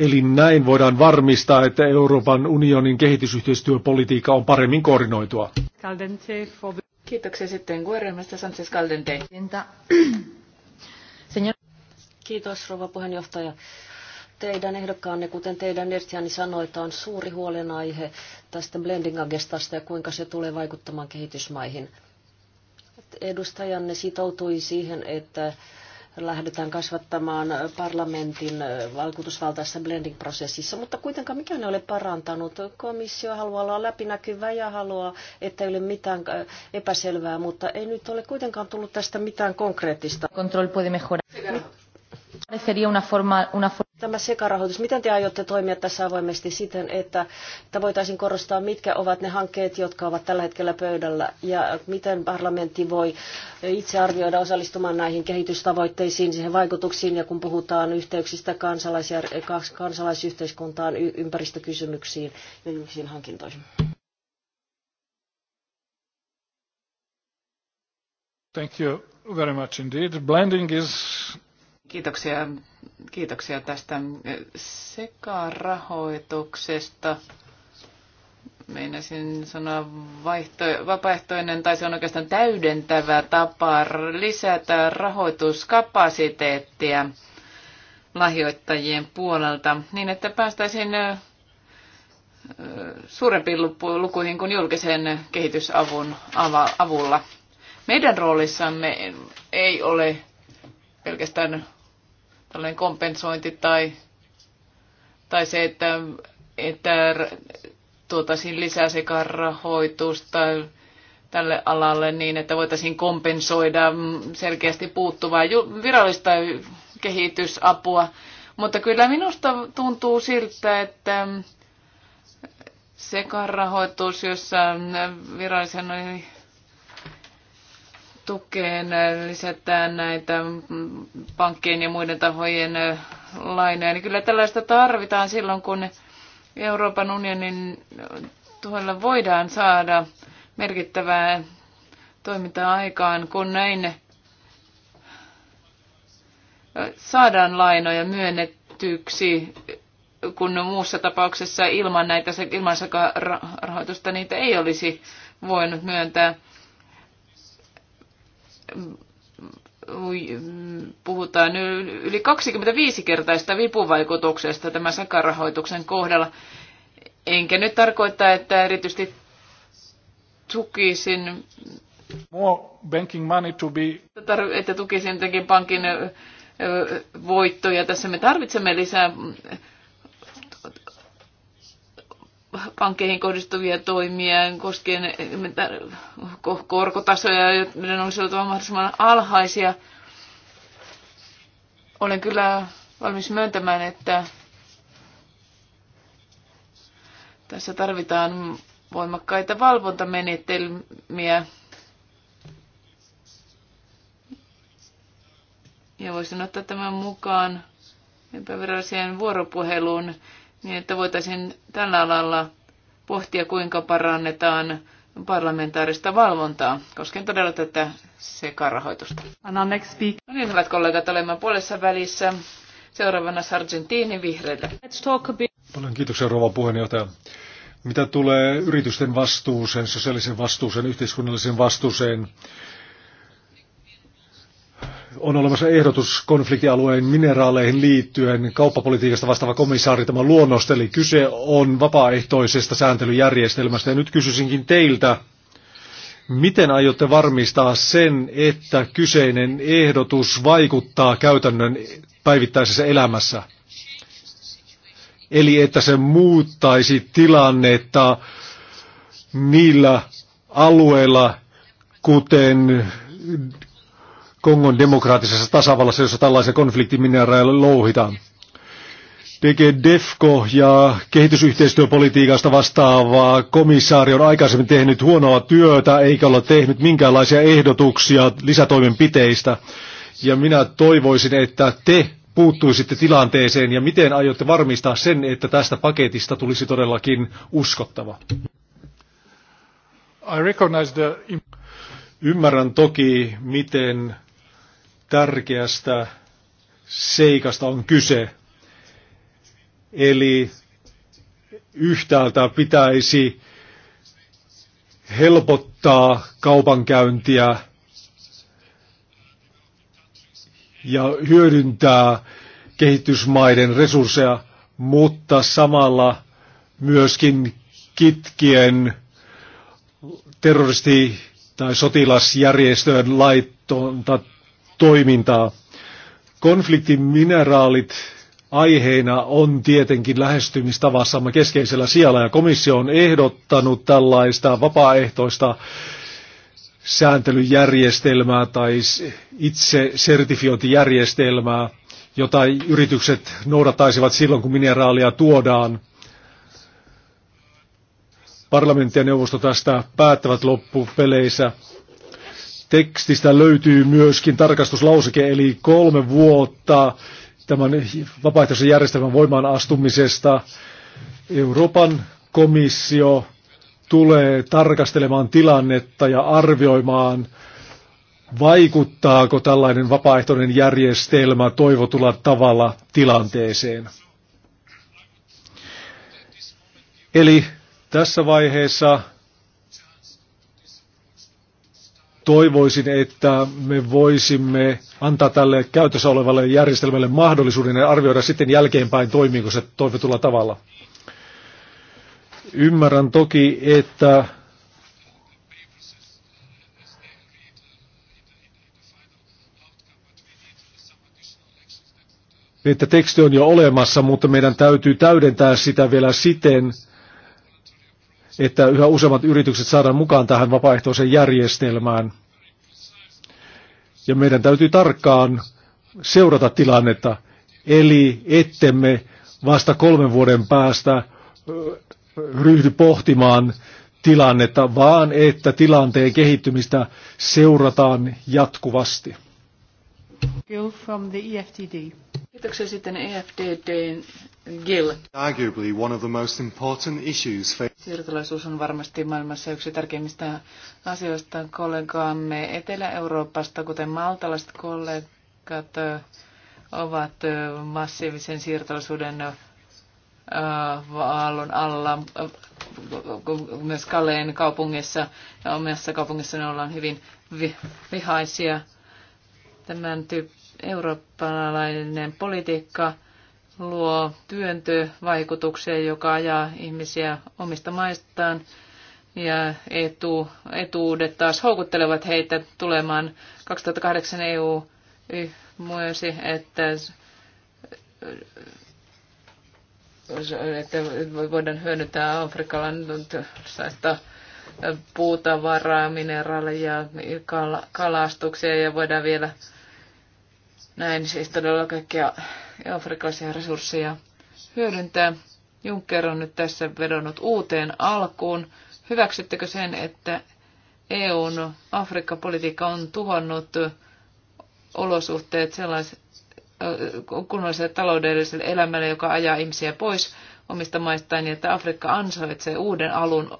Eli näin voidaan varmistaa, että Euroopan unionin kehitysyhteistyöpolitiikka on paremmin koordinoitua. Kiitoksia sitten kuoreimasta Sanchez Caldente. Kiitos rouva puheenjohtaja. Teidän ehdokkaanne, kuten teidän Ertiani sanoita, on suuri huolenaihe tästä blending-agestasta ja kuinka se tulee vaikuttamaan kehitysmaihin. Edustajanne sitoutui siihen, että lähdetään kasvattamaan parlamentin valkutusvaltaisessa blending-prosessissa, mutta kuitenkaan mikään ei ole parantanut. Komissio haluaa olla läpinäkyvä ja haluaa, että ei ole mitään epäselvää, mutta ei nyt ole kuitenkaan tullut tästä mitään konkreettista. Control puede mejorar. Sería una forma, una forma tämä sekarahoitus, miten te aiotte toimia tässä avoimesti siten, että, että voitaisiin korostaa, mitkä ovat ne hankkeet, jotka ovat tällä hetkellä pöydällä ja miten parlamentti voi itse arvioida osallistumaan näihin kehitystavoitteisiin, siihen vaikutuksiin ja kun puhutaan yhteyksistä kansalaisyhteiskuntaan, ympäristökysymyksiin ja julkisiin hankintoihin. Thank you very much indeed. Blending is Kiitoksia, kiitoksia tästä sekarahoituksesta. Meinasin sanoa vaihto, vapaaehtoinen, tai se on oikeastaan täydentävä tapa lisätä rahoituskapasiteettia lahjoittajien puolelta, niin että päästäisiin suurempiin lukuihin kuin julkisen kehitysavun avulla. Meidän roolissamme ei ole pelkästään tällainen kompensointi tai, tai se, että, että tuotaisiin lisää sekä rahoitusta tälle alalle niin, että voitaisiin kompensoida mm, selkeästi puuttuvaa virallista kehitysapua. Mutta kyllä minusta tuntuu siltä, että mm, sekarahoitus, jossa mm, virallisen tukeen lisätään näitä pankkien ja muiden tahojen lainoja, niin kyllä tällaista tarvitaan silloin, kun Euroopan unionin tuella voidaan saada merkittävää toimintaa aikaan, kun näin saadaan lainoja myönnettyksi, kun muussa tapauksessa ilman näitä ilman rahoitusta niitä ei olisi voinut myöntää puhutaan yli 25-kertaista vipuvaikutuksesta tämän sakarahoituksen kohdalla. Enkä nyt tarkoita, että erityisesti tukisin More banking money to be... että tukisin jotenkin pankin voittoja. Tässä me tarvitsemme lisää pankkeihin kohdistuvia toimia koskien korkotasoja, joiden olisi oltava mahdollisimman alhaisia. Olen kyllä valmis myöntämään, että tässä tarvitaan voimakkaita valvontamenetelmiä. Ja voisin ottaa tämän mukaan epävirallisen vuoropuheluun niin että voitaisiin tällä alalla pohtia, kuinka parannetaan parlamentaarista valvontaa, koskien todella tätä sekarahoitusta. Anna next speak. No niin, hyvät kollegat, olemme puolessa välissä. Seuraavana Sargentini vihreille. Let's talk Paljon kiitoksia, rouva puheenjohtaja. Mitä tulee yritysten vastuuseen, sosiaalisen vastuuseen, yhteiskunnalliseen vastuuseen, on olemassa ehdotus konfliktialueen mineraaleihin liittyen. Kauppapolitiikasta vastaava komissaari tämä luonnosteli. Kyse on vapaaehtoisesta sääntelyjärjestelmästä. Ja nyt kysyisinkin teiltä, miten aiotte varmistaa sen, että kyseinen ehdotus vaikuttaa käytännön päivittäisessä elämässä? Eli että se muuttaisi tilannetta niillä alueilla, kuten Kongon demokraattisessa tasavallassa, jossa tällaisia konfliktimineraaleja louhitaan. DG DEFCO ja kehitysyhteistyöpolitiikasta vastaava komissaari on aikaisemmin tehnyt huonoa työtä eikä ole tehnyt minkäänlaisia ehdotuksia lisätoimenpiteistä. Ja minä toivoisin, että te puuttuisitte tilanteeseen ja miten aiotte varmistaa sen, että tästä paketista tulisi todellakin uskottava? I recognize the... Ymmärrän toki, miten tärkeästä seikasta on kyse. Eli yhtäältä pitäisi helpottaa kaupankäyntiä ja hyödyntää kehitysmaiden resursseja, mutta samalla myöskin kitkien terroristi- tai sotilasjärjestöjen laittonta toimintaa. Konfliktin mineraalit aiheena on tietenkin lähestymistavassamme keskeisellä sijalla ja komissio on ehdottanut tällaista vapaaehtoista sääntelyjärjestelmää tai itse sertifiointijärjestelmää, jota yritykset noudattaisivat silloin, kun mineraalia tuodaan. Parlamentti ja neuvosto tästä päättävät loppupeleissä tekstistä löytyy myöskin tarkastuslauseke, eli kolme vuotta tämän vapaaehtoisen järjestelmän voimaan astumisesta Euroopan komissio tulee tarkastelemaan tilannetta ja arvioimaan, vaikuttaako tällainen vapaaehtoinen järjestelmä toivotulla tavalla tilanteeseen. Eli tässä vaiheessa toivoisin, että me voisimme antaa tälle käytössä olevalle järjestelmälle mahdollisuuden ja arvioida sitten jälkeenpäin, toimiiko se toivotulla tavalla. Ymmärrän toki, että että teksti on jo olemassa, mutta meidän täytyy täydentää sitä vielä siten, että yhä useammat yritykset saadaan mukaan tähän vapaaehtoiseen järjestelmään. Ja meidän täytyy tarkkaan seurata tilannetta, eli ettemme vasta kolmen vuoden päästä ryhdy pohtimaan tilannetta, vaan että tilanteen kehittymistä seurataan jatkuvasti. From the EFTD. Kiitoksia sitten EFDDn Gill. Arguably one of the most important issues for... Siirtolaisuus on varmasti maailmassa yksi tärkeimmistä asioista. Kollegaamme Etelä-Euroopasta, kuten maltalaiset kollegat, ovat massiivisen siirtolaisuuden aallon alla. Myös Kaleen kaupungissa ja omassa kaupungissa ne ollaan hyvin vihaisia. Tämän tyyppi eurooppalainen politiikka – luo työntövaikutuksia, joka ajaa ihmisiä omista maistaan ja etu, etuudet taas houkuttelevat heitä tulemaan. 2008 EU myönsi, että, että voidaan hyödyntää afrikkalaista puutavaraa, mineraaleja, kalastuksia ja voidaan vielä näin siis todella kaikkia afrikkalaisia resursseja hyödyntää. Juncker on nyt tässä vedonnut uuteen alkuun. Hyväksyttekö sen, että EUn Afrikka-politiikka on tuhannut olosuhteet äh, kunnalliselle taloudelliselle elämälle, joka ajaa ihmisiä pois omista maistaan, niin että Afrikka ansaitsee uuden alun,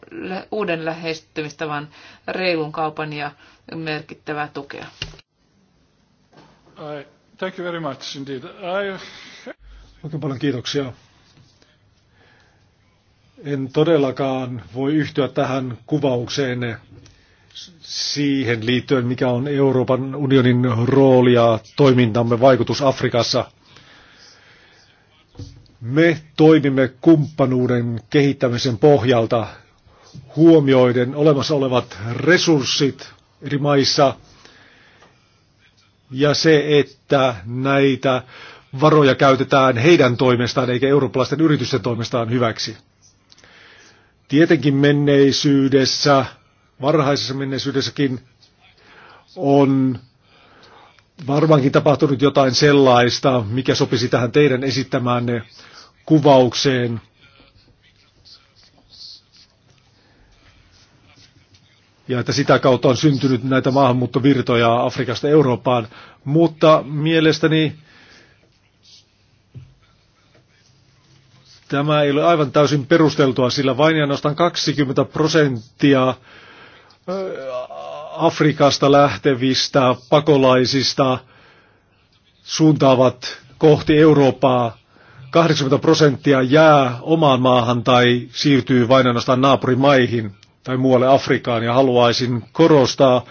uuden lähestymistavan, reilun kaupan ja merkittävää tukea. Ai. Thank you very much indeed. I... Oikein paljon kiitoksia. En todellakaan voi yhtyä tähän kuvaukseen siihen liittyen, mikä on Euroopan unionin rooli ja toimintamme vaikutus Afrikassa. Me toimimme kumppanuuden kehittämisen pohjalta huomioiden olemassa olevat resurssit eri maissa – ja se, että näitä varoja käytetään heidän toimestaan eikä eurooppalaisten yritysten toimestaan hyväksi. Tietenkin menneisyydessä, varhaisessa menneisyydessäkin on varmaankin tapahtunut jotain sellaista, mikä sopisi tähän teidän esittämäänne kuvaukseen. ja että sitä kautta on syntynyt näitä maahanmuuttovirtoja Afrikasta Eurooppaan. Mutta mielestäni tämä ei ole aivan täysin perusteltua, sillä vain ja nostan 20 prosenttia Afrikasta lähtevistä pakolaisista suuntaavat kohti Eurooppaa. 80 prosenttia jää omaan maahan tai siirtyy vain ainoastaan naapurimaihin tai muualle Afrikaan ja haluaisin korostaa,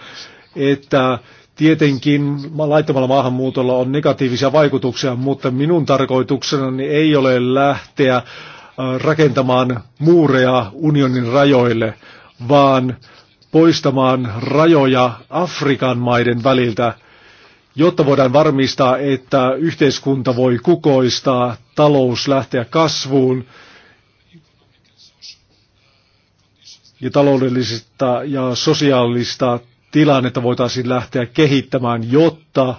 että tietenkin laittomalla maahanmuutolla on negatiivisia vaikutuksia, mutta minun tarkoituksenani ei ole lähteä äh, rakentamaan muureja unionin rajoille, vaan poistamaan rajoja Afrikan maiden väliltä, jotta voidaan varmistaa, että yhteiskunta voi kukoistaa, talous lähteä kasvuun ja taloudellista ja sosiaalista tilannetta voitaisiin lähteä kehittämään, jotta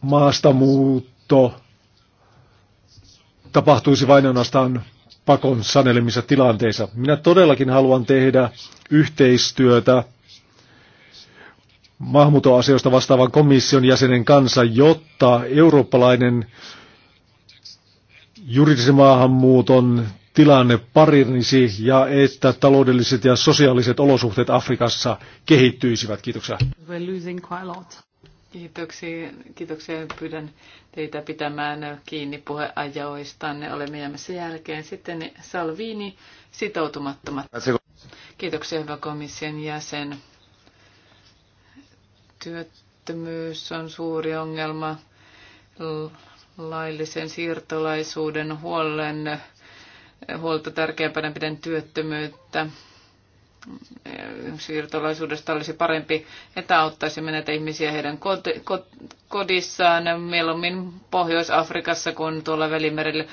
maastamuutto tapahtuisi vain ainoastaan pakon sanelemissa tilanteissa. Minä todellakin haluan tehdä yhteistyötä maahanmuuttoasioista vastaavan komission jäsenen kanssa, jotta eurooppalainen juridisen maahanmuuton tilanne parinisi ja että taloudelliset ja sosiaaliset olosuhteet Afrikassa kehittyisivät. Kiitoksia. Kiitoksia. Kiitoksia. Pyydän teitä pitämään kiinni puheajoistanne. Olemme jäämässä jälkeen. Sitten Salvini, sitoutumattomat. Kiitoksia, hyvä komission jäsen. Työttömyys on suuri ongelma laillisen siirtolaisuuden huolen huolta tärkeämpänä pidän työttömyyttä. Siirtolaisuudesta olisi parempi, että auttaisimme näitä ihmisiä heidän kodissaan, mieluummin Pohjois-Afrikassa kuin tuolla Välimerellä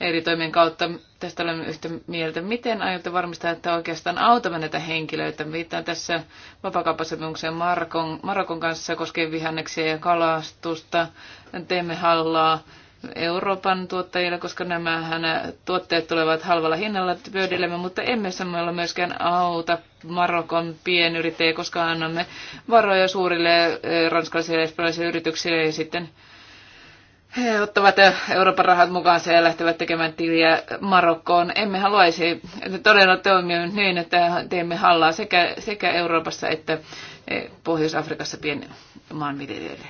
eri toimien kautta. Tästä olemme yhtä mieltä. Miten aiotte varmistaa, että oikeastaan autamme näitä henkilöitä? Viittaan tässä vapakauppasopimukseen Marokon, Marokon kanssa koskien vihanneksia ja kalastusta. Teemme hallaa Euroopan tuottajille, koska nämä tuotteet tulevat halvalla hinnalla pöydillemme, mutta emme samalla myöskään auta Marokon pienyrittäjiä, koska annamme varoja suurille eh, ranskalaisille ja espanjalaisille yrityksille ja sitten he ottavat Euroopan rahat mukaansa ja lähtevät tekemään tiliä Marokkoon. Emme haluaisi todella toimia niin, että teemme hallaa sekä, sekä Euroopassa että eh, Pohjois-Afrikassa pienen maanviljelijöille.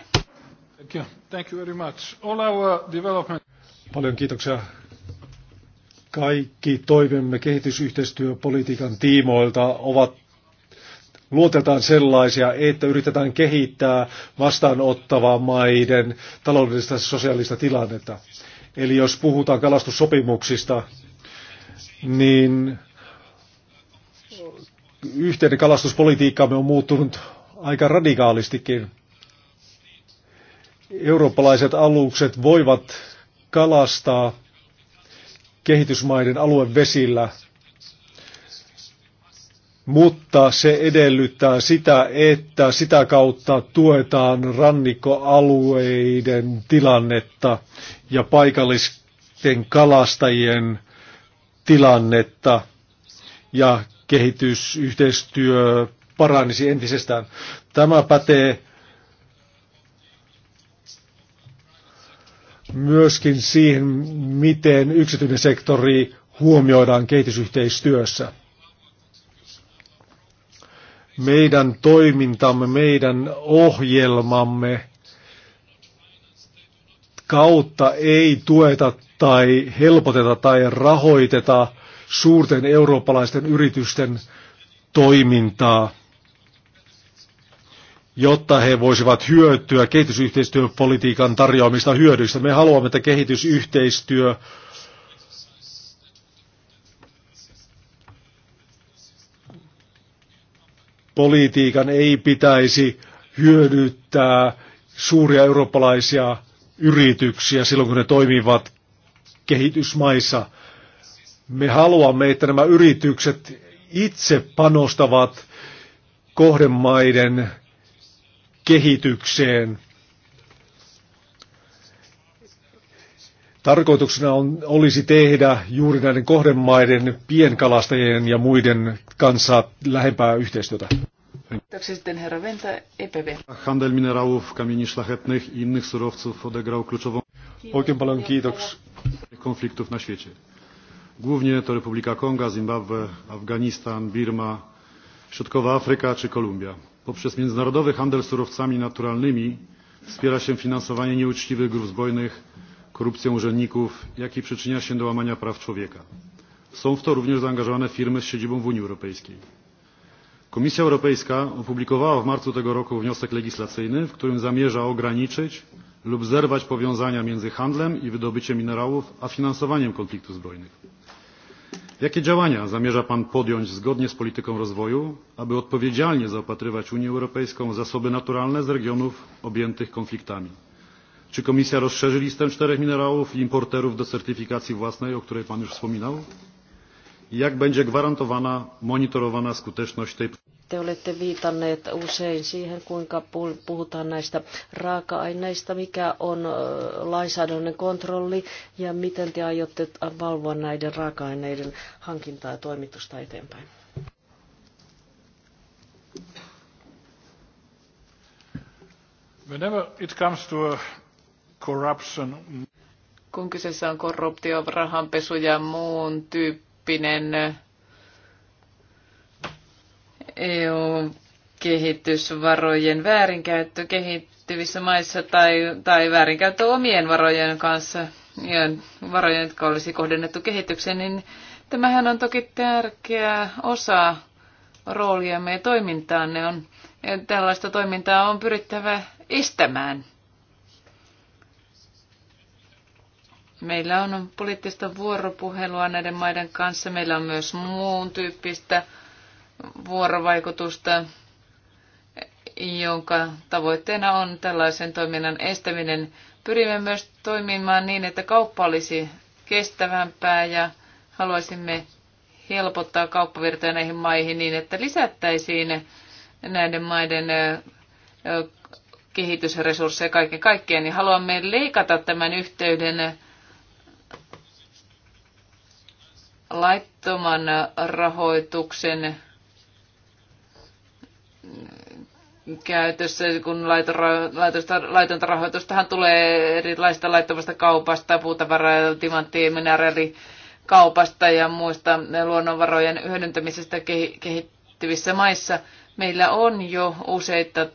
Thank you. Thank you very much. All our development... Paljon kiitoksia kaikki toivemme kehitysyhteistyöpolitiikan tiimoilta ovat luotetaan sellaisia, että yritetään kehittää vastaanottavaa maiden taloudellista ja sosiaalista tilannetta. Eli jos puhutaan kalastussopimuksista, niin yhteinen kalastuspolitiikkamme on muuttunut aika radikaalistikin. Eurooppalaiset alukset voivat kalastaa kehitysmaiden aluevesillä – mutta se edellyttää sitä, että sitä kautta tuetaan rannikkoalueiden tilannetta ja paikallisten kalastajien tilannetta ja kehitysyhteistyö paranisi entisestään. Tämä pätee myöskin siihen, miten yksityinen sektori huomioidaan kehitysyhteistyössä meidän toimintamme, meidän ohjelmamme kautta ei tueta tai helpoteta tai rahoiteta suurten eurooppalaisten yritysten toimintaa, jotta he voisivat hyötyä kehitysyhteistyöpolitiikan tarjoamista hyödyistä. Me haluamme, että kehitysyhteistyö politiikan ei pitäisi hyödyttää suuria eurooppalaisia yrityksiä silloin, kun ne toimivat kehitysmaissa. Me haluamme, että nämä yritykset itse panostavat kohdemaiden kehitykseen Tarkoituksena on, olisi tehdä juuri näiden kohdemaiden pienkalastajien ja muiden kanssa lähempää yhteistyötä. Kiitoksia sitten herra Venta, EPV. Handel minerałów, kamieni szlachetnych i innych surowców odegrał kluczową... Oikein paljon kiitoks. ...konfliktów na świecie. Głównie to Republika Konga, Zimbabwe, Afganistan, Birma, Środkowa Afryka czy Kolumbia. Poprzez międzynarodowy handel surowcami naturalnymi wspiera się finansowanie nieuczciwych grup zbrojnych korupcją urzędników jak i przyczynia się do łamania praw człowieka. są w to również zaangażowane firmy z siedzibą w unii europejskiej. komisja europejska opublikowała w marcu tego roku wniosek legislacyjny w którym zamierza ograniczyć lub zerwać powiązania między handlem i wydobyciem minerałów a finansowaniem konfliktów zbrojnych. jakie działania zamierza pan podjąć zgodnie z polityką rozwoju aby odpowiedzialnie zaopatrywać unię europejską w zasoby naturalne z regionów objętych konfliktami? Czy Komisja rozszerzy listę czterech minerałów i importerów do certyfikacji własnej, o której Pan już wspominał? I jak będzie gwarantowana, monitorowana skuteczność tej... Te olette viitanneet usein siihen, kuinka puhutaan näistä raaka-aineista, mikä on lainsäädännön kontrolli ja miten te aiotte valvoa näiden raaka-aineiden hankintaa ja toimitusta eteenpäin. Whenever it comes to corruption. Kun kyseessä on korruptio, rahanpesu ja muun tyyppinen EU-kehitysvarojen väärinkäyttö kehittyvissä maissa tai, tai väärinkäyttö omien varojen kanssa ja varojen, jotka olisi kohdennettu kehitykseen, niin tämähän on toki tärkeä osa rooliamme ja toimintaanne on. Ja tällaista toimintaa on pyrittävä estämään. Meillä on poliittista vuoropuhelua näiden maiden kanssa. Meillä on myös muun tyyppistä vuorovaikutusta, jonka tavoitteena on tällaisen toiminnan estäminen. Pyrimme myös toimimaan niin, että kauppa olisi kestävämpää ja haluaisimme helpottaa kauppavirtoja näihin maihin niin, että lisättäisiin näiden maiden kehitysresursseja kaiken kaikkiaan, niin haluamme leikata tämän yhteyden laittoman rahoituksen käytössä, kun laitonta rahoitustahan tulee erilaista laittomasta kaupasta, puutavaraa, timanttia, mineraali, kaupasta ja muista luonnonvarojen hyödyntämisestä kehittyvissä maissa. Meillä on jo useita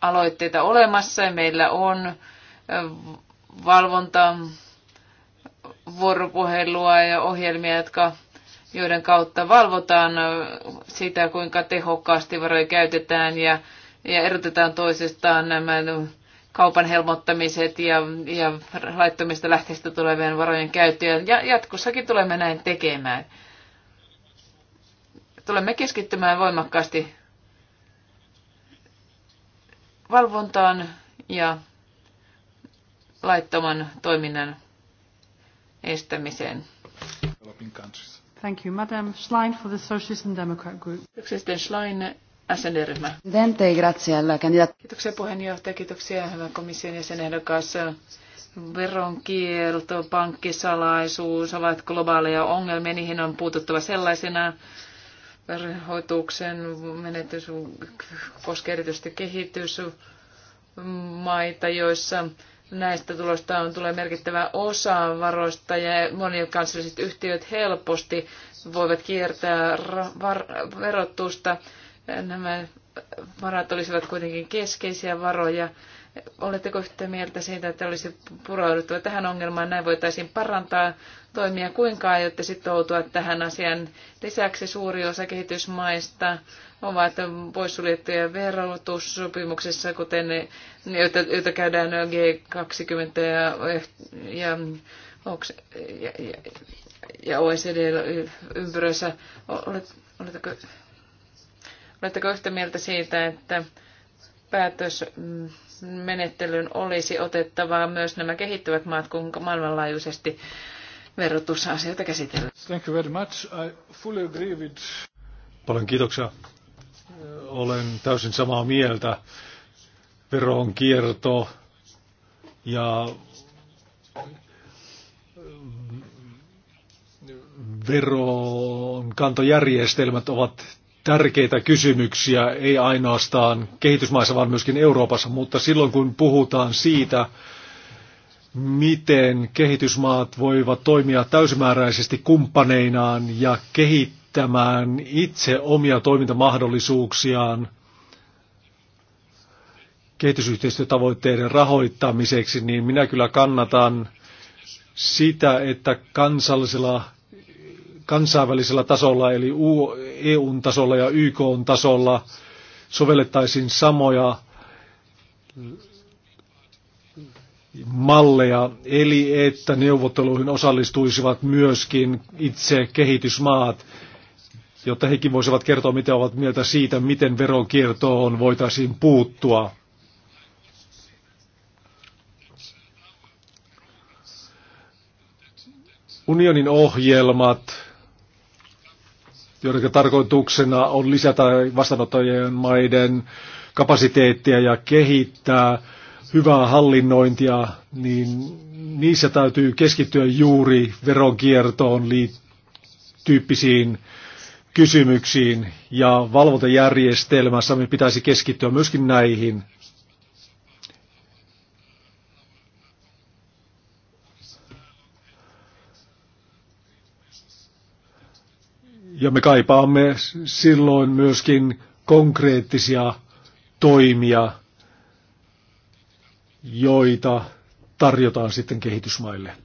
aloitteita olemassa ja meillä on valvonta vuoropuhelua ja ohjelmia, jotka, joiden kautta valvotaan sitä, kuinka tehokkaasti varoja käytetään ja, ja erotetaan toisestaan nämä kaupan helmottamiset ja, ja laittomista lähteistä tulevien varojen käyttöjä. Ja jatkossakin tulemme näin tekemään. Tulemme keskittymään voimakkaasti valvontaan ja laittoman toiminnan estämiseen. Thank you, Madam Schlein for the Socialist and Democrat Group. Yksi sitten Schlein, SND-ryhmä. Kiitoksia puheenjohtaja, kiitoksia hyvä komission jäsenehdokas. Veronkielto, pankkisalaisuus ovat globaaleja ongelmia, niihin on puututtava sellaisena rahoituksen menetys koskee erityisesti kehitysmaita, joissa näistä tuloista on, tulee merkittävä osa varoista ja monikansalliset yhtiöt helposti voivat kiertää verotusta. Nämä varat olisivat kuitenkin keskeisiä varoja Oletteko yhtä mieltä siitä, että olisi pureuduttava tähän ongelmaan, näin voitaisiin parantaa toimia? Kuinka aiotte sitoutua tähän asian? Lisäksi suuri osa kehitysmaista ovat poissuljettuja verotussopimuksissa, kuten ne, joita, joita käydään G20 ja, ja, ja, ja, OECD-ympyröissä. Oletteko, oletteko yhtä mieltä siitä, että päätös mm, menettelyn olisi otettava myös nämä kehittyvät maat, kun maailmanlaajuisesti verotusasioita käsitellään. Thank you very much. I fully agree with... Paljon kiitoksia. Olen täysin samaa mieltä. Veron kierto ja veron kantojärjestelmät ovat tärkeitä kysymyksiä, ei ainoastaan kehitysmaissa, vaan myöskin Euroopassa, mutta silloin kun puhutaan siitä, miten kehitysmaat voivat toimia täysimääräisesti kumppaneinaan ja kehittämään itse omia toimintamahdollisuuksiaan kehitysyhteistyötavoitteiden rahoittamiseksi, niin minä kyllä kannatan sitä, että kansallisella kansainvälisellä tasolla, eli EUn tasolla ja YKn tasolla sovellettaisiin samoja malleja, eli että neuvotteluihin osallistuisivat myöskin itse kehitysmaat, jotta hekin voisivat kertoa, mitä ovat mieltä siitä, miten veronkiertoon voitaisiin puuttua. Unionin ohjelmat joiden tarkoituksena on lisätä vastaanottajien maiden kapasiteettia ja kehittää hyvää hallinnointia, niin niissä täytyy keskittyä juuri veronkiertoon tyyppisiin kysymyksiin ja valvontajärjestelmässä me pitäisi keskittyä myöskin näihin Ja me kaipaamme silloin myöskin konkreettisia toimia, joita tarjotaan sitten kehitysmaille.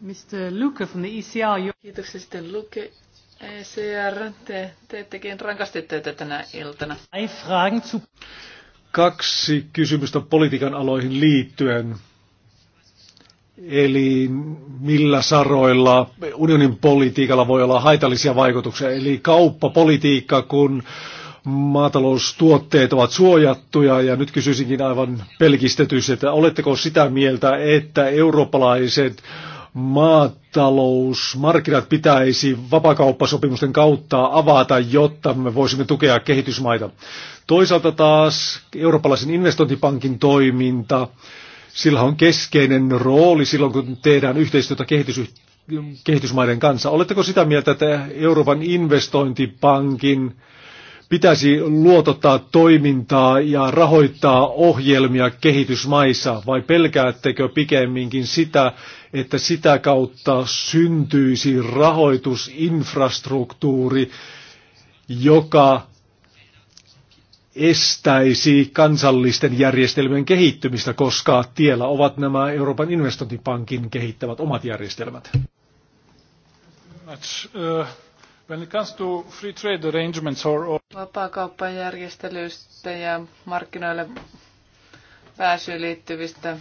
Mr. Luke from the ECR. Kiitoksia sitten Luke ECR. Te teettekin rankasti töitä tänä iltana. Kaksi kysymystä politiikan aloihin liittyen eli millä saroilla unionin politiikalla voi olla haitallisia vaikutuksia, eli kauppapolitiikka, kun maataloustuotteet ovat suojattuja, ja nyt kysyisinkin aivan pelkistetysti, että oletteko sitä mieltä, että eurooppalaiset maatalousmarkkinat pitäisi vapakauppasopimusten kautta avata, jotta me voisimme tukea kehitysmaita. Toisaalta taas Eurooppalaisen investointipankin toiminta, sillä on keskeinen rooli silloin, kun tehdään yhteistyötä kehitys, kehitysmaiden kanssa. Oletteko sitä mieltä, että Euroopan investointipankin pitäisi luotottaa toimintaa ja rahoittaa ohjelmia kehitysmaissa, vai pelkäättekö pikemminkin sitä, että sitä kautta syntyisi rahoitusinfrastruktuuri, joka estäisi kansallisten järjestelmien kehittymistä, koska tiellä ovat nämä Euroopan investointipankin kehittävät omat järjestelmät. Uh, Vapaakauppajärjestelyistä ja markkinoille pääsyyn liittyvistä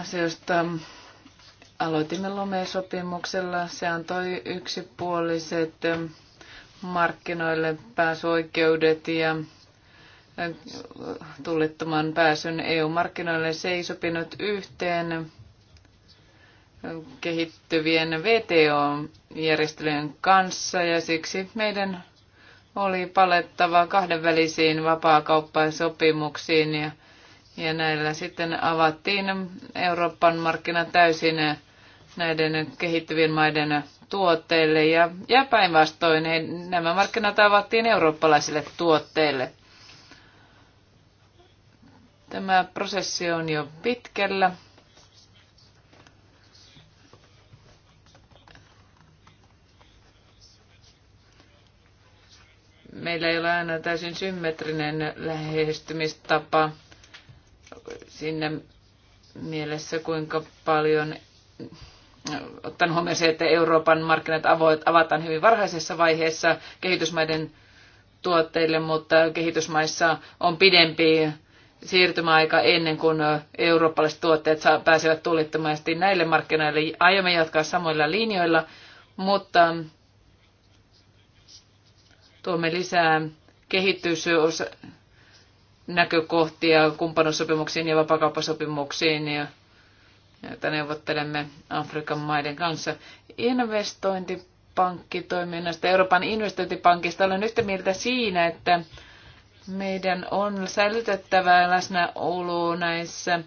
asioista aloitimme Lomeen sopimuksella. Se antoi yksipuoliset um, markkinoille pääsyoikeudet ja tullittoman pääsyn EU-markkinoille. Se ei sopinut yhteen kehittyvien VTO-järjestelyjen kanssa ja siksi meidän oli palettava kahdenvälisiin vapaakauppasopimuksiin ja, ja näillä sitten avattiin Euroopan markkina täysin näiden kehittyvien maiden tuotteille ja, ja päinvastoin niin nämä markkinat avattiin eurooppalaisille tuotteille. Tämä prosessi on jo pitkällä. Meillä ei ole aina täysin symmetrinen lähestymistapa sinne mielessä, kuinka paljon ottanut huomioon se, että Euroopan markkinat avataan hyvin varhaisessa vaiheessa kehitysmaiden tuotteille, mutta kehitysmaissa on pidempi siirtymäaika ennen kuin eurooppalaiset tuotteet pääsevät tullittomasti näille markkinoille. Aiomme jatkaa samoilla linjoilla, mutta tuomme lisää kehitysnäkökohtia kumppanuussopimuksiin ja vapakauppasopimuksiin ja joita neuvottelemme Afrikan maiden kanssa. Investointipankkitoiminnasta, Euroopan investointipankista olen yhtä mieltä siinä, että meidän on säilytettävä läsnäolo näissä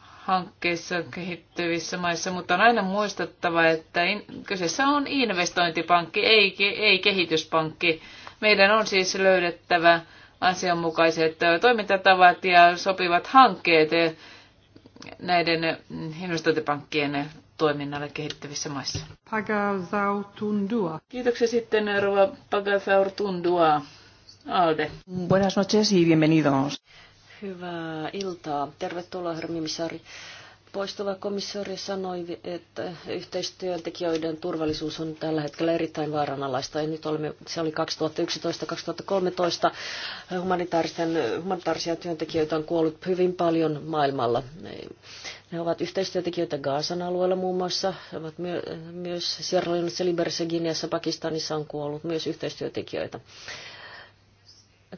hankkeissa kehittyvissä maissa, mutta on aina muistettava, että kyseessä on investointipankki, ei, ei kehityspankki. Meidän on siis löydettävä asianmukaiset toimintatavat ja sopivat hankkeet näiden investointipankkien toiminnalle kehittyvissä maissa. Pagazaur Tundua. Kiitoksia sitten Rova Pagazaur Tundua. Alde. Buenas noches y bienvenidos. Hyvää iltaa. Tervetuloa, Hermi Mimisaari. Poistuva komissaari sanoi, että yhteistyöntekijöiden turvallisuus on tällä hetkellä erittäin vaaranalaista. Ja nyt olemme, se oli 2011-2013. Humanitaarisia työntekijöitä on kuollut hyvin paljon maailmalla. Ne ovat yhteistyötekijöitä Gaasan alueella muun muassa. Ovat myö, myös Sierra Leoneissa, Liberissä, Guineassa, Pakistanissa on kuollut myös yhteistyötekijöitä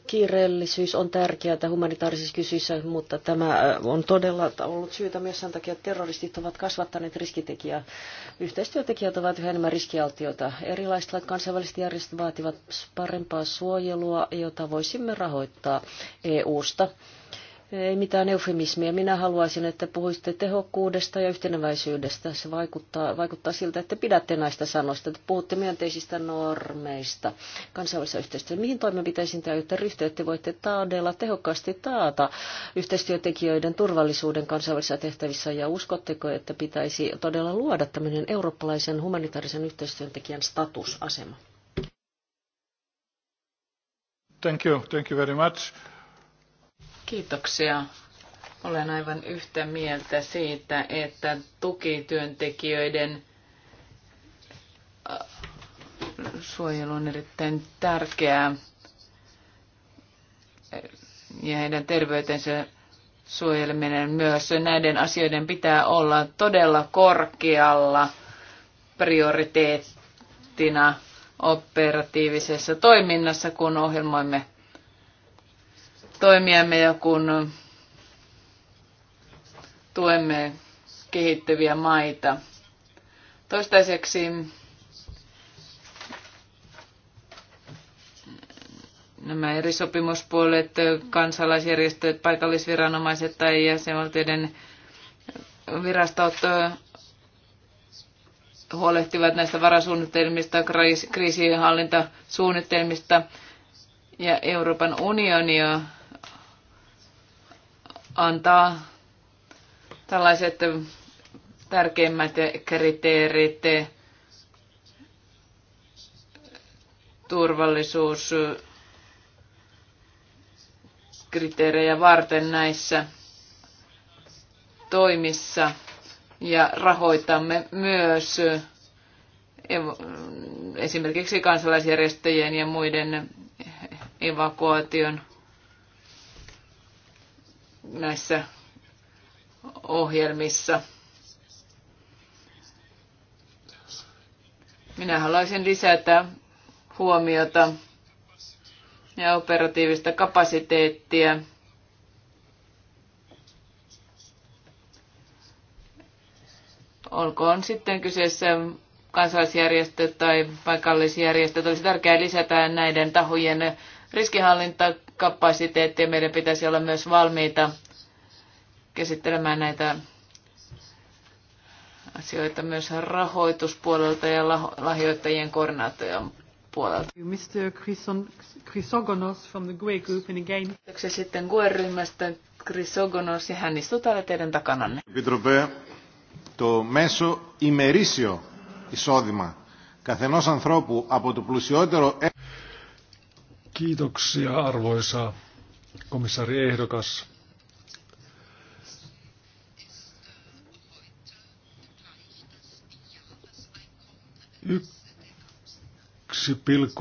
kiireellisyys on tärkeää humanitaarisissa kysyissä, mutta tämä äh, on todella ollut syytä myös sen takia, että terroristit ovat kasvattaneet riskitekijää. Yhteistyötekijät ovat yhä enemmän riskialtioita. Erilaiset kansainväliset järjestöt vaativat parempaa suojelua, jota voisimme rahoittaa EU-sta. Ei mitään eufemismia. Minä haluaisin, että puhuisitte tehokkuudesta ja yhteneväisyydestä. Se vaikuttaa, vaikuttaa siltä, että pidätte näistä sanoista, että puhutte myönteisistä normeista kansainvälisessä yhteistyössä. Mihin toimenpiteisiin täytyy ryhtyä, että voitte taadella tehokkaasti taata yhteistyötekijöiden turvallisuuden kansainvälisissä tehtävissä? Ja uskotteko, että pitäisi todella luoda tämmöinen eurooppalaisen humanitaarisen yhteistyöntekijän statusasema? Thank you. Thank you very much. Kiitoksia. Olen aivan yhtä mieltä siitä, että tukityöntekijöiden äh, suojelu on erittäin tärkeää ja heidän terveytensä suojeleminen myös. Näiden asioiden pitää olla todella korkealla prioriteettina operatiivisessa toiminnassa, kun ohjelmoimme toimiamme ja kun tuemme kehittyviä maita. Toistaiseksi nämä eri sopimuspuolet, kansalaisjärjestöt, paikallisviranomaiset tai jäsenvaltioiden virastot huolehtivat näistä varasuunnitelmista, kriisinhallintasuunnitelmista ja Euroopan unionia antaa tällaiset tärkeimmät kriteerit, turvallisuus, kriteerejä varten näissä toimissa ja rahoitamme myös esimerkiksi kansalaisjärjestöjen ja muiden evakuaation näissä ohjelmissa. Minä haluaisin lisätä huomiota ja operatiivista kapasiteettia. Olkoon sitten kyseessä kansalaisjärjestöt tai paikallisjärjestöt, olisi tärkeää lisätä näiden tahojen riskihallinta kapasiteettia. Meidän pitäisi olla myös valmiita käsittelemään näitä asioita myös rahoituspuolelta ja lahjoittajien koordinaation puolelta. Mr. Chrysogonos from the GUE Group and again. Kiitoksia sitten GUE-ryhmästä Chrysogonos ja hän istuu täällä teidän takananne. Επιτροπέ, το μέσο ημερήσιο εισόδημα καθενός ανθρώπου από το πλουσιότερο Kiitoksia arvoisa komissaari ehdokas.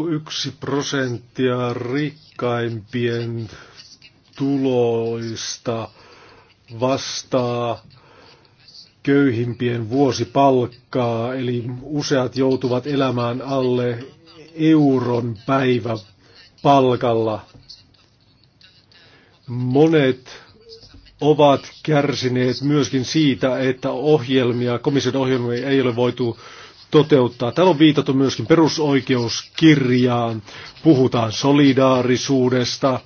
yksi prosenttia rikkaimpien tuloista vastaa köyhimpien vuosipalkkaa, eli useat joutuvat elämään alle euron päivä palkalla. Monet ovat kärsineet myöskin siitä, että ohjelmia, komission ohjelmia ei ole voitu toteuttaa. Täällä on viitattu myöskin perusoikeuskirjaan, puhutaan solidaarisuudesta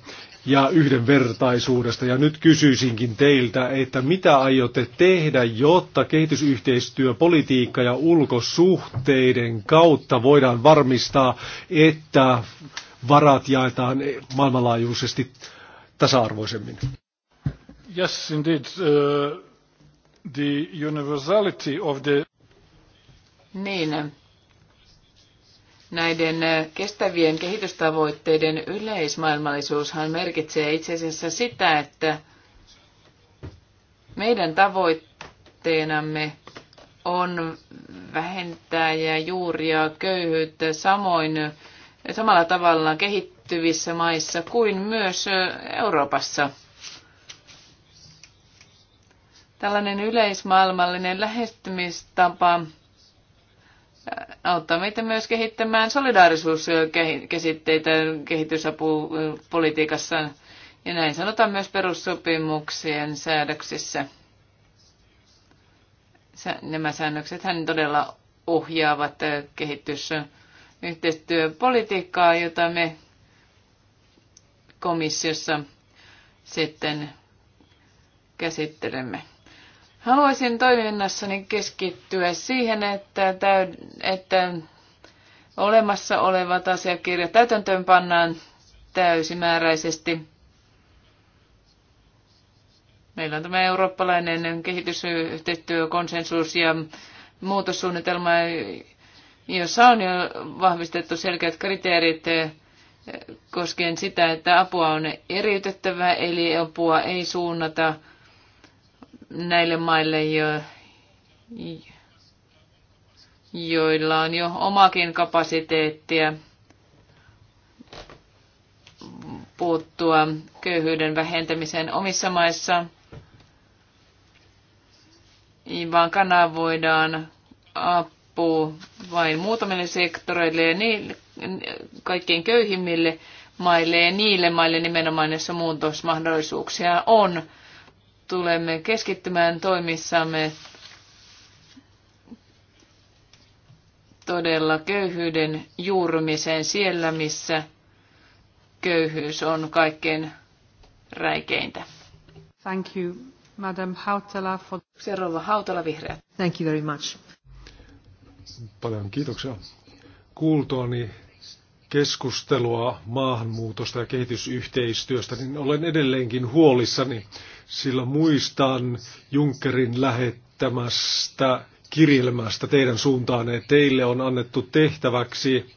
ja yhdenvertaisuudesta. Ja nyt kysyisinkin teiltä, että mitä aiotte tehdä, jotta kehitysyhteistyö, politiikka ja ulkosuhteiden kautta voidaan varmistaa, että varat jaetaan maailmanlaajuisesti tasa-arvoisemmin. Yes, indeed. Uh, the universality of the... Niin, näiden kestävien kehitystavoitteiden yleismaailmallisuushan merkitsee itse asiassa sitä, että meidän tavoitteenamme on vähentää ja juuria köyhyyttä samoin samalla tavalla kehittyvissä maissa kuin myös Euroopassa. Tällainen yleismaailmallinen lähestymistapa auttaa meitä myös kehittämään solidaarisuuskäsitteitä kehitysapupolitiikassa, ja näin sanotaan myös perussopimuksien säädöksissä. Nämä säännökset hän todella ohjaavat kehitysapupolitiikkaa yhteistyöpolitiikkaa, jota me komissiossa sitten käsittelemme. Haluaisin toiminnassani keskittyä siihen, että, täyd- että olemassa olevat asiakirjat täytäntöön pannaan täysimääräisesti. Meillä on tämä eurooppalainen kehitysyhteistyökonsensus ja muutossuunnitelma, jossa on jo vahvistettu selkeät kriteerit eh, koskien sitä, että apua on eriytettävä, eli apua ei suunnata näille maille, jo, joilla on jo omakin kapasiteettia puuttua köyhyyden vähentämiseen omissa maissa, vaan kanavoidaan apua loppuu vain muutamille sektoreille ja niille, kaikkein köyhimmille maille ja niille maille nimenomaan, joissa muutosmahdollisuuksia on. Tulemme keskittymään toimissamme todella köyhyyden juurumiseen siellä, missä köyhyys on kaikkein räikeintä. Thank you, Madam Hautala. For... Seuraava Hautala, vihreät. Thank you very much. Paljon kiitoksia. Kuultuani keskustelua maahanmuutosta ja kehitysyhteistyöstä, niin olen edelleenkin huolissani, sillä muistan Junckerin lähettämästä kirjelmästä teidän suuntaanne. Teille on annettu tehtäväksi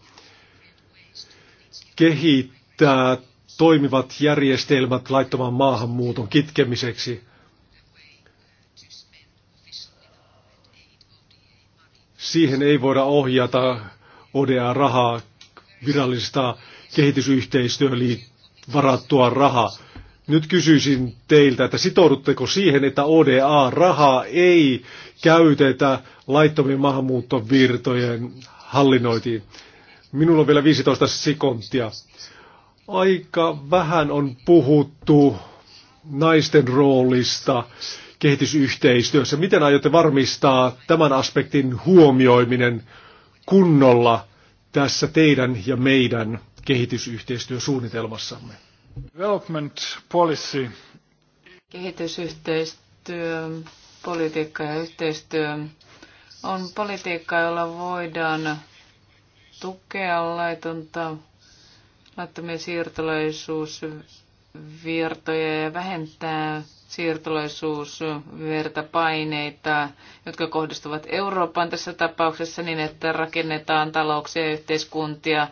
kehittää toimivat järjestelmät laittoman maahanmuuton kitkemiseksi. siihen ei voida ohjata ODA-rahaa, virallista kehitysyhteistyöön varattua rahaa. Nyt kysyisin teiltä, että sitoudutteko siihen, että ODA-rahaa ei käytetä laittomien maahanmuuttovirtojen hallinnointiin? Minulla on vielä 15 sekuntia. Aika vähän on puhuttu naisten roolista kehitysyhteistyössä. Miten aiotte varmistaa tämän aspektin huomioiminen kunnolla tässä teidän ja meidän kehitysyhteistyösuunnitelmassamme? Development policy. Kehitysyhteistyö, politiikka ja yhteistyö on politiikka, jolla voidaan tukea laitonta laittomia siirtolaisuus virtoja ja vähentää siirtolaisuusvertapaineita, jotka kohdistuvat Eurooppaan tässä tapauksessa niin, että rakennetaan talouksia ja yhteiskuntia, äh,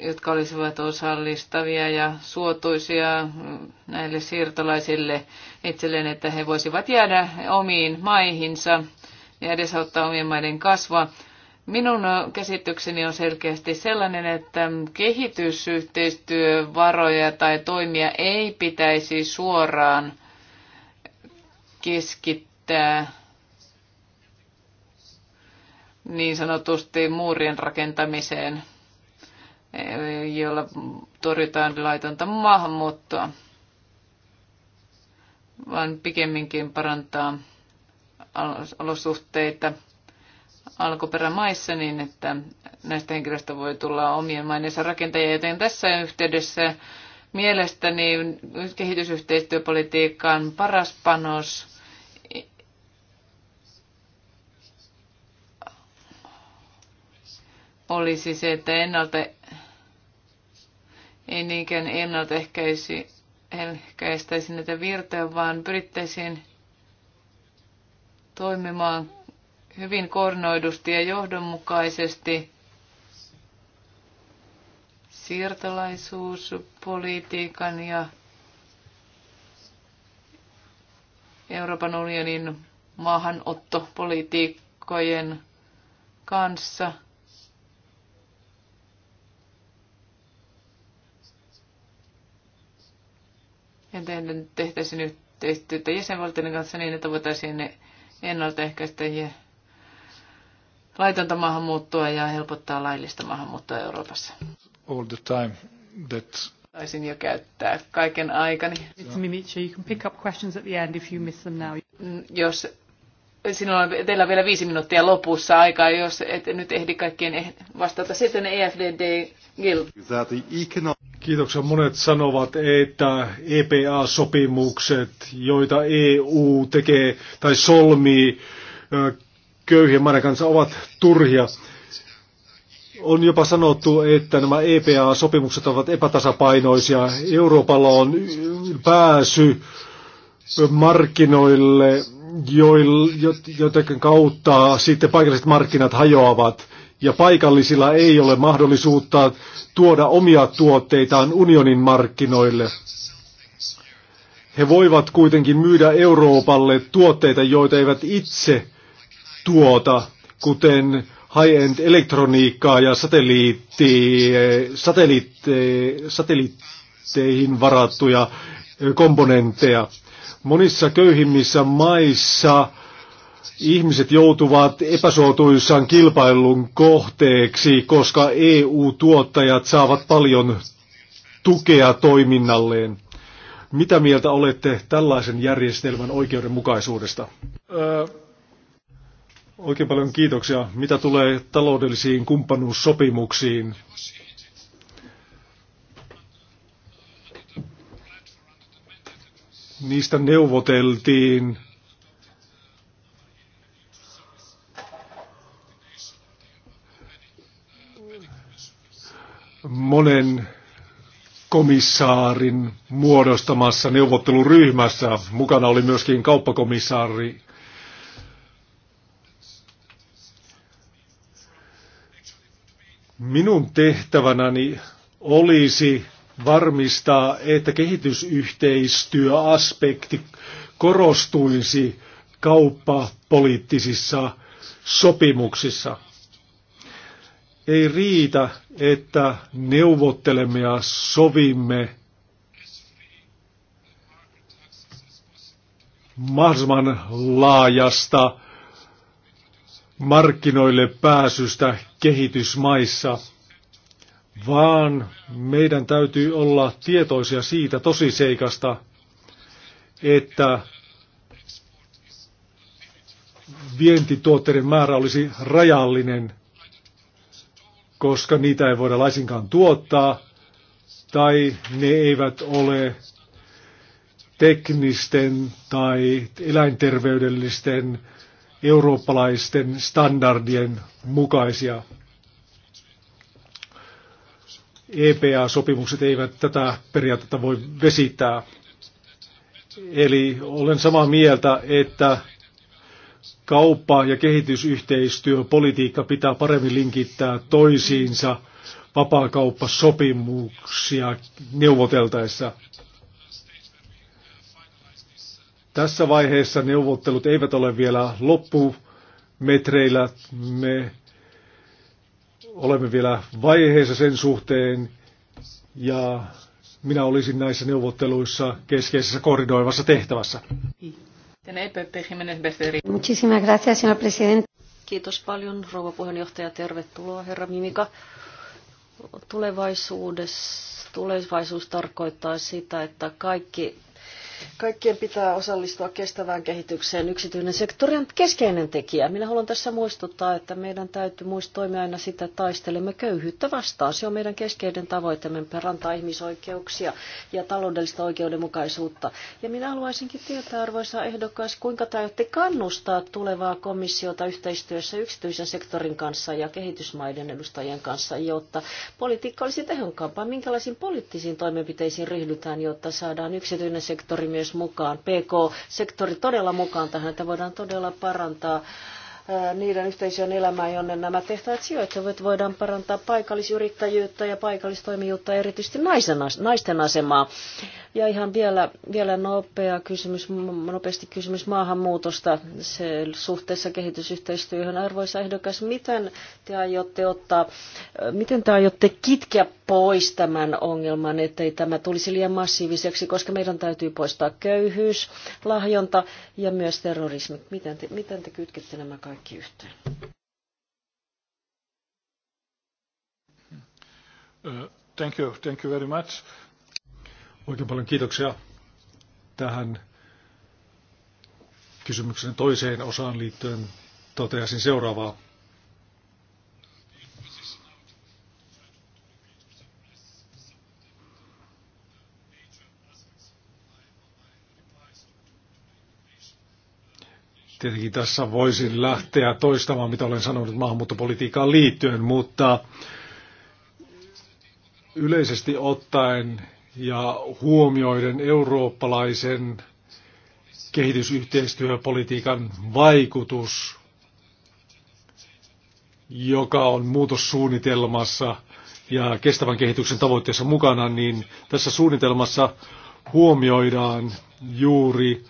jotka olisivat osallistavia ja suotuisia näille siirtolaisille itselleen, että he voisivat jäädä omiin maihinsa ja edesauttaa omien maiden kasvua. Minun käsitykseni on selkeästi sellainen, että kehitysyhteistyövaroja tai toimia ei pitäisi suoraan keskittää niin sanotusti muurien rakentamiseen, jolla torjutaan laitonta maahanmuuttoa, vaan pikemminkin parantaa olosuhteita – alkuperämaissa niin, että näistä henkilöistä voi tulla omien maineensa rakentajia, joten tässä yhteydessä mielestäni kehitysyhteistyöpolitiikan paras panos olisi se, että ennalta ei niinkään ennaltaehkäistäisi näitä virtoja, vaan pyrittäisiin toimimaan hyvin kornoidusti ja johdonmukaisesti siirtolaisuuspolitiikan ja Euroopan unionin maahanottopolitiikkojen kanssa. Ja tehtäisiin yhteistyötä jäsenvaltioiden kanssa niin, että voitaisiin ennaltaehkäistä laitonta maahanmuuttoa ja helpottaa laillista maahanmuuttoa Euroopassa. All the time that Taisin jo käyttää kaiken aikani. It's you can pick up questions at the end if you miss them now. Mm, jos sinulla on, teillä on vielä viisi minuuttia lopussa aikaa, jos et nyt ehdi kaikkien eh, vastata. Sitten EFDD Gil. Kiitoksia. Monet sanovat, että EPA-sopimukset, joita EU tekee tai solmii köyhien maiden kanssa ovat turhia. On jopa sanottu, että nämä EPA-sopimukset ovat epätasapainoisia. Euroopalla on pääsy markkinoille, joiden kautta sitten paikalliset markkinat hajoavat. Ja paikallisilla ei ole mahdollisuutta tuoda omia tuotteitaan unionin markkinoille. He voivat kuitenkin myydä Euroopalle tuotteita, joita eivät itse tuota, kuten high-end elektroniikkaa ja satelliitti, satelliitte, satelliitteihin varattuja komponentteja. Monissa köyhimmissä maissa ihmiset joutuvat epäsuotuissaan kilpailun kohteeksi, koska EU-tuottajat saavat paljon tukea toiminnalleen. Mitä mieltä olette tällaisen järjestelmän oikeudenmukaisuudesta? Öö. Oikein paljon kiitoksia. Mitä tulee taloudellisiin kumppanuussopimuksiin? Niistä neuvoteltiin monen komissaarin muodostamassa neuvotteluryhmässä. Mukana oli myöskin kauppakomissaari Minun tehtävänäni olisi varmistaa, että kehitysyhteistyöaspekti korostuisi kauppapoliittisissa sopimuksissa. Ei riitä, että neuvottelemme ja sovimme mahdollisimman laajasta markkinoille pääsystä kehitysmaissa, vaan meidän täytyy olla tietoisia siitä tosiseikasta, että vientituotteiden määrä olisi rajallinen, koska niitä ei voida laisinkaan tuottaa, tai ne eivät ole teknisten tai eläinterveydellisten eurooppalaisten standardien mukaisia. EPA-sopimukset eivät tätä periaatetta voi vesittää. Eli olen samaa mieltä, että kauppa- ja kehitysyhteistyöpolitiikka pitää paremmin linkittää toisiinsa vapaakauppasopimuksia neuvoteltaessa. Tässä vaiheessa neuvottelut eivät ole vielä loppumetreillä. Me olemme vielä vaiheessa sen suhteen ja minä olisin näissä neuvotteluissa keskeisessä koordinoivassa tehtävässä. Kiitos paljon, rouva puheenjohtaja. Tervetuloa, herra Mimika. Tulevaisuudessa, tulevaisuus tarkoittaa sitä, että kaikki Kaikkien pitää osallistua kestävään kehitykseen. Yksityinen sektori on keskeinen tekijä. Minä haluan tässä muistuttaa, että meidän täytyy toimia aina sitä, että taistelemme köyhyyttä vastaan. Se on meidän keskeinen tavoitteemme parantaa ihmisoikeuksia ja taloudellista oikeudenmukaisuutta. Ja minä haluaisinkin tietää, arvoisa ehdokas, kuinka täytyy kannustaa tulevaa komissiota yhteistyössä yksityisen sektorin kanssa ja kehitysmaiden edustajien kanssa, jotta politiikka olisi tehokkaampaa. Minkälaisiin poliittisiin toimenpiteisiin ryhdytään, jotta saadaan yksityinen sektori myös mukaan, PK-sektori todella mukaan tähän, että voidaan todella parantaa niiden yhteisöjen elämään, jonne nämä tehtävät sijoittuvat. Voidaan parantaa paikallisyrittäjyyttä ja paikallistoimijuutta, erityisesti naisen, naisten asemaa. Ja ihan vielä, vielä nopea kysymys, nopeasti kysymys maahanmuutosta se, suhteessa kehitysyhteistyöhön. Arvoisa ehdokas, miten te aiotte ottaa, miten te aiotte kitkeä pois tämän ongelman, ettei tämä tulisi liian massiiviseksi, koska meidän täytyy poistaa köyhyys, lahjonta ja myös terrorismi. Miten te, miten te kytkette nämä kaikki? kaikki yhteen. Uh, thank you, thank you very much. Oikein paljon kiitoksia tähän kysymyksen toiseen osaan liittyen. Toteaisin seuraavaa. Tietenkin tässä voisin lähteä toistamaan, mitä olen sanonut maahanmuuttopolitiikkaan liittyen, mutta yleisesti ottaen ja huomioiden eurooppalaisen kehitysyhteistyöpolitiikan vaikutus, joka on muutossuunnitelmassa ja kestävän kehityksen tavoitteessa mukana, niin tässä suunnitelmassa huomioidaan juuri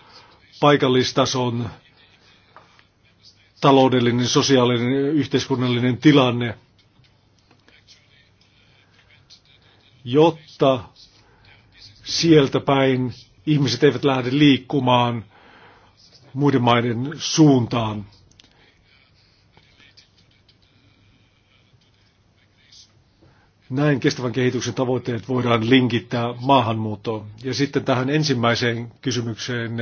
paikallistason taloudellinen, sosiaalinen, yhteiskunnallinen tilanne, jotta sieltä päin ihmiset eivät lähde liikkumaan muiden maiden suuntaan. Näin kestävän kehityksen tavoitteet voidaan linkittää maahanmuuttoon. Ja sitten tähän ensimmäiseen kysymykseen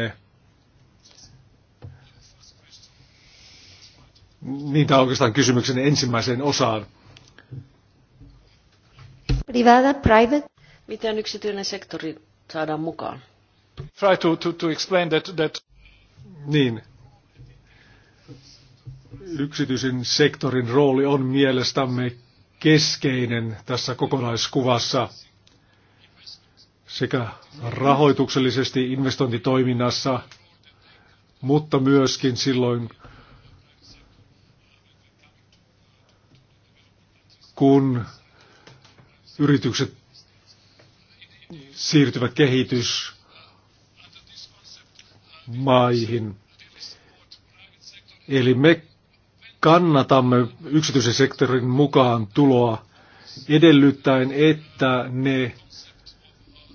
Niin tämä on oikeastaan kysymyksen ensimmäiseen osaan. Privada, private. Miten yksityinen sektori saadaan mukaan? Try to, to, to explain that, that... Niin. Yksityisen sektorin rooli on mielestämme keskeinen tässä kokonaiskuvassa sekä rahoituksellisesti investointitoiminnassa, mutta myöskin silloin, kun yritykset siirtyvät kehitysmaihin. Eli me kannatamme yksityisen sektorin mukaan tuloa edellyttäen, että ne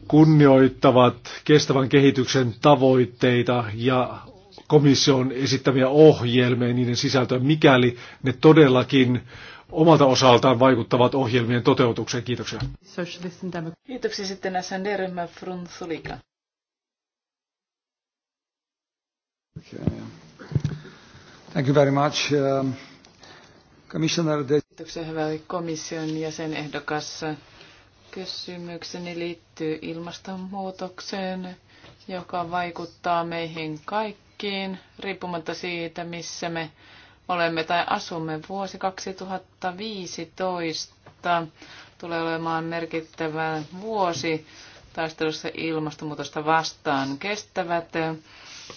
kunnioittavat kestävän kehityksen tavoitteita ja komission esittämiä ohjelmia niiden sisältöä, mikäli ne todellakin omalta osaltaan vaikuttavat ohjelmien toteutukseen. Kiitoksia. Kiitoksia sitten SND-ryhmä Frunzulika. Thank you very much. Um, Commissioner Kiitoksia hyvä komission jäsenehdokas. Kysymykseni liittyy ilmastonmuutokseen, joka vaikuttaa meihin kaikkiin, riippumatta siitä, missä me olemme tai asumme. Vuosi 2015 tulee olemaan merkittävä vuosi taistelussa ilmastonmuutosta vastaan. Kestävät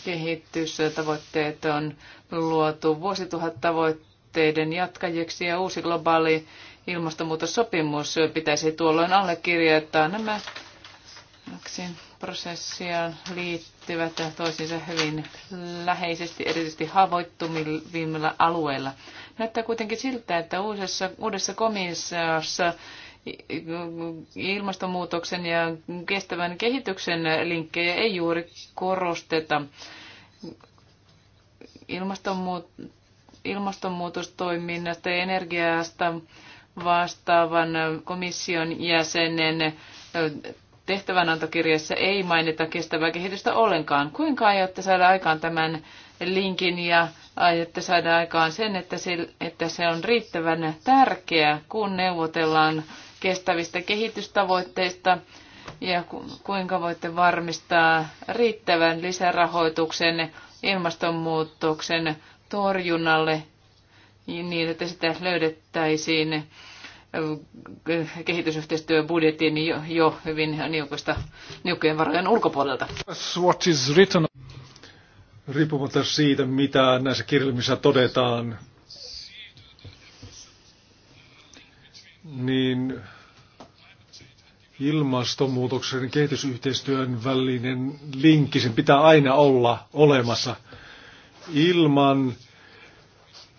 kehitystavoitteet on luotu vuosituhattavoitteiden jatkajiksi ja uusi globaali ilmastonmuutossopimus pitäisi tuolloin allekirjoittaa. Nämä kaksi prosessia liittyvät toisiinsa hyvin läheisesti, erityisesti haavoittuvimmilla alueilla. Näyttää kuitenkin siltä, että uudessa, uudessa komissiossa ilmastonmuutoksen ja kestävän kehityksen linkkejä ei juuri korosteta. Ilmastonmuut- ilmastonmuutostoiminnasta ja energiasta vastaavan komission jäsenen tehtävänantokirjassa ei mainita kestävää kehitystä ollenkaan. Kuinka aiotte saada aikaan tämän linkin ja aiotte saada aikaan sen, että se, että se on riittävän tärkeä, kun neuvotellaan kestävistä kehitystavoitteista ja kuinka voitte varmistaa riittävän lisärahoituksen ilmastonmuutoksen torjunnalle niin, että sitä löydettäisiin kehitysyhteistyöbudjetin jo hyvin niukoista, niukkojen varojen ulkopuolelta. What is written. Riippumatta siitä, mitä näissä kirjelmissä todetaan, niin ilmastonmuutoksen ja kehitysyhteistyön välinen linkki, sen pitää aina olla olemassa. Ilman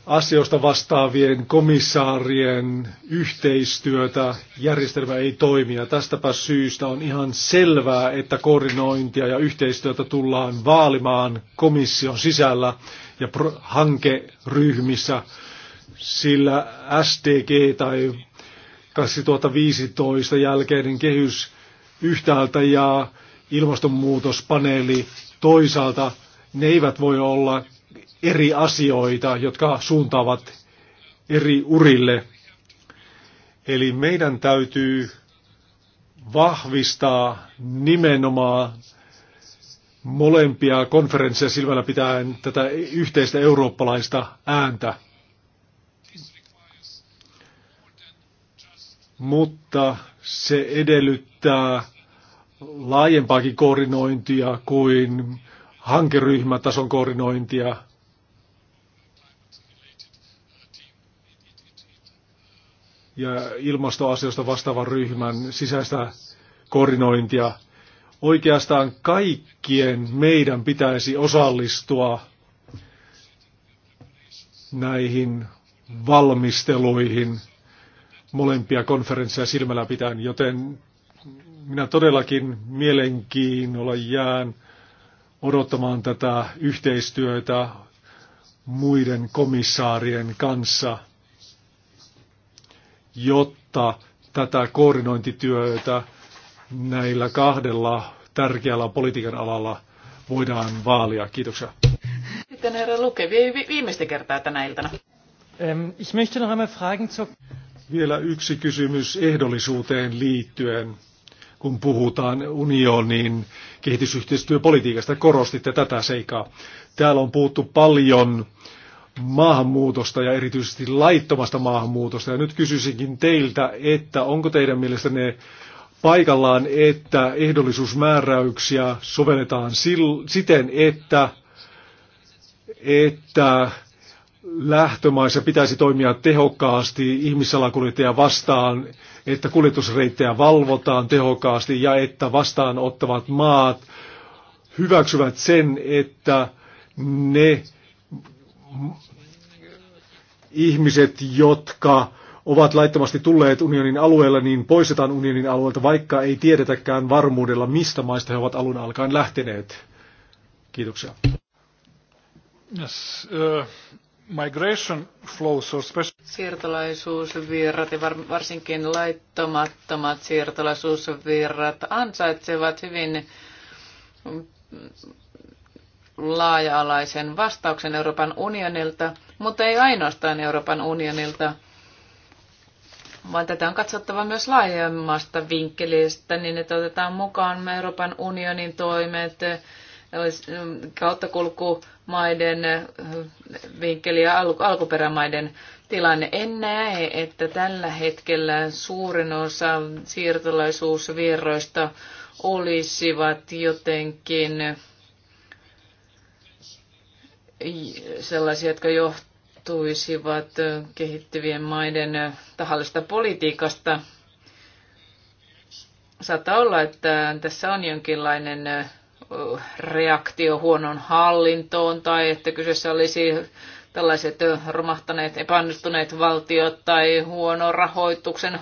asioista vastaavien komissaarien yhteistyötä, järjestelmä ei toimi. Ja tästäpä syystä on ihan selvää, että koordinointia ja yhteistyötä tullaan vaalimaan komission sisällä ja hankeryhmissä, sillä SDG tai 2015 jälkeinen kehys yhtäältä ja ilmastonmuutospaneeli toisaalta, ne eivät voi olla eri asioita, jotka suuntaavat eri urille. Eli meidän täytyy vahvistaa nimenomaan molempia konferensseja silmällä pitäen tätä yhteistä eurooppalaista ääntä. Mutta se edellyttää laajempaakin koordinointia kuin hankeryhmätason koordinointia – ja ilmastoasioista vastaavan ryhmän sisäistä koordinointia. Oikeastaan kaikkien meidän pitäisi osallistua näihin valmisteluihin molempia konferensseja silmällä pitäen, joten minä todellakin mielenkiinnolla jään odottamaan tätä yhteistyötä muiden komissaarien kanssa – jotta tätä koordinointityötä näillä kahdella tärkeällä politiikan alalla voidaan vaalia. Kiitoksia. Sitten herra Luke, viimeistä kertaa tänä iltana. Ähm, ich noch fragen zur... Vielä yksi kysymys ehdollisuuteen liittyen. Kun puhutaan unionin kehitysyhteistyöpolitiikasta, korostitte tätä seikaa. Täällä on puhuttu paljon maahanmuutosta ja erityisesti laittomasta maahanmuutosta. Ja nyt kysyisinkin teiltä, että onko teidän mielestänne paikallaan, että ehdollisuusmääräyksiä sovelletaan siten, että, että lähtömaissa pitäisi toimia tehokkaasti ihmissalakuljettajia vastaan, että kuljetusreittejä valvotaan tehokkaasti ja että vastaanottavat maat hyväksyvät sen, että ne ihmiset, jotka ovat laittomasti tulleet unionin alueella, niin poistetaan unionin alueelta, vaikka ei tiedetäkään varmuudella, mistä maista he ovat alun alkaen lähteneet. Kiitoksia. Yes, uh, migration flows or special... Siirtolaisuusvirrat ja varsinkin laittomattomat siirtolaisuusvirrat ansaitsevat hyvin laaja-alaisen vastauksen Euroopan unionilta – mutta ei ainoastaan Euroopan unionilta, vaan tätä on katsottava myös laajemmasta vinkkelistä, niin että otetaan mukaan Euroopan unionin toimet, kauttakulkumaiden vinkkeli ja alkuperämaiden tilanne. En näe, että tällä hetkellä suurin osa siirtolaisuusvirroista olisivat jotenkin sellaisia, jotka johtuisivat kehittyvien maiden tahallisesta politiikasta. Saattaa olla, että tässä on jonkinlainen reaktio huonon hallintoon tai että kyseessä olisi tällaiset romahtaneet, epäonnistuneet valtiot tai huono rahoituksen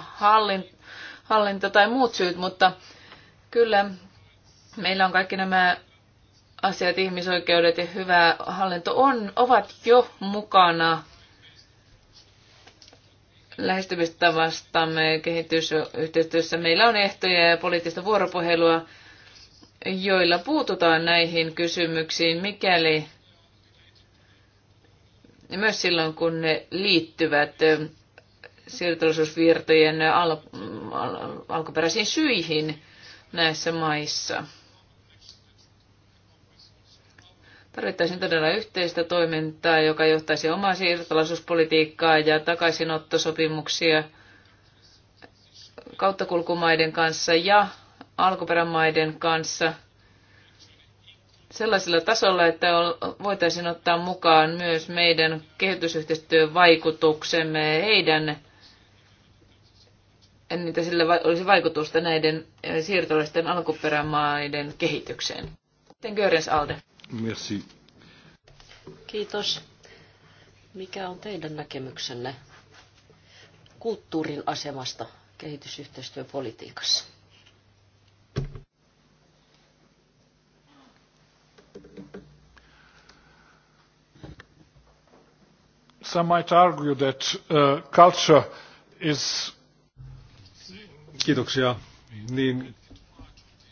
hallinta tai muut syyt, mutta kyllä meillä on kaikki nämä asiat, ihmisoikeudet ja hyvä hallinto on, ovat jo mukana lähestymistavastamme kehitysyhteistyössä. Meillä on ehtoja ja poliittista vuoropuhelua, joilla puututaan näihin kysymyksiin, mikäli myös silloin, kun ne liittyvät siirtolaisuusvirtojen al- al- alkuperäisiin syihin näissä maissa. Tarvittaisiin todella yhteistä toimintaa, joka johtaisi omaa siirtolaisuuspolitiikkaa ja takaisinottosopimuksia kauttakulkumaiden kanssa ja alkuperämaiden kanssa sellaisella tasolla, että voitaisiin ottaa mukaan myös meidän kehitysyhteistyön vaikutuksemme heidän että sillä olisi vaikutusta näiden siirtolaisten alkuperämaiden kehitykseen. Sitten Görens Alde? Merci. Kiitos. Mikä on teidän näkemyksenne kulttuurin asemasta kehitysyhteistyöpolitiikassa? some might argue that uh, culture is... Kiitoksia. Niin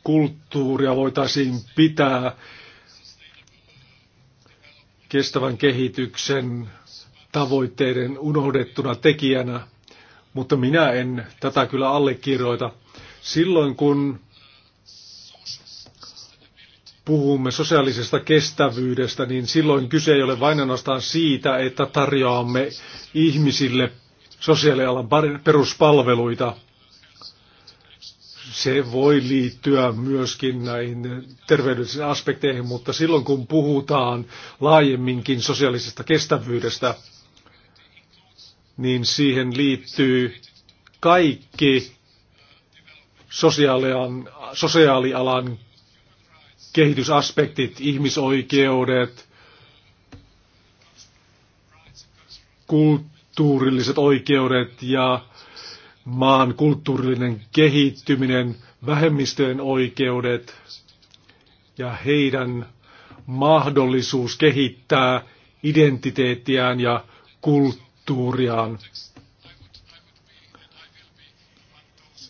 kulttuuria voitaisiin pitää kestävän kehityksen tavoitteiden unohdettuna tekijänä, mutta minä en tätä kyllä allekirjoita. Silloin kun puhumme sosiaalisesta kestävyydestä, niin silloin kyse ei ole vain ainoastaan siitä, että tarjoamme ihmisille sosiaalialan peruspalveluita, se voi liittyä myöskin näihin terveydellisiin aspekteihin, mutta silloin kun puhutaan laajemminkin sosiaalisesta kestävyydestä, niin siihen liittyy kaikki sosiaalian, sosiaalialan kehitysaspektit, ihmisoikeudet, kulttuurilliset oikeudet ja maan kulttuurillinen kehittyminen, vähemmistöjen oikeudet ja heidän mahdollisuus kehittää identiteettiään ja kulttuuriaan.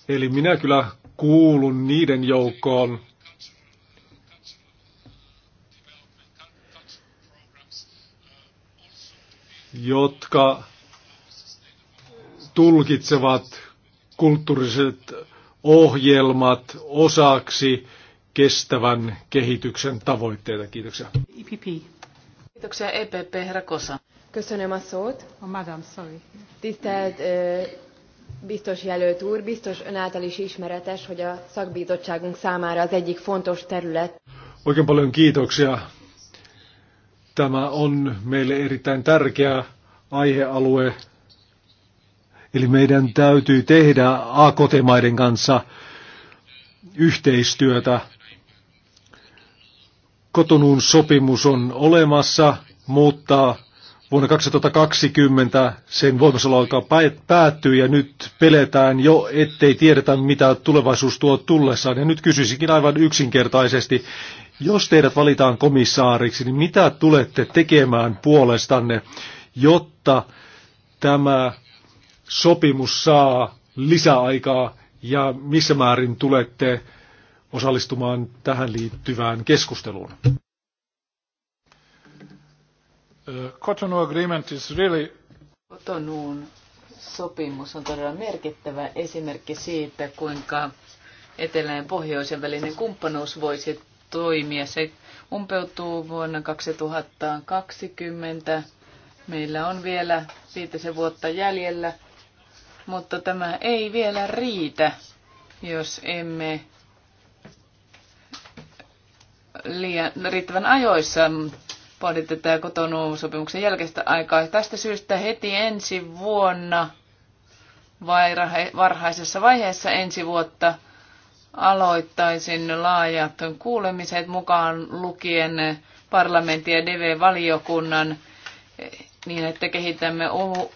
Eli minä kyllä kuulun niiden joukkoon, jotka tulkitsevat kulttuuriset ohjelmat osaksi kestävän kehityksen tavoitteita. Kiitoksia. EPP. Kiitoksia EPP, herra Kosa. Köszönöm a szót. A madam, sorry. Tisztelt biztos jelölt úr, biztos ön által is ismeretes, hogy a szakbizottságunk számára az egyik fontos terület. Oikein paljon kiitoksia. Tämä on meille erittäin tärkeä aihealue Eli meidän täytyy tehdä AKT-maiden kanssa yhteistyötä. Kotonuun sopimus on olemassa, mutta vuonna 2020 sen alkaa päättyy ja nyt peletään jo, ettei tiedetä mitä tulevaisuus tuo tullessaan. Ja nyt kysyisinkin aivan yksinkertaisesti, jos teidät valitaan komissaariksi, niin mitä tulette tekemään puolestanne, jotta tämä sopimus saa lisäaikaa ja missä määrin tulette osallistumaan tähän liittyvään keskusteluun? Uh, Cotonou agreement is really... Cotonoun sopimus on todella merkittävä esimerkki siitä, kuinka etelä- ja pohjoisen välinen kumppanuus voisi toimia. Se umpeutuu vuonna 2020. Meillä on vielä viitisen vuotta jäljellä mutta tämä ei vielä riitä, jos emme liian riittävän ajoissa pohdi tätä kotonuusopimuksen jälkeistä aikaa. Tästä syystä heti ensi vuonna vai varhaisessa vaiheessa ensi vuotta aloittaisin laajat kuulemiset mukaan lukien parlamentin ja DV-valiokunnan niin, että kehitämme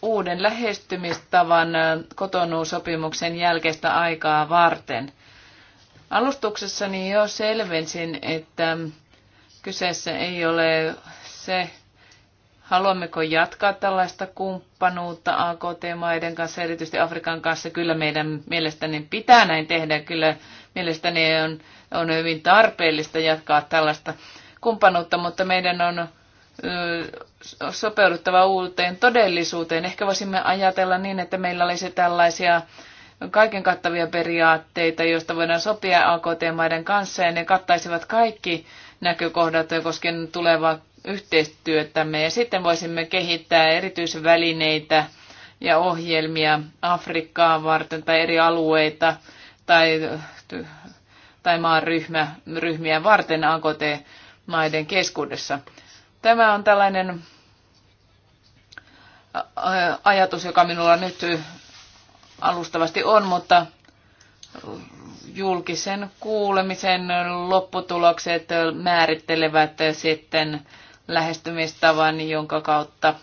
uuden lähestymistavan kotonuusopimuksen jälkeistä aikaa varten. Alustuksessani jo selvensin, että kyseessä ei ole se, haluammeko jatkaa tällaista kumppanuutta AKT-maiden kanssa, erityisesti Afrikan kanssa. Kyllä meidän mielestäni pitää näin tehdä. Kyllä mielestäni on, on hyvin tarpeellista jatkaa tällaista kumppanuutta, mutta meidän on sopeuduttava uuteen todellisuuteen. Ehkä voisimme ajatella niin, että meillä olisi tällaisia kaiken kattavia periaatteita, joista voidaan sopia AKT-maiden kanssa, ja ne kattaisivat kaikki näkökohdat koskien tulevaa yhteistyötämme. Ja sitten voisimme kehittää erityisvälineitä ja ohjelmia Afrikkaa varten tai eri alueita tai, tai maan ryhmiä varten AKT-maiden keskuudessa. Tämä on tällainen ajatus, joka minulla nyt alustavasti on, mutta julkisen kuulemisen lopputulokset määrittelevät sitten lähestymistavan, jonka kautta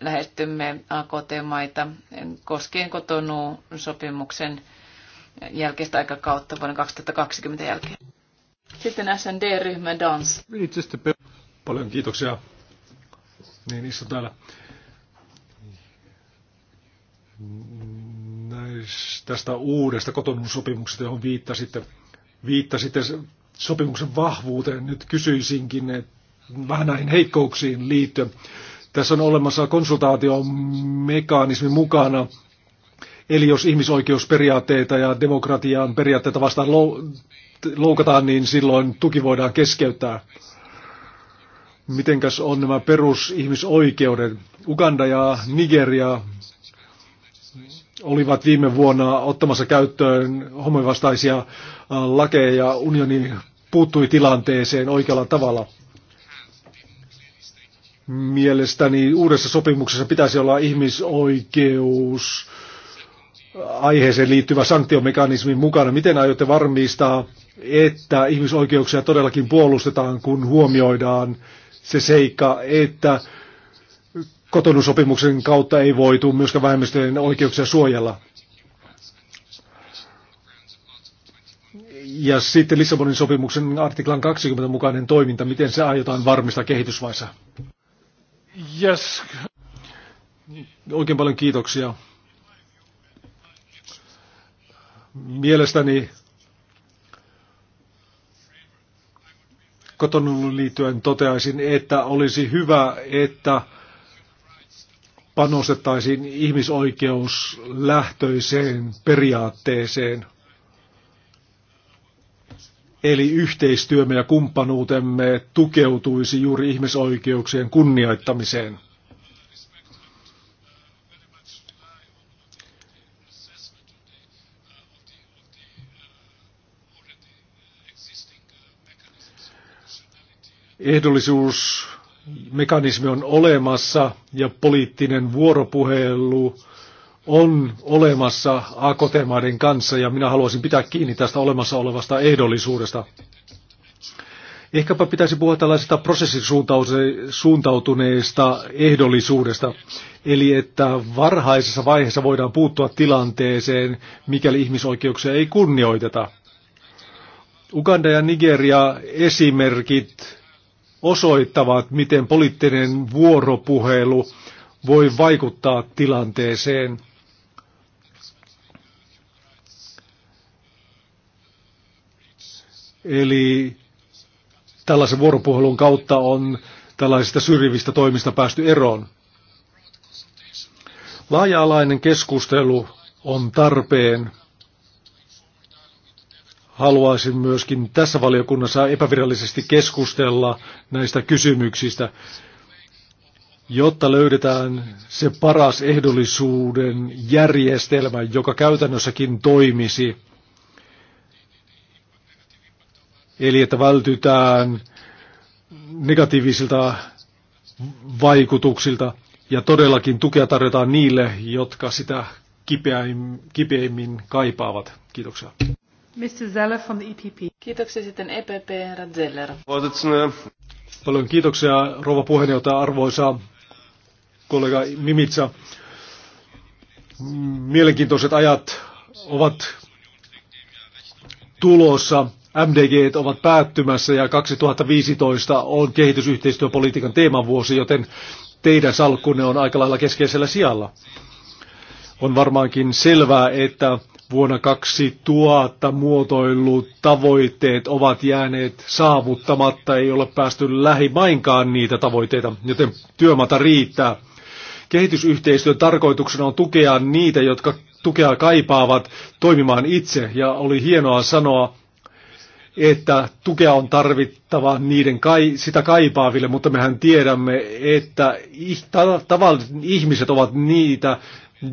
lähestymme AKT-maita koskien kotonuu sopimuksen jälkeistä aikakautta vuoden 2020 jälkeen. Sitten SND-ryhmä Dans. Paljon kiitoksia. Niin, istun täällä. Näis, tästä uudesta kotonun johon viittasitte, viittasitte sopimuksen vahvuuteen. Nyt kysyisinkin että vähän näihin heikkouksiin liittyen. Tässä on olemassa konsultaatiomekanismi mukana. Eli jos ihmisoikeusperiaatteita ja demokratian periaatteita vastaan loukataan, niin silloin tuki voidaan keskeyttää mitenkäs on nämä perusihmisoikeudet. Uganda ja Nigeria olivat viime vuonna ottamassa käyttöön homovastaisia äh, lakeja ja unioni puuttui tilanteeseen oikealla tavalla. Mielestäni uudessa sopimuksessa pitäisi olla ihmisoikeus äh, aiheeseen liittyvä sanktiomekanismi mukana. Miten aiotte varmistaa, että ihmisoikeuksia todellakin puolustetaan, kun huomioidaan se seikka, että kotonusopimuksen kautta ei voitu myöskään vähemmistöjen oikeuksia suojella. Ja sitten Lissabonin sopimuksen artiklan 20 mukainen toiminta, miten se aiotaan varmistaa kehitysvaiheessa? Yes. Oikein paljon kiitoksia. Mielestäni kotonuun liittyen toteaisin, että olisi hyvä, että panostettaisiin ihmisoikeuslähtöiseen periaatteeseen. Eli yhteistyömme ja kumppanuutemme tukeutuisi juuri ihmisoikeuksien kunnioittamiseen. Ehdollisuusmekanismi on olemassa ja poliittinen vuoropuhelu on olemassa AKT-maiden kanssa ja minä haluaisin pitää kiinni tästä olemassa olevasta ehdollisuudesta. Ehkäpä pitäisi puhua tällaisesta prosessisuuntautuneesta ehdollisuudesta, eli että varhaisessa vaiheessa voidaan puuttua tilanteeseen, mikäli ihmisoikeuksia ei kunnioiteta. Uganda ja Nigeria esimerkit osoittavat, miten poliittinen vuoropuhelu voi vaikuttaa tilanteeseen. Eli tällaisen vuoropuhelun kautta on tällaisista syrjivistä toimista päästy eroon. Laaja-alainen keskustelu on tarpeen haluaisin myöskin tässä valiokunnassa epävirallisesti keskustella näistä kysymyksistä, jotta löydetään se paras ehdollisuuden järjestelmä, joka käytännössäkin toimisi. Eli että vältytään negatiivisilta vaikutuksilta ja todellakin tukea tarjotaan niille, jotka sitä kipeimmin kaipaavat. Kiitoksia. Mr. Zeller from the EPP. Kiitoksia sitten EPP, herra Paljon kiitoksia, rouva puheenjohtaja, arvoisa kollega Mimitsa. Mielenkiintoiset ajat ovat tulossa. MDG ovat päättymässä ja 2015 on kehitysyhteistyöpolitiikan teemavuosi, joten teidän salkkunne on aika lailla keskeisellä sijalla. On varmaankin selvää, että vuonna 2000 muotoillut tavoitteet ovat jääneet saavuttamatta, ei ole päästy lähimainkaan niitä tavoitteita, joten työmata riittää. Kehitysyhteistyön tarkoituksena on tukea niitä, jotka tukea kaipaavat toimimaan itse, ja oli hienoa sanoa, että tukea on tarvittava niiden kai, sitä kaipaaville, mutta mehän tiedämme, että tavalliset ihmiset ovat niitä,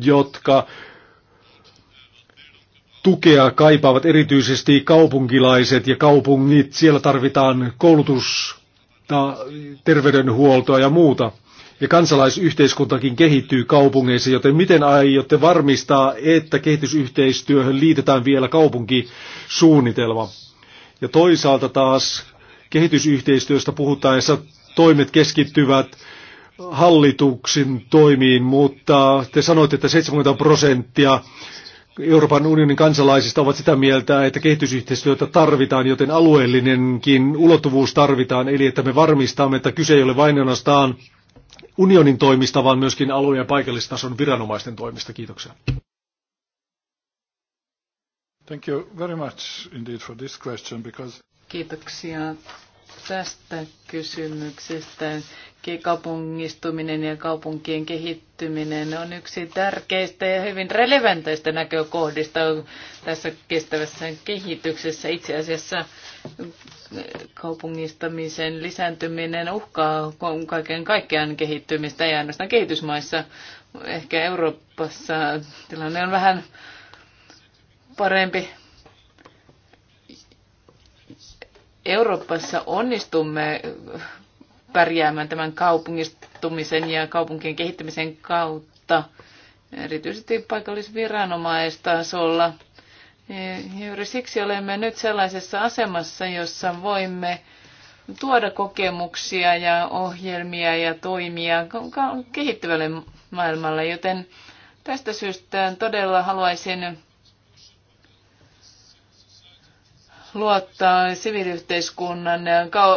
jotka tukea kaipaavat erityisesti kaupunkilaiset ja kaupungit. Siellä tarvitaan koulutusta, terveydenhuoltoa ja muuta. Ja kansalaisyhteiskuntakin kehittyy kaupungeissa, joten miten aiotte varmistaa, että kehitysyhteistyöhön liitetään vielä kaupunkisuunnitelma? Ja toisaalta taas kehitysyhteistyöstä puhuttaessa toimet keskittyvät hallituksen toimiin, mutta te sanoitte, että 70 prosenttia Euroopan unionin kansalaisista ovat sitä mieltä, että kehitysyhteistyötä tarvitaan, joten alueellinenkin ulottuvuus tarvitaan, eli että me varmistamme, että kyse ei ole vain ainoastaan unionin toimista, vaan myöskin alue- ja paikallistason viranomaisten toimista. Kiitoksia. Thank you very much indeed for this question because... Kiitoksia tästä kysymyksestä kaupungistuminen ja kaupunkien kehittyminen on yksi tärkeistä ja hyvin relevanteista näkökohdista tässä kestävässä kehityksessä. Itse asiassa kaupungistamisen lisääntyminen uhkaa kaiken kaikkiaan kehittymistä, ja ainoastaan kehitysmaissa. Ehkä Euroopassa tilanne on vähän parempi. Euroopassa onnistumme pärjäämään tämän kaupungistumisen ja kaupunkien kehittämisen kautta, erityisesti paikallisviranomaistasolla. Juuri siksi olemme nyt sellaisessa asemassa, jossa voimme tuoda kokemuksia ja ohjelmia ja toimia kehittyvälle maailmalle, joten tästä syystä todella haluaisin luottaa siviiliyhteiskunnan,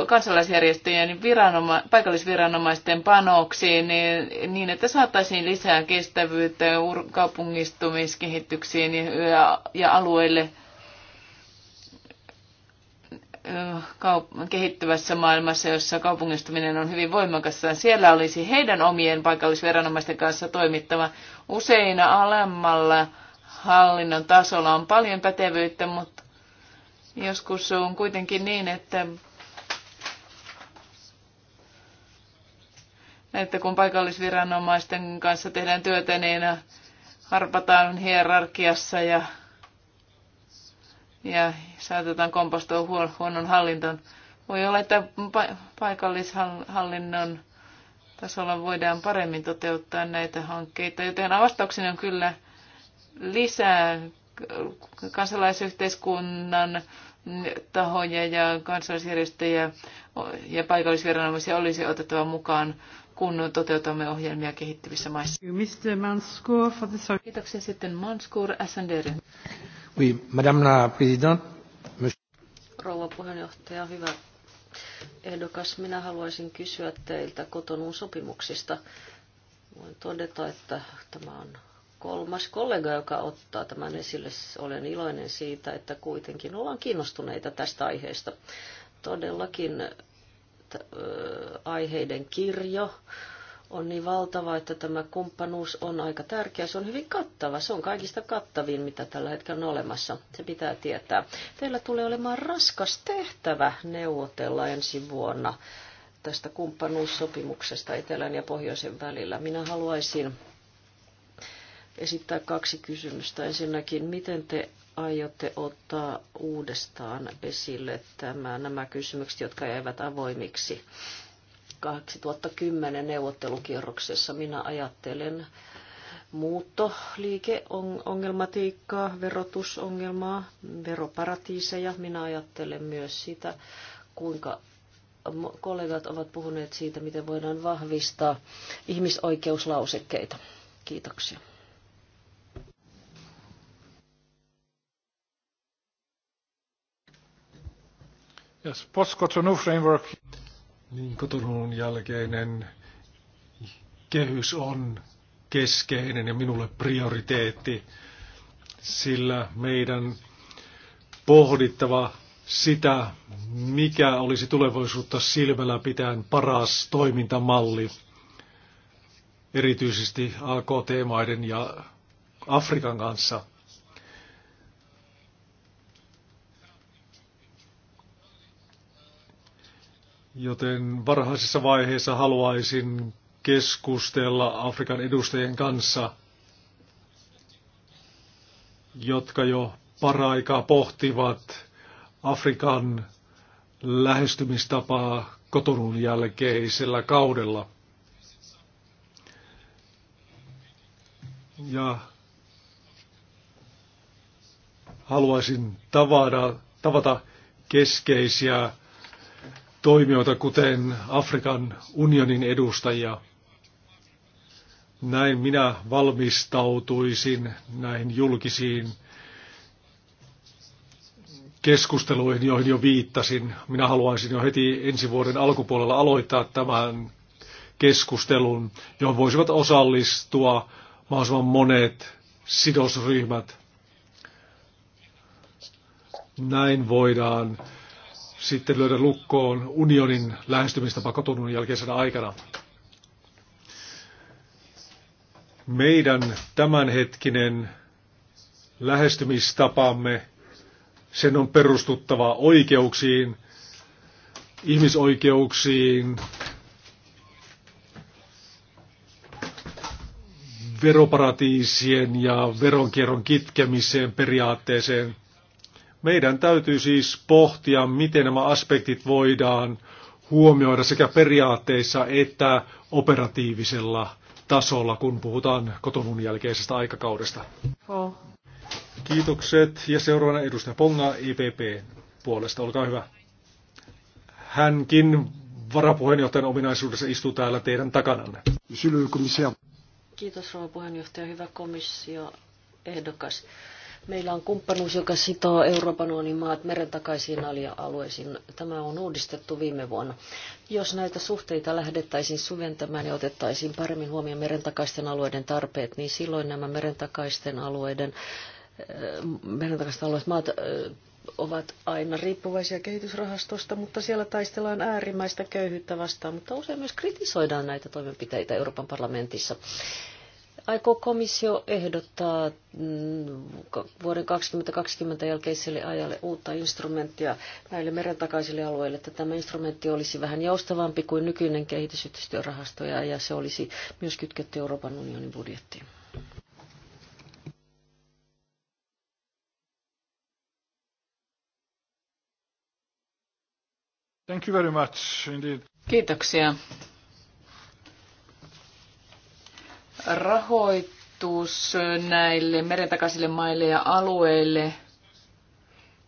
kansalaisjärjestöjen, viranoma- paikallisviranomaisten panoksiin niin, niin, että saataisiin lisää kestävyyttä kaupungistumiskehityksiin ja, ja alueille kehittyvässä maailmassa, jossa kaupungistuminen on hyvin voimakasta. Siellä olisi heidän omien paikallisviranomaisten kanssa toimittava useina alemmalla hallinnon tasolla on paljon pätevyyttä, mutta Joskus on kuitenkin niin, että, että kun paikallisviranomaisten kanssa tehdään työtä, niin harpataan hierarkiassa ja, ja saatetaan kompastua huonon hallintoon. Voi olla, että paikallishallinnon tasolla voidaan paremmin toteuttaa näitä hankkeita, joten vastaukseni on kyllä lisää kansalaisyhteiskunnan tahoja ja kansalaisjärjestöjä ja paikallisviranomaisia olisi otettava mukaan, kun toteutamme ohjelmia kehittyvissä maissa. Kiitoksia sitten Manskur SND. Oui, Madame la Présidente. Rouva puheenjohtaja, hyvä ehdokas. Minä haluaisin kysyä teiltä kotonuun sopimuksista. Voin todeta, että tämä on kolmas kollega, joka ottaa tämän esille. Olen iloinen siitä, että kuitenkin ollaan kiinnostuneita tästä aiheesta. Todellakin aiheiden kirjo on niin valtava, että tämä kumppanuus on aika tärkeä. Se on hyvin kattava. Se on kaikista kattavin, mitä tällä hetkellä on olemassa. Se pitää tietää. Teillä tulee olemaan raskas tehtävä neuvotella ensi vuonna tästä kumppanuussopimuksesta Etelän ja Pohjoisen välillä. Minä haluaisin esittää kaksi kysymystä. Ensinnäkin, miten te aiotte ottaa uudestaan esille tämä, nämä kysymykset, jotka jäivät avoimiksi 2010 neuvottelukierroksessa? Minä ajattelen muuttoliikeongelmatiikkaa, verotusongelmaa, veroparatiiseja. Minä ajattelen myös sitä, kuinka kollegat ovat puhuneet siitä, miten voidaan vahvistaa ihmisoikeuslausekkeita. Kiitoksia. Yes, post-Cotonou framework. Niin Cotonoun jälkeinen kehys on keskeinen ja minulle prioriteetti, sillä meidän pohdittava sitä, mikä olisi tulevaisuutta silmällä pitäen paras toimintamalli, erityisesti AKT-maiden ja Afrikan kanssa – joten varhaisessa vaiheessa haluaisin keskustella Afrikan edustajien kanssa, jotka jo paraikaa pohtivat Afrikan lähestymistapaa kotonun jälkeisellä kaudella. Ja haluaisin tavata, tavata keskeisiä toimijoita, kuten Afrikan unionin edustajia. Näin minä valmistautuisin näihin julkisiin keskusteluihin, joihin jo viittasin. Minä haluaisin jo heti ensi vuoden alkupuolella aloittaa tämän keskustelun, johon voisivat osallistua mahdollisimman monet sidosryhmät. Näin voidaan sitten löydä lukkoon unionin lähestymistapa kotonun jälkeisenä aikana. Meidän tämänhetkinen lähestymistapamme, sen on perustuttava oikeuksiin, ihmisoikeuksiin, veroparatiisien ja veronkierron kitkemiseen periaatteeseen. Meidän täytyy siis pohtia, miten nämä aspektit voidaan huomioida sekä periaatteissa että operatiivisella tasolla, kun puhutaan kotonun jälkeisestä aikakaudesta. Oh. Kiitokset ja seuraavana edustaja Ponga IPP puolesta. Olkaa hyvä. Hänkin varapuheenjohtajan ominaisuudessa istuu täällä teidän takananne. Kiitos rouva puheenjohtaja, hyvä komissio, ehdokas. Meillä on kumppanuus, joka sitoo Euroopan unionin maat meren takaisiin alueisiin. Tämä on uudistettu viime vuonna. Jos näitä suhteita lähdettäisiin syventämään ja otettaisiin paremmin huomioon meren takaisten alueiden tarpeet, niin silloin nämä meren takaisten alueiden eh, meren takaisten alueet maat eh, ovat aina riippuvaisia kehitysrahastosta, mutta siellä taistellaan äärimmäistä köyhyyttä vastaan, mutta usein myös kritisoidaan näitä toimenpiteitä Euroopan parlamentissa. Aikoo komissio ehdottaa mm, vuoden 2020 jälkeiselle ajalle uutta instrumenttia näille merentakaisille alueille, että tämä instrumentti olisi vähän joustavampi kuin nykyinen kehitysyhteistyörahasto ja, ja se olisi myös kytketty Euroopan unionin budjettiin? Thank you very much indeed. Kiitoksia rahoitus näille merentakaisille maille ja alueille,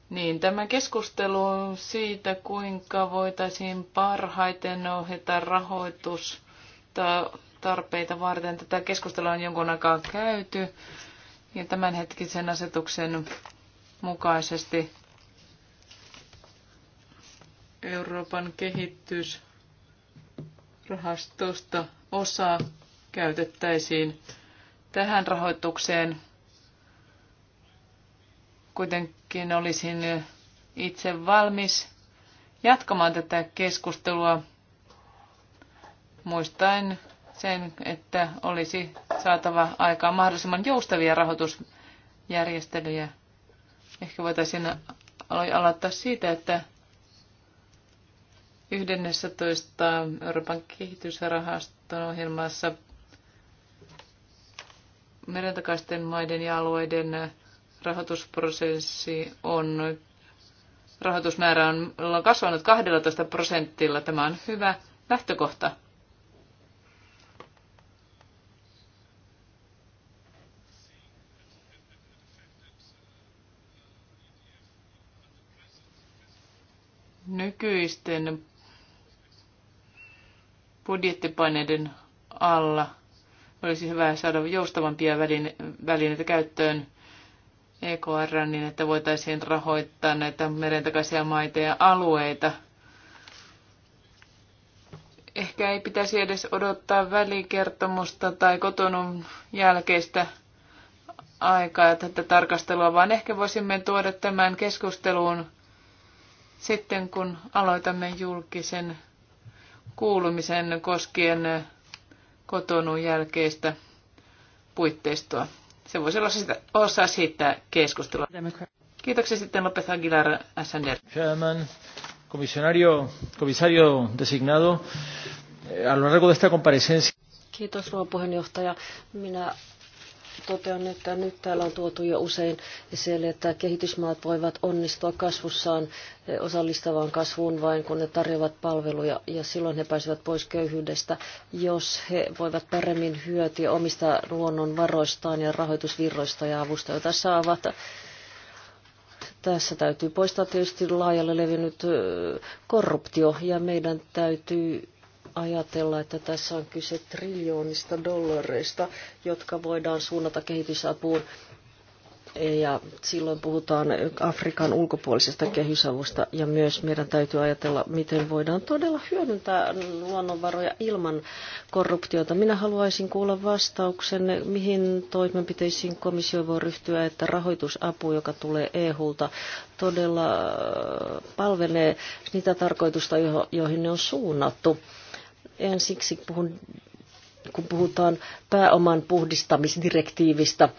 niin tämä keskustelu siitä, kuinka voitaisiin parhaiten ohjata rahoitusta tarpeita varten. Tätä keskustelua on jonkun aikaa käyty ja tämänhetkisen asetuksen mukaisesti Euroopan kehitysrahastosta osa käytettäisiin tähän rahoitukseen. Kuitenkin olisin itse valmis jatkamaan tätä keskustelua muistaen sen, että olisi saatava aikaa mahdollisimman joustavia rahoitusjärjestelyjä. Ehkä voitaisiin aloittaa siitä, että 11. Euroopan kehitysrahaston ohjelmassa merentakaisten maiden ja alueiden rahoitusprosessi on, rahoitusmäärä on kasvanut 12 prosentilla. Tämä on hyvä lähtökohta. Nykyisten budjettipaineiden alla – olisi hyvä saada joustavampia välineitä käyttöön EKR, niin että voitaisiin rahoittaa näitä merentakaisia maita ja alueita. Ehkä ei pitäisi edes odottaa välikertomusta tai kotonun jälkeistä aikaa tätä tarkastelua, vaan ehkä voisimme tuoda tämän keskusteluun sitten, kun aloitamme julkisen kuulumisen koskien kotonun jälkeistä puitteistoa. Se voisi olla sitä, osa siitä keskustelua. Kiitoksia sitten Lopez Aguilar Sander. Chairman, comisario, comisario designado, eh, a lo largo de esta comparecencia. Kiitos, rouva puheenjohtaja. Minä totean, että nyt täällä on tuotu jo usein esille, että kehitysmaat voivat onnistua kasvussaan osallistavaan kasvuun vain, kun ne tarjoavat palveluja ja silloin he pääsevät pois köyhyydestä, jos he voivat paremmin hyötyä omista luonnonvaroistaan ja rahoitusvirroista ja avusta, joita saavat tässä täytyy poistaa tietysti laajalle levinnyt korruptio ja meidän täytyy ajatella, että tässä on kyse triljoonista dollareista, jotka voidaan suunnata kehitysapuun. Ja silloin puhutaan Afrikan ulkopuolisesta kehysavusta ja myös meidän täytyy ajatella, miten voidaan todella hyödyntää luonnonvaroja ilman korruptiota. Minä haluaisin kuulla vastauksen, mihin toimenpiteisiin komissio voi ryhtyä, että rahoitusapu, joka tulee eu todella palvelee niitä tarkoitusta, joihin ne on suunnattu. Ensiksi puhun, kun puhutaan pääoman puhdistamisdirektiivistä.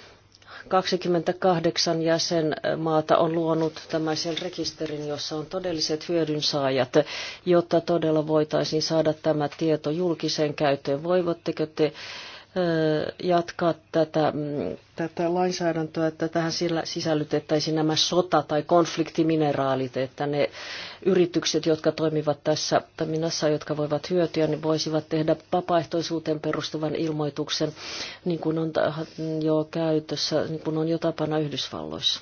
28 jäsenmaata on luonut tämmöisen rekisterin, jossa on todelliset hyödynsaajat, jotta todella voitaisiin saada tämä tieto julkiseen käyttöön. Voivotteko te jatkaa tätä, mm, tätä lainsäädäntöä, että tähän sisällytettäisiin nämä sota- tai konfliktimineraalit, että ne yritykset, jotka toimivat tässä taminassa, jotka voivat hyötyä, niin voisivat tehdä vapaaehtoisuuteen perustuvan ilmoituksen, niin kuin on jo käytössä, niin kuin on jo tapana Yhdysvalloissa.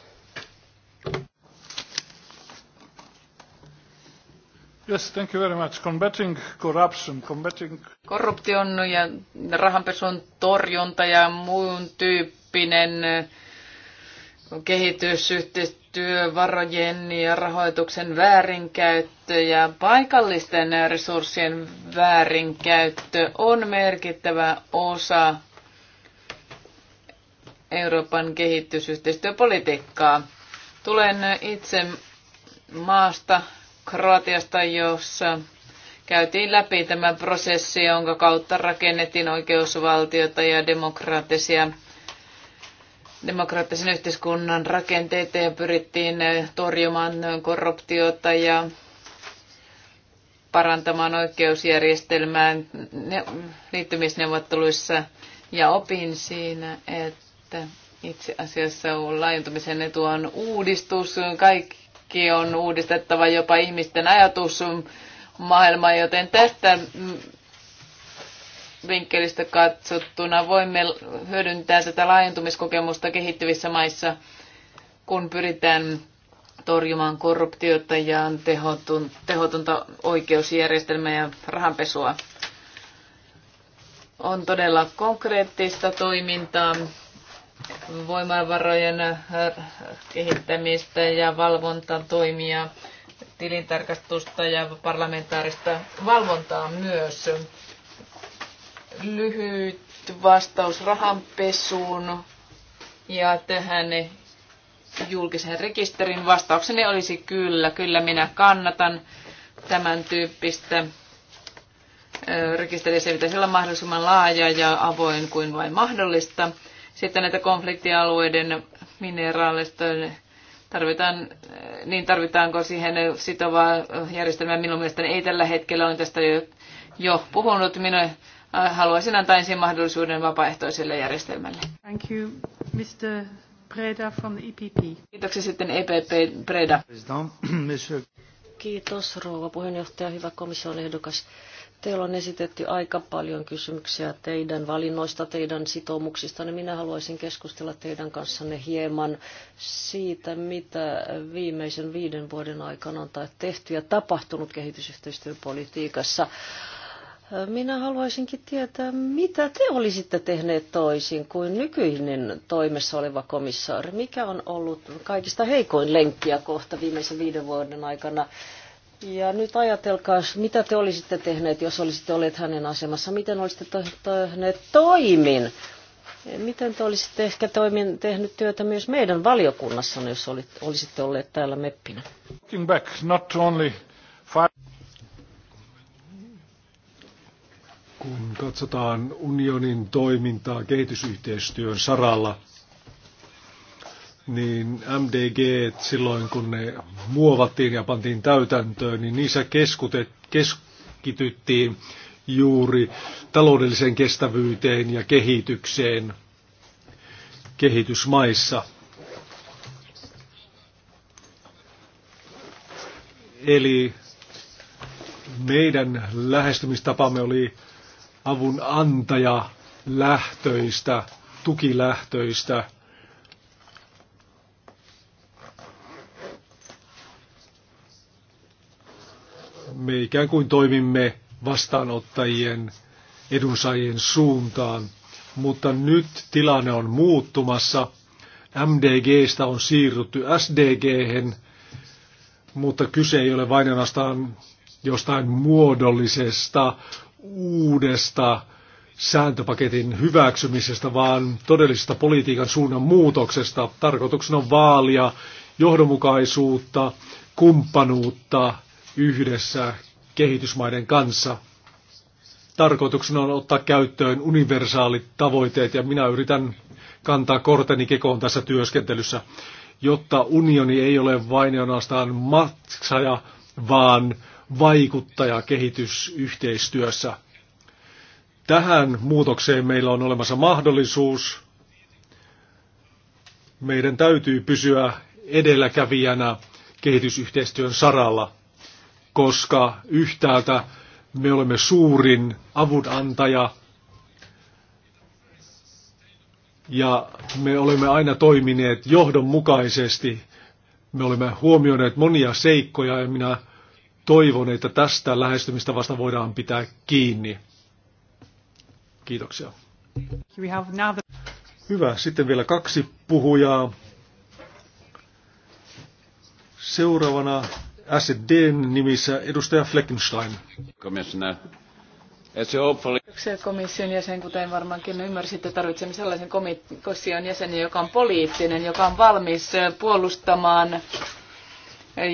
Yes, thank you very much. Combating corruption, combating... Korruption ja rahanpesun torjunta ja muun tyyppinen kehitysyhteistyö, varojen ja rahoituksen väärinkäyttö ja paikallisten resurssien väärinkäyttö on merkittävä osa Euroopan kehitysyhteistyöpolitiikkaa. Tulen itse maasta, Kroatiasta, jossa käytiin läpi tämä prosessi, jonka kautta rakennettiin oikeusvaltiota ja demokraattisia demokraattisen yhteiskunnan rakenteita ja pyrittiin torjumaan korruptiota ja parantamaan oikeusjärjestelmää liittymisneuvotteluissa. Ja opin siinä, että itse asiassa laajentumisen etu on uudistus. Kaikki kaikki on uudistettava, jopa ihmisten maailma, joten tästä vinkkelistä katsottuna voimme hyödyntää tätä laajentumiskokemusta kehittyvissä maissa, kun pyritään torjumaan korruptiota ja tehotonta oikeusjärjestelmää ja rahanpesua. On todella konkreettista toimintaa voimavarojen äh, kehittämistä ja valvontatoimia, tilintarkastusta ja parlamentaarista valvontaa myös. Lyhyt vastaus rahanpesuun ja tähän julkisen rekisterin vastaukseni olisi kyllä. Kyllä minä kannatan tämän tyyppistä äh, rekisteriä. Se pitäisi olla mahdollisimman laaja ja avoin kuin vain mahdollista sitten näitä konfliktialueiden mineraaleista tarvitaan, niin tarvitaanko siihen sitovaa järjestelmää? Minun mielestäni ei tällä hetkellä, olen tästä jo, jo puhunut. Minä haluaisin antaa ensin mahdollisuuden vapaaehtoiselle järjestelmälle. Thank you, Mr. Preda from the EPP. Kiitoksia sitten EPP Preda. Kiitos rouva puheenjohtaja, hyvä komission ehdokas. Teillä on esitetty aika paljon kysymyksiä teidän valinnoista, teidän sitoumuksista. Niin minä haluaisin keskustella teidän kanssanne hieman siitä, mitä viimeisen viiden vuoden aikana on tai tehty ja tapahtunut kehitysyhteistyöpolitiikassa. Minä haluaisinkin tietää, mitä te olisitte tehneet toisin kuin nykyinen toimessa oleva komissaari. Mikä on ollut kaikista heikoin lenkkiä kohta viimeisen viiden vuoden aikana? Ja nyt ajatelkaa, mitä te olisitte tehneet, jos olisitte olleet hänen asemassa. Miten olisitte tehneet toimin? Miten te olisitte ehkä toimin, tehnyt työtä myös meidän valiokunnassa, jos olit, olisitte olleet täällä meppinä? Back, not only five... Kun katsotaan unionin toimintaa kehitysyhteistyön saralla, niin MDG silloin kun ne muovattiin ja pantiin täytäntöön, niin niissä keskityttiin juuri taloudelliseen kestävyyteen ja kehitykseen kehitysmaissa. Eli meidän lähestymistapamme oli avun antaja lähtöistä, tukilähtöistä – me ikään kuin toimimme vastaanottajien edunsaajien suuntaan. Mutta nyt tilanne on muuttumassa. MDGstä on siirrytty SDGhen, mutta kyse ei ole vain ainoastaan jostain muodollisesta uudesta sääntöpaketin hyväksymisestä, vaan todellisesta politiikan suunnan muutoksesta. Tarkoituksena on vaalia johdonmukaisuutta, kumppanuutta yhdessä kehitysmaiden kanssa. Tarkoituksena on ottaa käyttöön universaalit tavoitteet ja minä yritän kantaa korteni kekoon tässä työskentelyssä, jotta unioni ei ole vain ainoastaan maksaja, vaan vaikuttaja kehitysyhteistyössä. Tähän muutokseen meillä on olemassa mahdollisuus. Meidän täytyy pysyä edelläkävijänä kehitysyhteistyön saralla koska yhtäältä me olemme suurin avunantaja ja me olemme aina toimineet johdonmukaisesti. Me olemme huomioineet monia seikkoja ja minä toivon, että tästä lähestymistä vasta voidaan pitää kiinni. Kiitoksia. Hyvä. Sitten vielä kaksi puhujaa. Seuraavana SDn nimissä edustaja Fleckenstein. Commissioner. Kiitoksia komission jäsen, kuten varmaankin ymmärsitte, tarvitsemme sellaisen komission jäsenen, joka on poliittinen, joka on valmis puolustamaan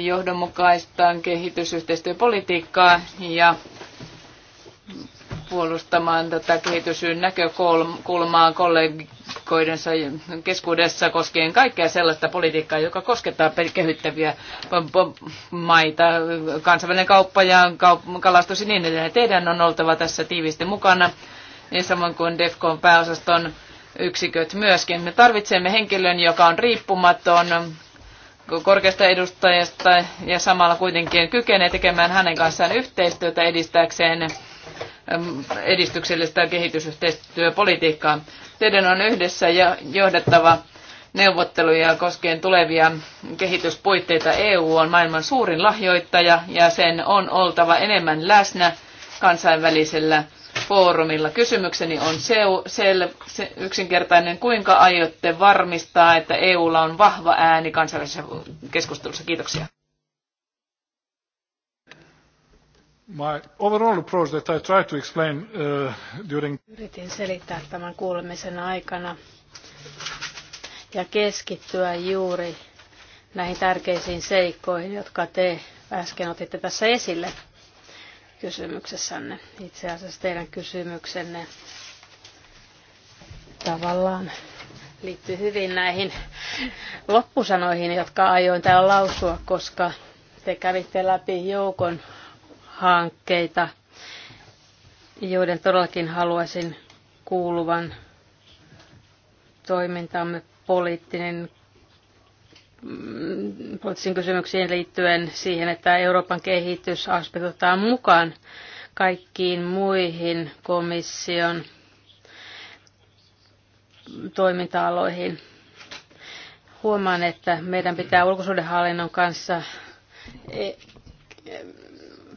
johdonmukaistaan kehitysyhteistyöpolitiikkaa ja puolustamaan tätä kehitysyyn näkökulmaa. kollegi, poliitikkoidensa keskuudessa koskien kaikkea sellaista politiikkaa, joka koskettaa kehyttäviä maita, kansainvälinen kauppa ja kalastus ja niin edelleen. Teidän on oltava tässä tiiviisti mukana, niin samoin kuin DEFCON pääosaston yksiköt myöskin. Me tarvitsemme henkilön, joka on riippumaton korkeasta edustajasta ja samalla kuitenkin kykenee tekemään hänen kanssaan yhteistyötä edistääkseen edistyksellistä kehitysyhteistyöpolitiikkaa. Teidän on yhdessä ja johdettava neuvotteluja koskien tulevia kehityspuitteita. EU on maailman suurin lahjoittaja ja sen on oltava enemmän läsnä kansainvälisellä foorumilla. Kysymykseni on se, se, se yksinkertainen, kuinka aiotte varmistaa, että EUlla on vahva ääni kansainvälisessä keskustelussa? Kiitoksia. My overall approach that I try to explain uh, during... Yritin selittää tämän kuulemisen aikana ja keskittyä juuri näihin tärkeisiin seikkoihin, jotka te äsken otitte tässä esille kysymyksessänne. Itse asiassa teidän kysymyksenne tavallaan liittyy hyvin näihin loppusanoihin, jotka ajoin täällä lausua, koska te kävitte läpi joukon hankkeita, joiden todellakin haluaisin kuuluvan toimintaamme poliittinen mm, poliittisiin kysymyksiin liittyen siihen, että Euroopan kehitys aspektotaan mukaan kaikkiin muihin komission toiminta-aloihin. Huomaan, että meidän pitää ulkosuudenhallinnon kanssa e-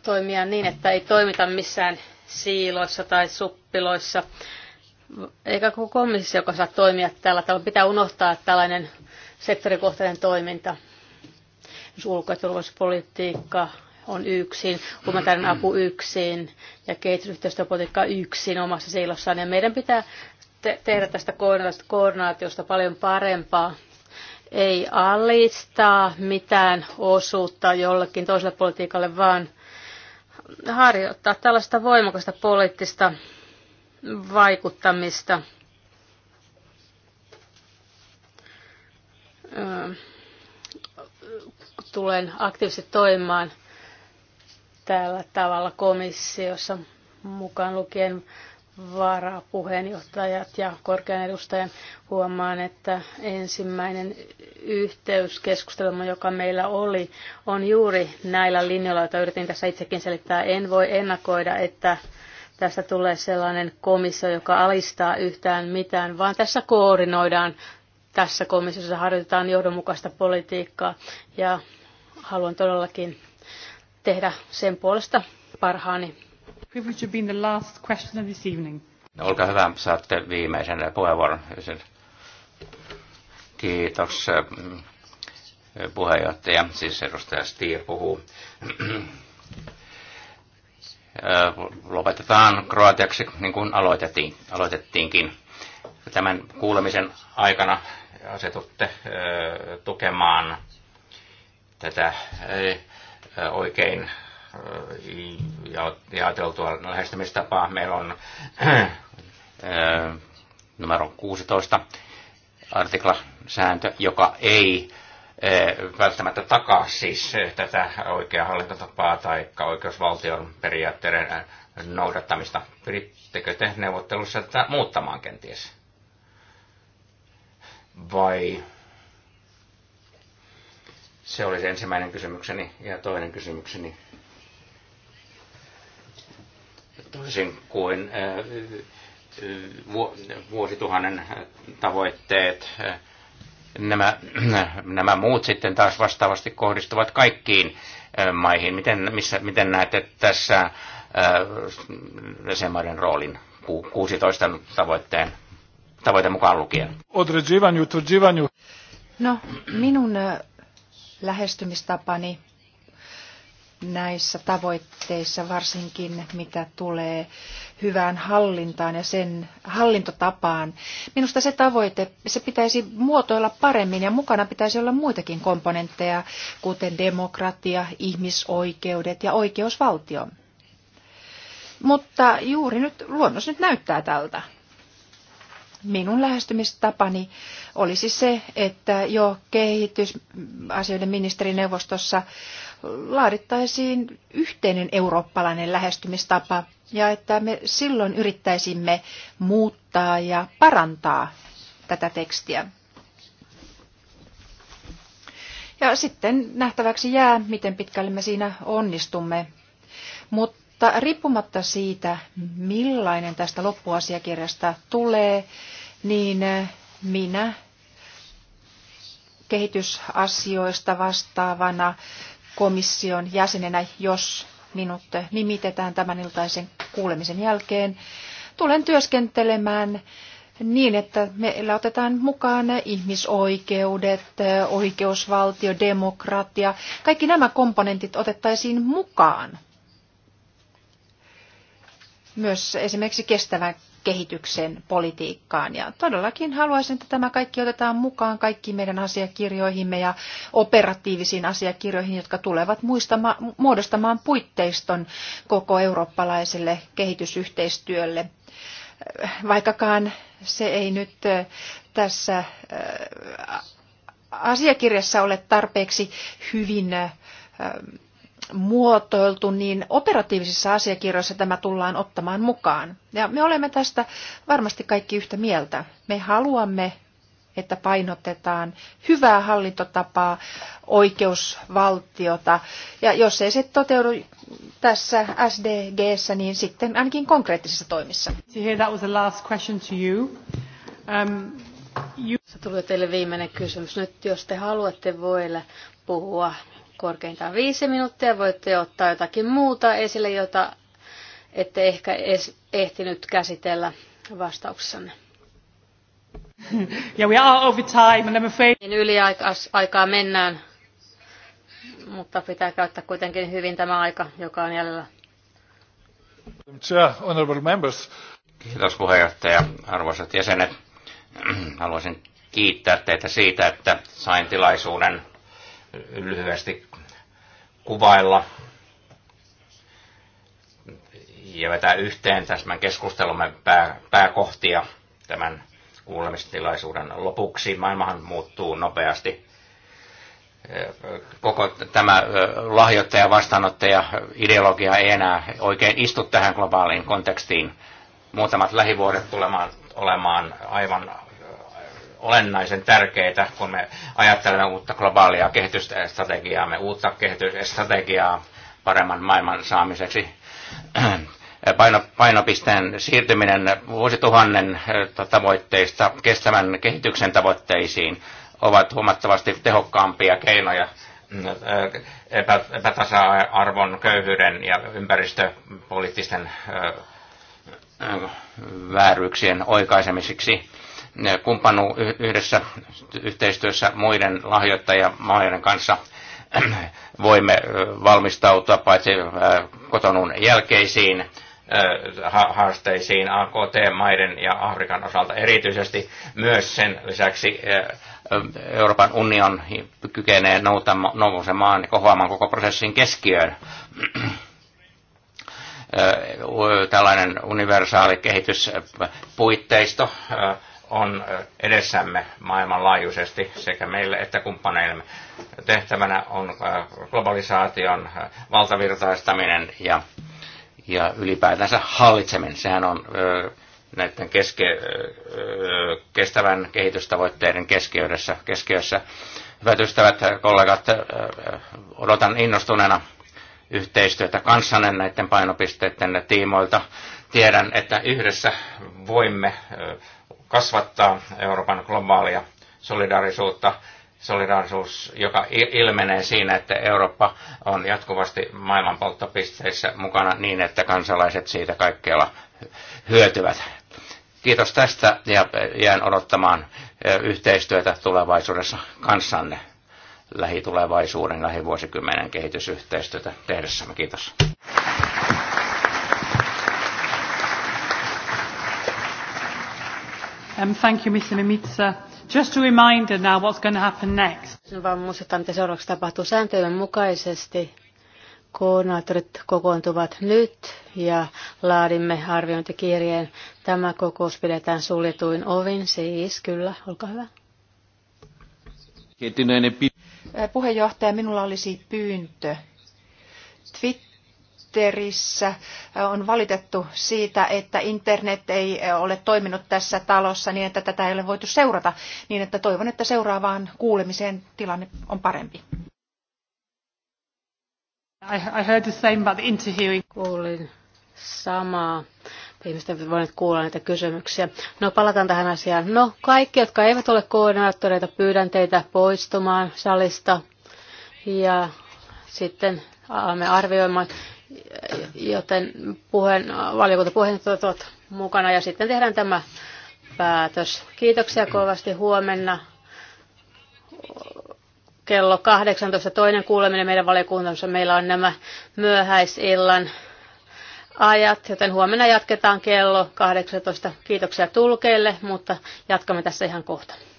toimia niin, että ei toimita missään siiloissa tai suppiloissa. Eikä koko komissio, joka saa toimia tällä tavalla, pitää unohtaa tällainen sektorikohtainen toiminta. Jos ulko- ja turvallisuuspolitiikka on yksin, humanitaarinen apu yksin ja kehitysyhteistyöpolitiikka yksin omassa siilossaan. Ja meidän pitää te- tehdä tästä koordinaatiosta paljon parempaa. Ei alistaa mitään osuutta jollekin toiselle politiikalle, vaan – harjoittaa tällaista voimakasta poliittista vaikuttamista. Tulen aktiivisesti toimimaan tällä tavalla komissiossa mukaan lukien varapuheenjohtajat ja korkean edustajan huomaan, että ensimmäinen yhteyskeskustelu, joka meillä oli, on juuri näillä linjoilla, joita yritin tässä itsekin selittää. En voi ennakoida, että tästä tulee sellainen komissio, joka alistaa yhtään mitään, vaan tässä koordinoidaan, tässä komissiossa harjoitetaan johdonmukaista politiikkaa ja haluan todellakin tehdä sen puolesta parhaani privilege of being the last question of this evening. No, olkaa hyvä, saatte viimeisen puheenvuoron. Kiitos äh, puheenjohtaja, siis edustaja Stier puhuu. Äh, lopetetaan kroatiaksi niin kuin aloitettiin, aloitettiinkin. Tämän kuulemisen aikana asetutte äh, tukemaan tätä oikein jaoteltua lähestymistapaa. Meillä on numero 16 artikla sääntö, joka ei välttämättä takaa siis tätä oikeaa hallintotapaa tai oikeusvaltion periaatteiden noudattamista. Pyrittekö te neuvottelussa tätä muuttamaan kenties? Vai se olisi ensimmäinen kysymykseni ja toinen kysymykseni toisin kuin äh, äh, vuosituhannen tavoitteet. Nämä, nämä muut sitten taas vastaavasti kohdistuvat kaikkiin äh, maihin. Miten, missä, miten näette tässä jäsenmaiden roolin 16 tavoitteen, tavoite mukaan lukien? No, minun lähestymistapani näissä tavoitteissa, varsinkin mitä tulee hyvään hallintaan ja sen hallintotapaan. Minusta se tavoite, se pitäisi muotoilla paremmin ja mukana pitäisi olla muitakin komponentteja, kuten demokratia, ihmisoikeudet ja oikeusvaltio. Mutta juuri nyt luonnos nyt näyttää tältä. Minun lähestymistapani olisi se, että jo kehitysasioiden ministerineuvostossa laadittaisiin yhteinen eurooppalainen lähestymistapa ja että me silloin yrittäisimme muuttaa ja parantaa tätä tekstiä. Ja sitten nähtäväksi jää, miten pitkälle me siinä onnistumme. Mutta riippumatta siitä, millainen tästä loppuasiakirjasta tulee, niin minä kehitysasioista vastaavana komission jäsenenä, jos minut nimitetään tämän iltaisen kuulemisen jälkeen. Tulen työskentelemään niin, että meillä otetaan mukaan ihmisoikeudet, oikeusvaltio, demokratia. Kaikki nämä komponentit otettaisiin mukaan. Myös esimerkiksi kestävän kehityksen politiikkaan. Ja todellakin haluaisin, että tämä kaikki otetaan mukaan kaikki meidän asiakirjoihimme ja operatiivisiin asiakirjoihin, jotka tulevat muistama, muodostamaan puitteiston koko eurooppalaiselle kehitysyhteistyölle. Vaikkakaan se ei nyt tässä asiakirjassa ole tarpeeksi hyvin muotoiltu, niin operatiivisissa asiakirjoissa tämä tullaan ottamaan mukaan. Ja me olemme tästä varmasti kaikki yhtä mieltä. Me haluamme, että painotetaan hyvää hallintotapaa, oikeusvaltiota. Ja jos ei se toteudu tässä sdg niin sitten ainakin konkreettisissa toimissa. Um, se tuli teille viimeinen kysymys. Nyt jos te haluatte, voille puhua korkeintaan viisi minuuttia. Voitte ottaa jotakin muuta esille, jota ette ehkä edes ehtinyt käsitellä vastauksessanne. Yeah, we are over time and I'm afraid... Niin aikaa mennään, mutta pitää käyttää kuitenkin hyvin tämä aika, joka on jäljellä. Kiitos puheenjohtaja, arvoisat jäsenet. Haluaisin kiittää teitä siitä, että sain tilaisuuden lyhyesti kuvailla ja vetää yhteen tämän keskustelumme pää, pääkohtia tämän kuulemistilaisuuden lopuksi. Maailmahan muuttuu nopeasti. Koko tämä lahjoittaja, vastaanottaja, ideologia ei enää oikein istu tähän globaaliin kontekstiin. Muutamat lähivuodet tulemaan olemaan aivan olennaisen tärkeitä, kun me ajattelemme uutta globaalia kehitysstrategiaa, me uutta kehitysstrategiaa paremman maailman saamiseksi. Paino, painopisteen siirtyminen vuosituhannen eh, tavoitteista kestävän kehityksen tavoitteisiin ovat huomattavasti tehokkaampia keinoja mm, eh, epätasa-arvon, köyhyyden ja ympäristöpoliittisten eh, vääryyksien oikaisemiseksi kumppanu yhdessä yhteistyössä muiden lahjoittajamaiden kanssa voimme valmistautua paitsi kotonun jälkeisiin haasteisiin AKT-maiden ja Afrikan osalta erityisesti myös sen lisäksi Euroopan union kykenee nousemaan kohoamaan koko prosessin keskiöön. Tällainen universaali kehityspuitteisto on edessämme maailmanlaajuisesti sekä meille että kumppaneillemme. Tehtävänä on globalisaation valtavirtaistaminen ja, ja ylipäätänsä hallitseminen. Sehän on näiden keske, kestävän kehitystavoitteiden keskiössä. keskiössä. Hyvät ystävät, kollegat, odotan innostuneena yhteistyötä kanssanne näiden painopisteiden tiimoilta. Tiedän, että yhdessä voimme kasvattaa Euroopan globaalia solidaarisuutta. Solidaarisuus, joka ilmenee siinä, että Eurooppa on jatkuvasti maailman polttopisteissä mukana niin, että kansalaiset siitä kaikkialla hyötyvät. Kiitos tästä ja jään odottamaan yhteistyötä tulevaisuudessa kanssanne lähitulevaisuuden, lähivuosikymmenen kehitysyhteistyötä tehdessämme. Kiitos. Um, thank you, Mr. Mimitsa. Just a reminder now what's going to happen next. Vaan muistetaan, mitä seuraavaksi tapahtuu sääntöjen mukaisesti. Koordinaattorit kokoontuvat nyt ja laadimme arviointikirjeen. Tämä kokous pidetään suljetuin ovin, siis kyllä, olkaa hyvä. Puheenjohtaja, minulla olisi pyyntö. Twitter Twitterissä on valitettu siitä, että internet ei ole toiminut tässä talossa niin, että tätä ei ole voitu seurata, niin että toivon, että seuraavaan kuulemiseen tilanne on parempi. I, heard the same about the interviewing. Kuulin samaa. Ihmisten voineet kuulla näitä kysymyksiä. No palataan tähän asiaan. No kaikki, jotka eivät ole koordinaattoreita, pyydän teitä poistumaan salista. Ja sitten alamme arvioimaan joten puheen, valiokuntapuheenjohtajat ovat mukana ja sitten tehdään tämä päätös. Kiitoksia kovasti huomenna kello 18 toinen kuuleminen meidän valiokuntamme, Meillä on nämä myöhäisillan ajat, joten huomenna jatketaan kello 18. Kiitoksia tulkeille, mutta jatkamme tässä ihan kohta.